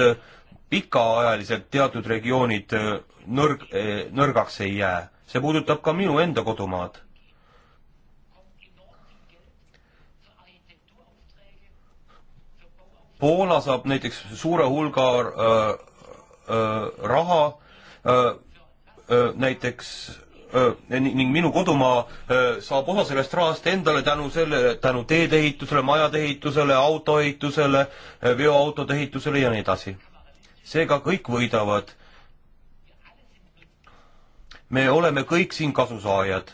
[SPEAKER 1] pikaajaliselt teatud regioonid nõrg, nõrgaks ei jää. see puudutab ka minu enda kodumaad. Poola saab näiteks suure hulga äh, äh, raha äh, näiteks ning minu kodumaa saab osa sellest rahast endale tänu sellele, tänu teede ehitusele, majade ehitusele, autoehitusele, veoautode ehitusele ja nii edasi. seega kõik võidavad. me oleme kõik siin kasusaajad.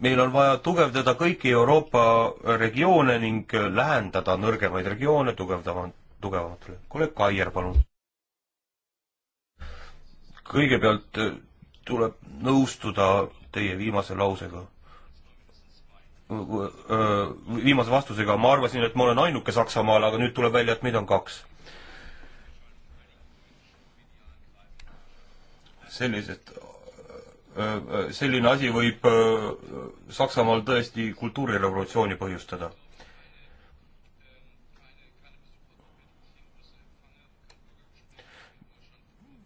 [SPEAKER 1] meil on vaja tugevdada kõiki Euroopa regioone ning lähendada nõrgemaid regioone tugevdama, tugevamatele. kolleeg Kaier, palun kõigepealt äh, tuleb nõustuda teie viimase lausega. Äh, äh, viimase vastusega, ma arvasin, et ma olen ainuke Saksamaal, aga nüüd tuleb välja, et meid on kaks. sellised, selline asi võib Saksamaal tõesti kultuurirevolutsiooni põhjustada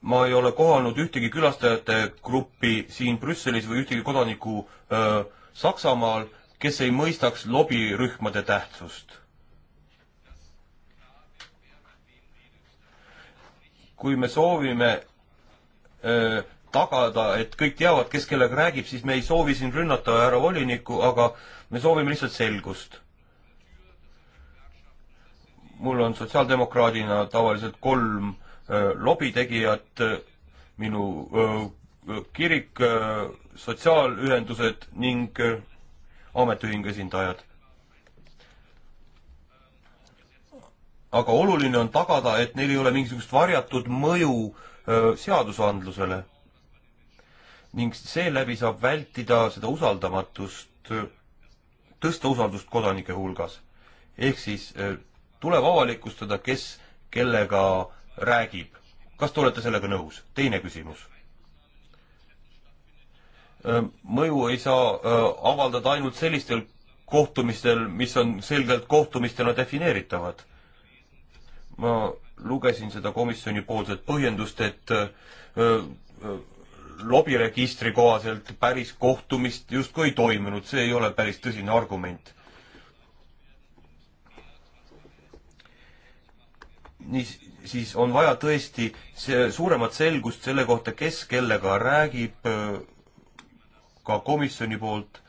[SPEAKER 1] ma ei ole kohanud ühtegi külastajate gruppi siin Brüsselis või ühtegi kodanikku öö, Saksamaal, kes ei mõistaks lobirühmade tähtsust. kui me soovime öö, tagada, et kõik teavad, kes kellega räägib, siis me ei soovi siin rünnata härra volinikku, aga me soovime lihtsalt selgust. mul on sotsiaaldemokraadina tavaliselt kolm lobitegijad, minu kirik, sotsiaalühendused ning ametiühingu esindajad. aga oluline on tagada, et neil ei ole mingisugust varjatud mõju seadusandlusele. ning seeläbi saab vältida seda usaldamatust, tõsta usaldust kodanike hulgas. ehk siis tuleb avalikustada, kes kellega räägib. kas te olete sellega nõus? teine küsimus. mõju ei saa avaldada ainult sellistel kohtumistel, mis on selgelt kohtumistena defineeritavad. ma lugesin seda komisjoni poolset põhjendust, et lobiregistri kohaselt päris kohtumist justkui ei toimunud, see ei ole päris tõsine argument. nii, siis on vaja tõesti see, suuremat selgust selle kohta, kes kellega räägib, äh, ka komisjoni poolt.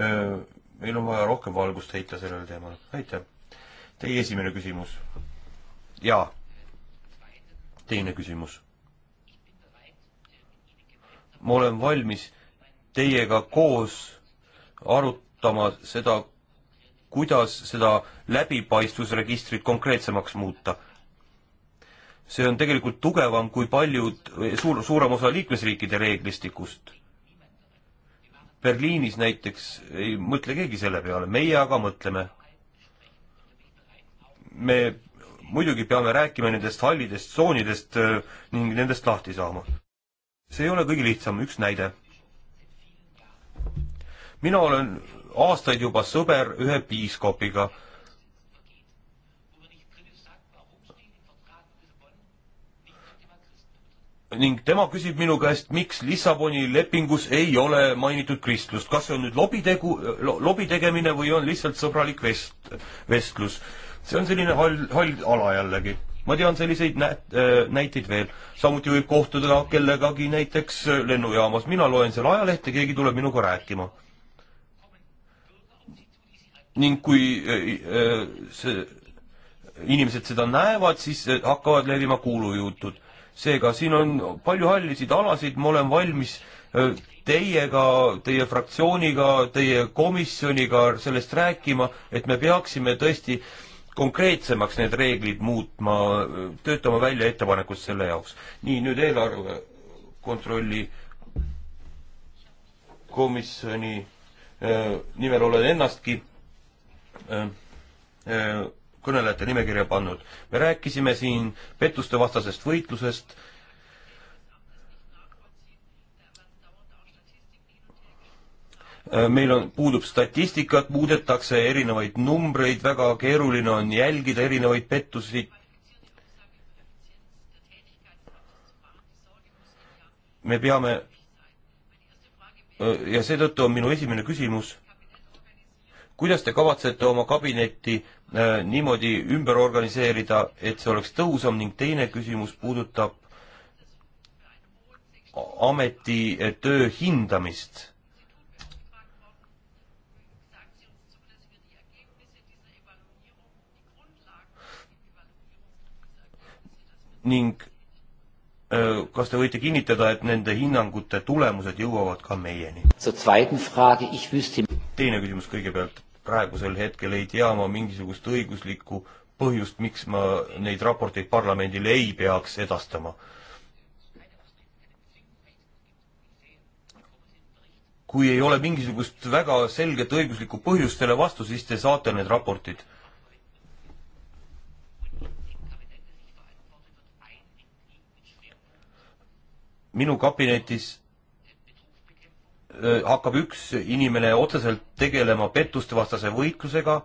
[SPEAKER 1] Äh, meil on vaja rohkem valgust heita sellel teemal, aitäh. Teie esimene küsimus. jaa. teine küsimus. ma olen valmis teiega koos arutama seda, kuidas seda läbipaistvusregistrit konkreetsemaks muuta see on tegelikult tugevam kui paljud, suur, suurem osa liikmesriikide reeglistikust. Berliinis näiteks ei mõtle keegi selle peale, meie aga mõtleme. me muidugi peame rääkima nendest hallidest tsoonidest äh, ning nendest lahti saama. see ei ole kõige lihtsam, üks näide. mina olen aastaid juba sõber ühe piiskopiga ning tema küsib minu käest, miks Lissaboni lepingus ei ole mainitud kristlust, kas see on nüüd lobitegu, lobi tegemine või on lihtsalt sõbralik vest-, vestlus. see on selline hall, hall ala jällegi. ma tean selliseid nä-, äh, näiteid veel. samuti võib kohtuda kellegagi näiteks äh, lennujaamas, mina loen seal ajalehte, keegi tuleb minuga rääkima. ning kui äh, äh see inimesed seda näevad, siis hakkavad levima kuulujutud seega siin on palju hallisid alasid, ma olen valmis teiega, teie fraktsiooniga, teie komisjoniga sellest rääkima, et me peaksime tõesti konkreetsemaks need reeglid muutma, töötama välja ettepanekud selle jaoks. nii, nüüd eelarve kontrolli komisjoni nimel olen ennastki kõnelejate nimekirja pannud. me rääkisime siin pettuste vastasest võitlusest, meil on, puudub statistikat, muudetakse erinevaid numbreid, väga keeruline on jälgida erinevaid pettusi. me peame ja seetõttu on minu esimene küsimus kuidas te kavatsete oma kabinetti äh, niimoodi ümber organiseerida, et see oleks tõhusam ning teine küsimus puudutab ameti äh, töö hindamist. ning äh, kas te võite kinnitada, et nende hinnangute tulemused jõuavad ka meieni? teine küsimus kõigepealt praegusel hetkel ei tea ma mingisugust õiguslikku põhjust, miks ma neid raporteid parlamendile ei peaks edastama. kui ei ole mingisugust väga selget õiguslikku põhjust selle vastu, siis te saate need raportid minu kabinetis hakkab üks inimene otseselt tegelema pettustevastase võitlusega,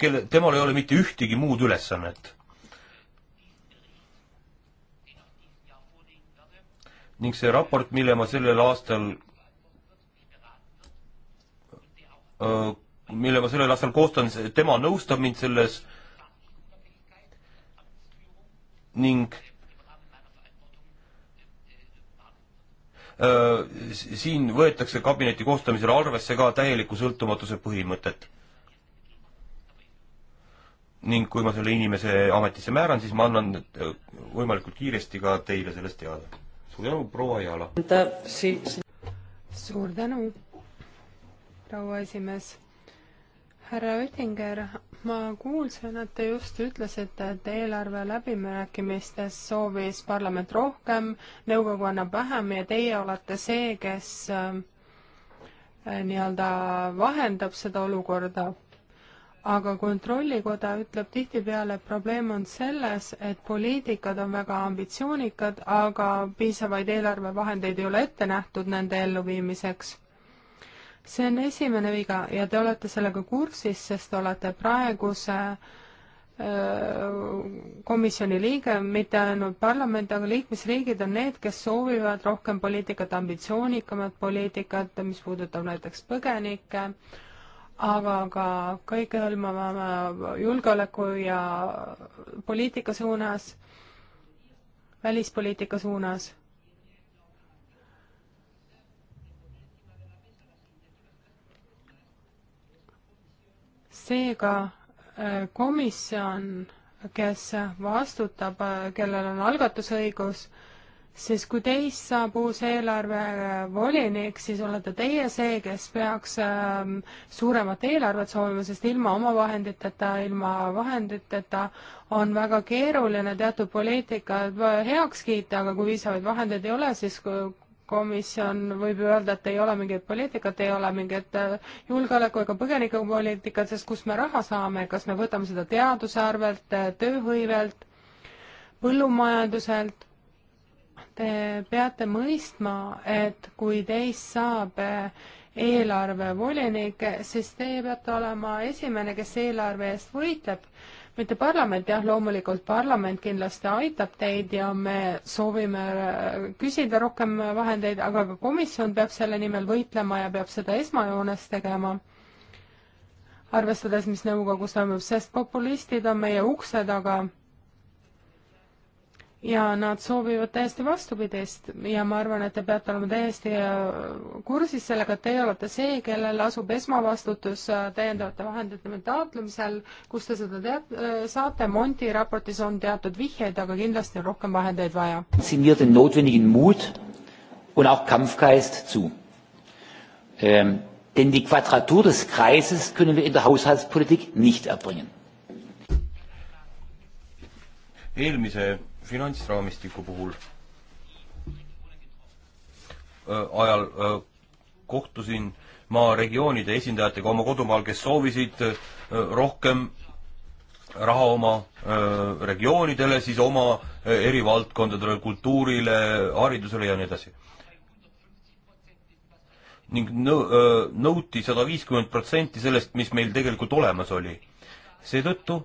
[SPEAKER 1] kelle, temal ei ole mitte ühtegi muud ülesannet. ning see raport, mille ma sellel aastal, mille ma sellel aastal koostan, tema nõustab mind selles ning siin võetakse kabineti koostamisel arvesse ka täieliku sõltumatuse põhimõtet. ning kui ma selle inimese ametisse määran, siis ma annan võimalikult kiiresti ka teile sellest teada. suur tänu, proua Jaala!
[SPEAKER 4] suur tänu, proua esimees härra Oettinger, ma kuulsin, et te just ütlesite, et eelarve läbirääkimistes soovis parlament rohkem, nõukogu annab vähem ja teie olete see, kes äh, nii-öelda vahendab seda olukorda. aga Kontrollikoda ütleb tihtipeale, et probleem on selles, et poliitikad on väga ambitsioonikad, aga piisavaid eelarvevahendeid ei ole ette nähtud nende elluviimiseks see on esimene viga ja te olete sellega kursis, sest olete praeguse komisjoni liige, mitte ainult parlament, aga liikmesriigid on need, kes soovivad rohkem poliitikat, ambitsioonikamat poliitikat, mis puudutab näiteks põgenikke, aga ka kõikehõlmavama julgeoleku ja poliitika suunas, välispoliitika suunas seega äh, komisjon, kes vastutab, äh, kellel on algatusõigus, siis kui teist saab uus eelarvevolinik, äh, siis olete teie see, kes peaks ähm, suuremat eelarvet soovima, sest ilma omavahenditeta, ilma vahenditeta on väga keeruline teatud poliitikad heaks kiita, aga kui piisavaid vahendeid ei ole, siis komisjon võib ju öelda, et ei ole mingit poliitikat, ei ole mingit äh, julgeoleku ega põgenikupoliitikat, sest kust me raha saame, kas me võtame seda teaduse arvelt, äh, tööhõivelt, põllumajanduselt? Te peate mõistma, et kui teist saab äh, eelarvevolinik, siis teie peate olema esimene, kes eelarve eest võitleb mitte parlament, jah, loomulikult parlament kindlasti aitab teid ja me soovime äh, küsida rohkem vahendeid, aga ka komisjon peab selle nimel võitlema ja peab seda esmajoones tegema, arvestades, mis nõukogus toimub, sest populistid on meie ukse taga ja nad soovivad täiesti vastupidist ja ma arvan, et te peate olema täiesti äh, kursis sellega, et teie olete see, kellel asub esmavastutus äh, täiendavate vahendite taotlemisel, kus te seda tead, äh, saate, Monti raportis on teatud vihjeid, aga kindlasti on rohkem vahendeid vaja.
[SPEAKER 3] und auch Kampfgeist zu. Ähm, denn die Quadratur des Kreises können wir in der Haushaltspolitik nicht erbringen.
[SPEAKER 1] eelmise finantsraamistiku puhul ajal kohtusin ma regioonide esindajatega oma kodumaal, kes soovisid rohkem raha oma regioonidele, siis oma eri valdkondadele, kultuurile, haridusele ja nii edasi. ning nõuti sada viiskümmend protsenti sellest, mis meil tegelikult olemas oli. seetõttu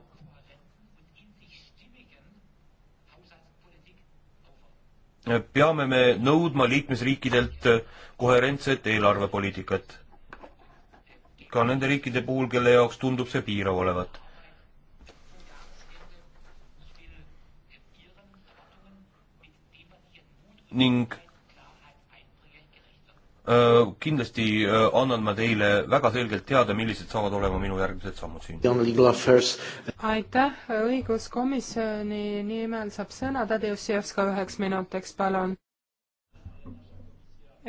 [SPEAKER 1] peame me nõudma liikmesriikidelt koherentset eelarvepoliitikat. ka nende riikide puhul, kelle jaoks tundub see piirav olevat. ning Äh, kindlasti äh, annan ma teile väga selgelt teada, millised saavad olema minu järgmised sammud siin.
[SPEAKER 4] aitäh, õiguskomisjoni nimel saab sõna Tadeusz Jevska üheks minutiks, palun.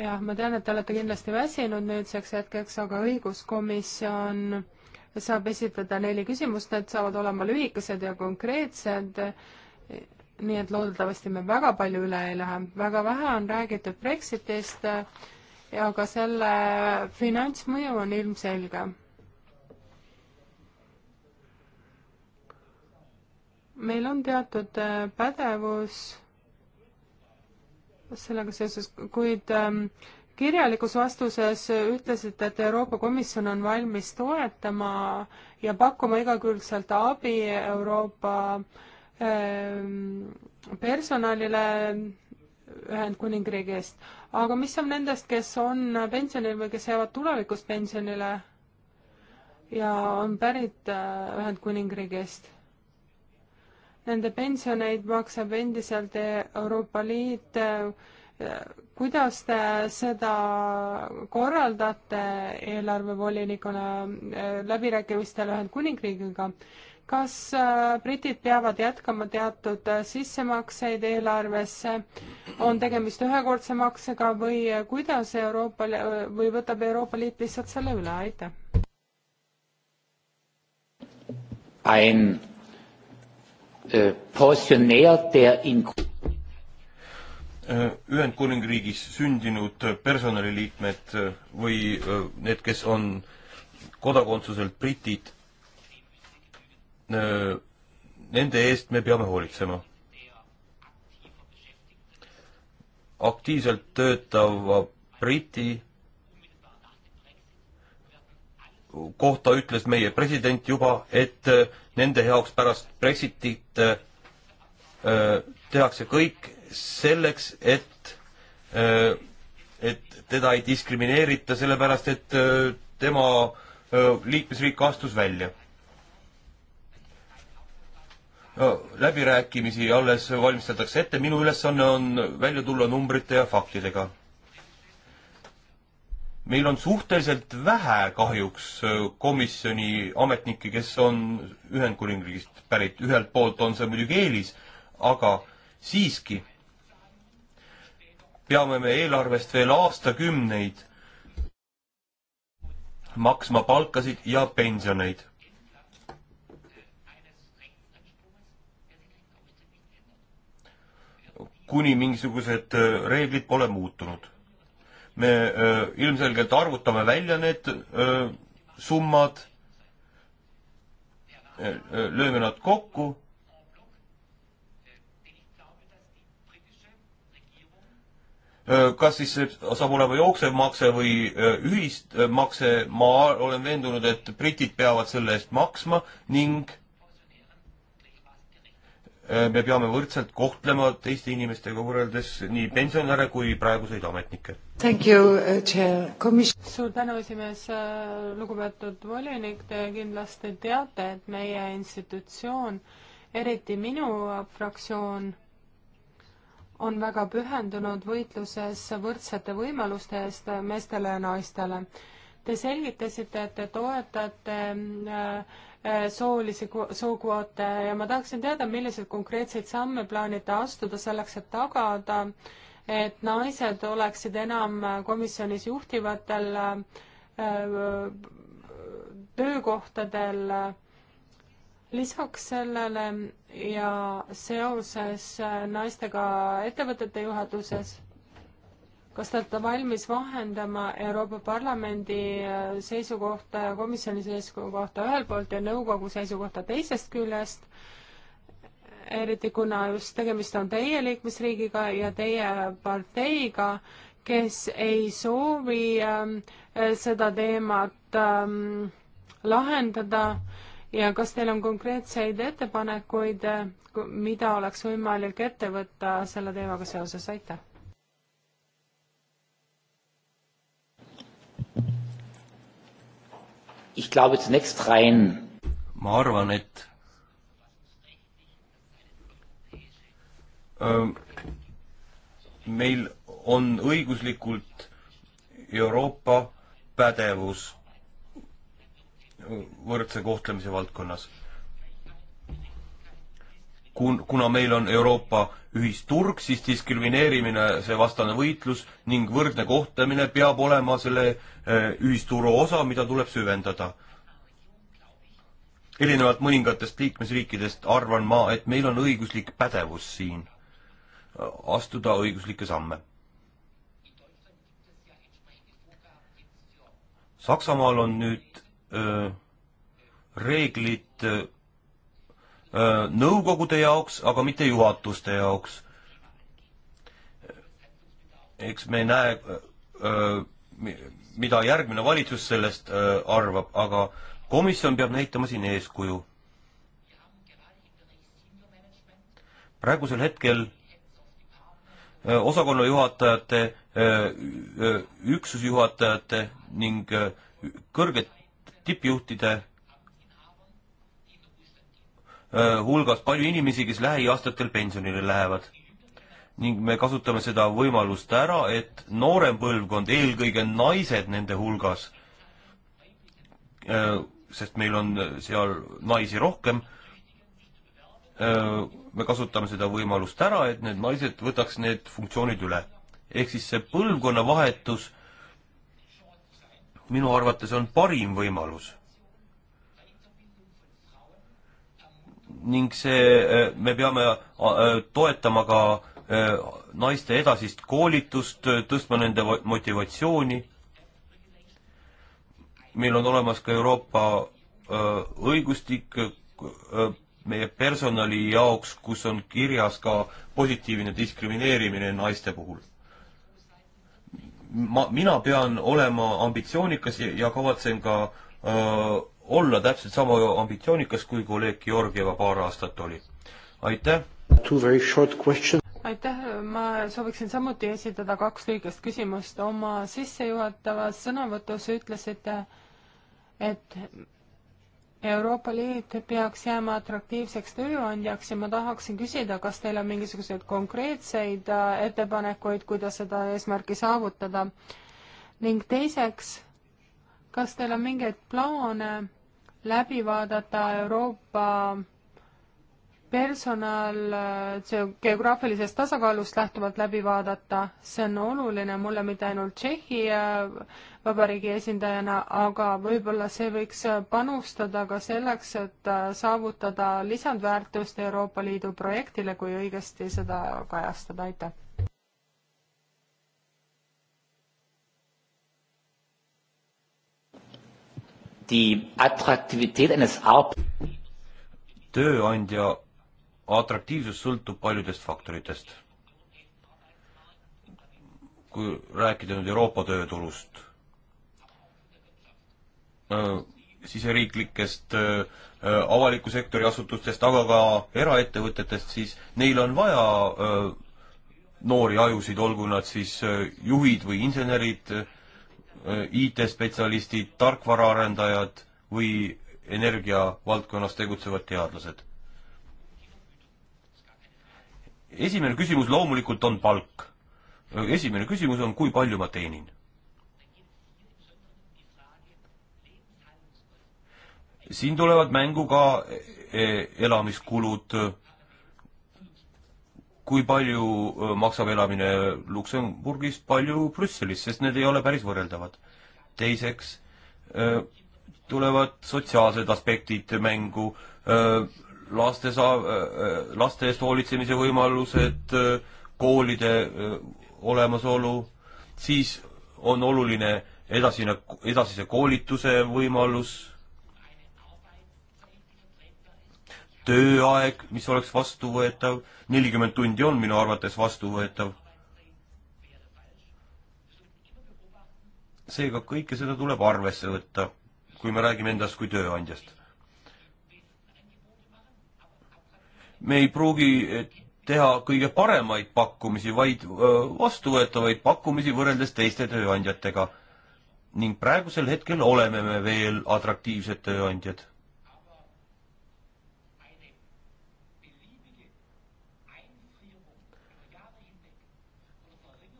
[SPEAKER 4] jah, ma tean, et te olete kindlasti väsinud nüüdseks hetkeks, aga õiguskomisjon saab esitada neli küsimust, need saavad olema lühikesed ja konkreetsed nii et loodetavasti me väga palju üle ei lähe. väga vähe on räägitud Brexitist äh,, ja ka selle finantsmõju on ilmselge. meil on teatud äh, pädevus sellega seoses, kuid ähm, kirjalikus vastuses ütlesite, et Euroopa Komisjon on valmis toetama ja pakkuma igakülgselt abi Euroopa ähm, personalile Ühendkuningriigist. aga mis on nendest, kes on pensionil või kes jäävad tulevikus pensionile ja on pärit äh, Ühendkuningriigist? Nende pensioneid maksab endiselt Euroopa Liit. Äh, kuidas te seda korraldate eelarvevolinikuna äh, läbirääkimistel Ühendkuningriigiga? kas äh, britid peavad jätkama teatud äh, sissemakseid eelarvesse, on tegemist ühekordse maksega või äh, kuidas Euroopa või võtab Euroopa Liit lihtsalt selle üle, aitäh?
[SPEAKER 3] Ein äh, Pensionär, der in
[SPEAKER 1] Ühendkuningriigis sündinud personaliliikmed või need, kes on kodakondsuselt britid Äh, nende eest me peame hoolitsema. aktiivselt töötava Briti kohta ütles meie president juba, et äh, nende jaoks pärast Brexitit äh, äh, tehakse kõik selleks, et äh,, et teda ei diskrimineerita, sellepärast et äh, tema liikmesriik astus välja läbirääkimisi alles valmistatakse ette, minu ülesanne on välja tulla numbrite ja faktidega. meil on suhteliselt vähe kahjuks komisjoni ametnikke, kes on Ühendkuningriigist pärit, ühelt poolt on see muidugi eelis, aga siiski peame me eelarvest veel aastakümneid maksma palkasid ja pensioneid kuni mingisugused äh, reeglid pole muutunud. me äh, ilmselgelt arvutame välja need äh, summad, lööme nad kokku kas siis see saab olema jooksev makse või ühismakse, ma olen veendunud, et britid peavad selle eest maksma ning Äh, me peame võrdselt kohtlema teiste inimestega võrreldes nii pensionäre kui praeguseid ametnikke.
[SPEAKER 4] Uh, suur tänu, esimees, äh, lugupeetud volinik, te kindlasti teate, et meie institutsioon, eriti minu fraktsioon, on väga pühendunud võitluses võrdsete võimaluste eest meestele ja naistele. Te selgitasite, et te toetate äh, Äh, soolisi, sookvoote ja ma tahaksin teada, milliseid konkreetseid samme plaanite astuda selleks, et tagada, et naised oleksid enam komisjonis juhtivatel äh, töökohtadel lisaks sellele ja seoses äh, naistega ettevõtete juhatuses kas te olete valmis vahendama Euroopa Parlamendi äh, seisukohta ja komisjoni seisukohta ühelt poolt ja nõukogu seisukohta teisest küljest, eriti kuna just tegemist on teie liikmesriigiga ja teie parteiga, kes ei soovi ähm, äh, seda teemat ähm, lahendada ja kas teil on konkreetseid ettepanekuid, äh, mida oleks võimalik ette võtta selle teemaga seoses, aitäh!
[SPEAKER 3] Glaube,
[SPEAKER 1] rein... ma arvan, et ähm, meil on õiguslikult Euroopa pädevus võrdse kohtlemise valdkonnas kun-, kuna meil on Euroopa ühisturg, siis diskrimineerimine, see vastane võitlus ning võrdne kohtlemine peab olema selle eh, ühisturu osa, mida tuleb süvendada. erinevalt mõningatest liikmesriikidest arvan ma, et meil on õiguslik pädevus siin eh, astuda õiguslikke samme. Saksamaal on nüüd öö, eh, reeglid öö, Äh, nõukogude jaoks, aga mitte juhatuste jaoks. eks me näe, äh, mida järgmine valitsus sellest äh, arvab, aga komisjon peab näitama siin eeskuju. praegusel hetkel osakonna juhatajate, üksuse juhatajate ning kõrgete tippjuhtide Äh, hulgas palju inimesi, kes lähiaastatel pensionile lähevad. ning me kasutame seda võimalust ära, et noorem põlvkond, eelkõige naised nende hulgas, äh, sest meil on seal naisi rohkem, äh, me kasutame seda võimalust ära, et need naised võtaks need funktsioonid üle. ehk siis see põlvkonnavahetus minu arvates on parim võimalus ning see, äh, me peame äh, toetama ka äh, naiste edasist koolitust, tõstma nende motivatsiooni. meil on olemas ka Euroopa õigustik meie personali jaoks, kus on kirjas ka positiivne diskrimineerimine naiste puhul. ma, mina pean olema ambitsioonikas ja, ja kavatsen ka öö, olla täpselt sama ambitsioonikas, kui kolleeg Georgieva paar aastat oli. aitäh!
[SPEAKER 4] aitäh, ma sooviksin samuti esitada kaks lühikest küsimust. oma sissejuhatavas sõnavõtus ütlesite, et Euroopa Liit peaks jääma atraktiivseks tööandjaks ja ma tahaksin küsida, kas teil on mingisuguseid konkreetseid äh, ettepanekuid, kuidas seda eesmärki saavutada ning teiseks, kas teil on mingeid plaane läbi vaadata Euroopa personal äh, geograafilisest tasakaalust lähtuvalt läbi vaadata, see on oluline mulle mitte ainult Tšehhi äh, Vabariigi esindajana, aga võib-olla see võiks äh, panustada ka selleks, et saavutada lisandväärtust Euroopa Liidu projektile, kui õigesti seda kajastada, aitäh!
[SPEAKER 3] die Attraktivität
[SPEAKER 1] eines Ar-... tööandja atraktiivsus sõltub paljudest faktoritest. kui rääkida nüüd Euroopa tööturust, äh, siseriiklikest äh, avaliku sektori asutustest, aga ka eraettevõtetest, siis neil on vaja öö, äh, noori ajusid, olgu nad siis juhid või insenerid, Äh, IT-spetsialistid, tarkvaraarendajad või energiavaldkonnas tegutsevad teadlased. esimene küsimus loomulikult on palk. Äh, esimene küsimus on, kui palju ma teenin siin tulevad mängu ka e-, e-, elamiskulud, kui palju maksab elamine Luksemburgis, palju Brüsselis, sest need ei ole päris võrreldavad. teiseks tulevad sotsiaalsed aspektid mängu, laste saa-, laste eest hoolitsemise võimalused, koolide olemasolu, siis on oluline edasine, edasise koolituse võimalus tööaeg, mis oleks vastuvõetav, nelikümmend tundi on minu arvates vastuvõetav. seega kõike seda tuleb arvesse võtta, kui me räägime endast kui tööandjast. me ei pruugi eh, teha kõige paremaid pakkumisi, vaid eh, vastuvõetavaid pakkumisi võrreldes teiste tööandjatega. ning praegusel hetkel oleme me veel atraktiivsed tööandjad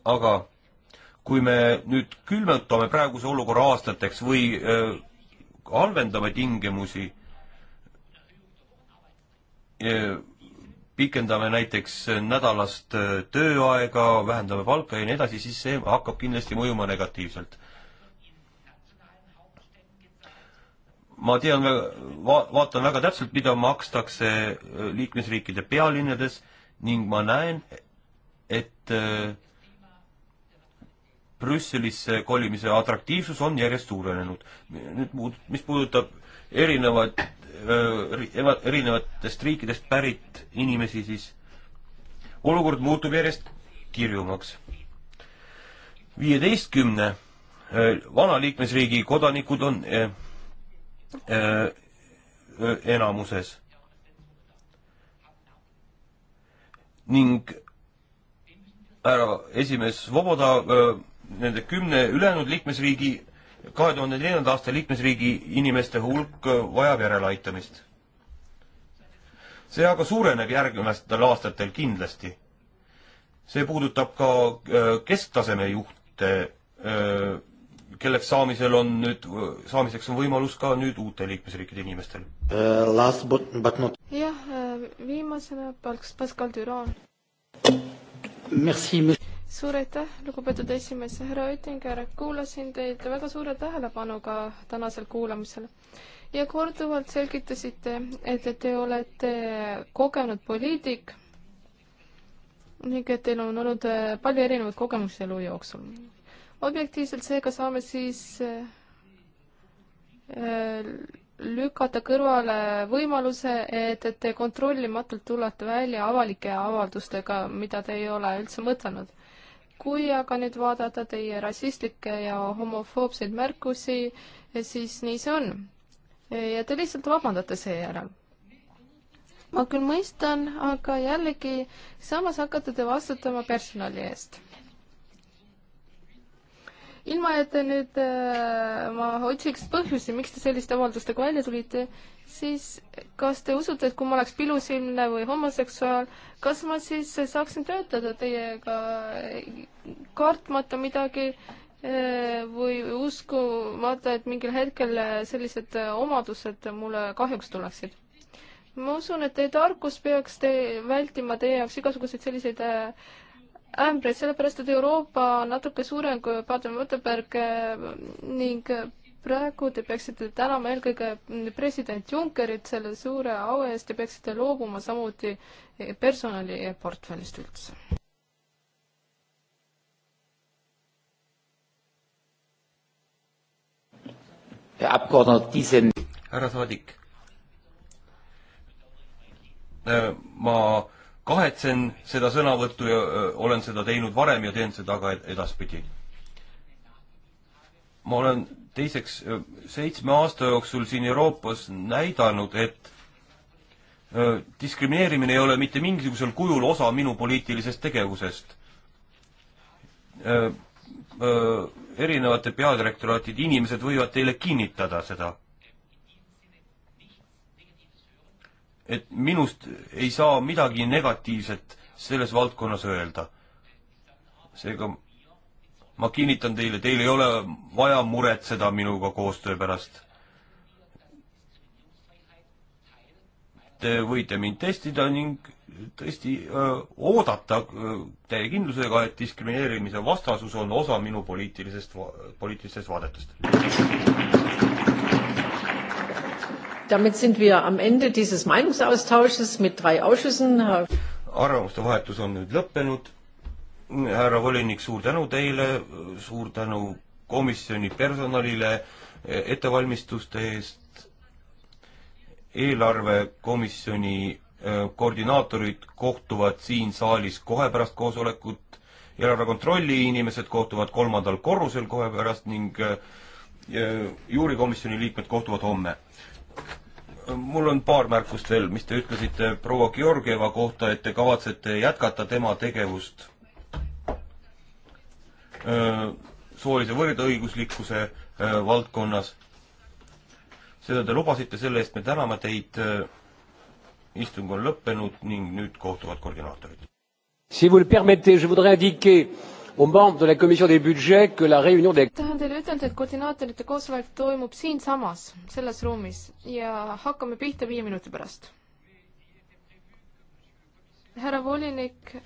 [SPEAKER 1] aga kui me nüüd külmutame praeguse olukorra aastateks või öö, äh, halvendame tingimusi, äh, pikendame näiteks nädalast äh, tööaega, vähendame palka ja nii edasi, siis see hakkab kindlasti mõjuma negatiivselt. ma tean väga, va-, vaatan väga täpselt, mida makstakse liikmesriikide pealinnades ning ma näen, et äh, Brüsselisse kolimise atraktiivsus on järjest suurenenud. nüüd muud, mis puudutab erinevaid, erinevatest riikidest pärit inimesi, siis olukord muutub järjest kirjumaks. viieteistkümne vana liikmesriigi kodanikud on enamuses. ning härra esimees Voboda nende kümne ülejäänud liikmesriigi, kahe tuhande neljanda aasta liikmesriigi inimeste hulk vajab järeleaitamist. see aga suureneb järgnevatel aastatel kindlasti. see puudutab ka äh, kesktaseme juhte, äh, kelleks saamisel on nüüd, saamiseks on võimalus ka nüüd uute liikmesriikide inimestel
[SPEAKER 3] uh,. Last but, but not.
[SPEAKER 2] jah, viimasena palks Pascal Düran.
[SPEAKER 3] Merci, monsieur
[SPEAKER 2] suur aitäh, lugupeetud esimees, härra Oettinger, kuulasin teid väga suure tähelepanuga tänasel kuulamisel ja korduvalt selgitasite, et te olete kogenud poliitik ning et teil on olnud äh, palju erinevaid kogemusi elu jooksul. objektiivselt seega saame siis äh, lükata kõrvale võimaluse, et, et te kontrollimatult tulete välja avalike avaldustega, mida te ei ole üldse mõtelnud kui aga nüüd vaadata teie rassistlikke ja homofoobseid märkusi, siis nii see on. ja te lihtsalt vabandate seejärel. ma küll mõistan, aga jällegi, samas hakkate te vastutama personali eest ilma et nüüd äh, ma otsiks põhjusi, miks te selliste avaldustega välja tulite, siis kas te usute, et kui ma oleks pilusilmne või homoseksuaal, kas ma siis saaksin töötada teiega kartmata midagi äh, või uskumata, et mingil hetkel sellised äh, omadused mulle kahjuks tuleksid? ma usun, et teie tarkus peaks te vältima teie jaoks igasuguseid selliseid äh, ämbreid, sellepärast et Euroopa on natuke suurem kui Baden-Württemberg eh, ning praegu te peaksite tänama eelkõige president Junckerit selle suure au eest ja peaksite loobuma samuti personaliportfellist üldse.
[SPEAKER 1] härra saadik, ma kahetsen seda sõnavõttu ja öö, olen seda teinud varem ja teen seda ka edaspidi. ma olen teiseks seitsme aasta jooksul siin Euroopas näidanud, et öö, diskrimineerimine ei ole mitte mingisugusel kujul osa minu poliitilisest tegevusest. Öö, erinevate peadirektoraatide inimesed võivad teile kinnitada seda et minust ei saa midagi negatiivset selles valdkonnas öelda. seega ma kinnitan teile, teil ei ole vaja muretseda minuga koostöö pärast. Te võite mind testida ning tõesti öö, äh, oodata äh, täie kindlusega, et diskrimineerimise vastasus on osa minu poliitilisest, poliitilistest vaadetest
[SPEAKER 3] damit sind wir am Ende dieses Meinungsaustausches mit drei Ausschüssen.
[SPEAKER 1] arvamuste vahetus on nüüd lõppenud. härra volinik, suur tänu teile, suur tänu komisjoni personalile ettevalmistuste eest. eelarvekomisjoni äh, koordinaatorid kohtuvad siin saalis kohe pärast koosolekut, eelarve kontrolli inimesed kohtuvad kolmandal korrusel kohe pärast ning äh, äh, juurikomisjoni liikmed kohtuvad homme mul on paar märkust veel, mis te ütlesite proua Georgieva kohta, et te kavatsete jätkata tema tegevust soolise võrdõiguslikkuse valdkonnas. seda te lubasite, selle eest me täname teid. istung on lõppenud ning nüüd kohtuvad koordinaatorid.
[SPEAKER 3] Si vous le permettez, je voudrais indiquer aux membres de la commission des budgets que la réunion des
[SPEAKER 2] tahan teile ütelda, et koordinaatorite koosolek toimub siinsamas, selles ruumis ja hakkame pihta viie minuti pärast. härra volinik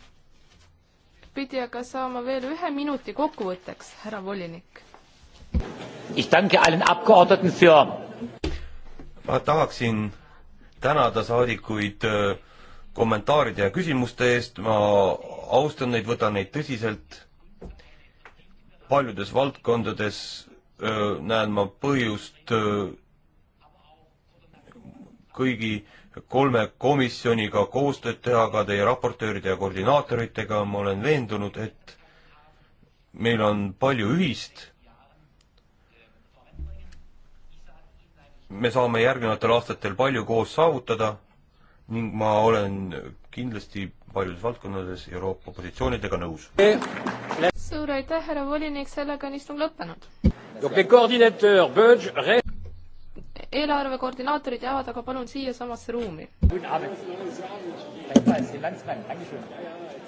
[SPEAKER 2] pidi aga saama veel ühe minuti kokkuvõtteks, härra volinik.
[SPEAKER 1] ma tahaksin tänada saadikuid äh, kommentaaride ja küsimuste eest, ma austan neid, võtan neid tõsiselt paljudes valdkondades öö, näen ma põhjust öö, kõigi kolme komisjoniga koostööd teha, ka teie raportööride ja koordinaatoritega, ma olen veendunud, et meil on palju ühist. me saame järgnevatel aastatel palju koos saavutada ning ma olen kindlasti paljudes valdkondades Euroopa positsioonidega nõus. Eh,
[SPEAKER 2] suur aitäh, härra volinik, sellega on istung lõppenud. eelarve koordinaatorid jäävad aga palun siiasamasse ruumi.
[SPEAKER 1] Ah,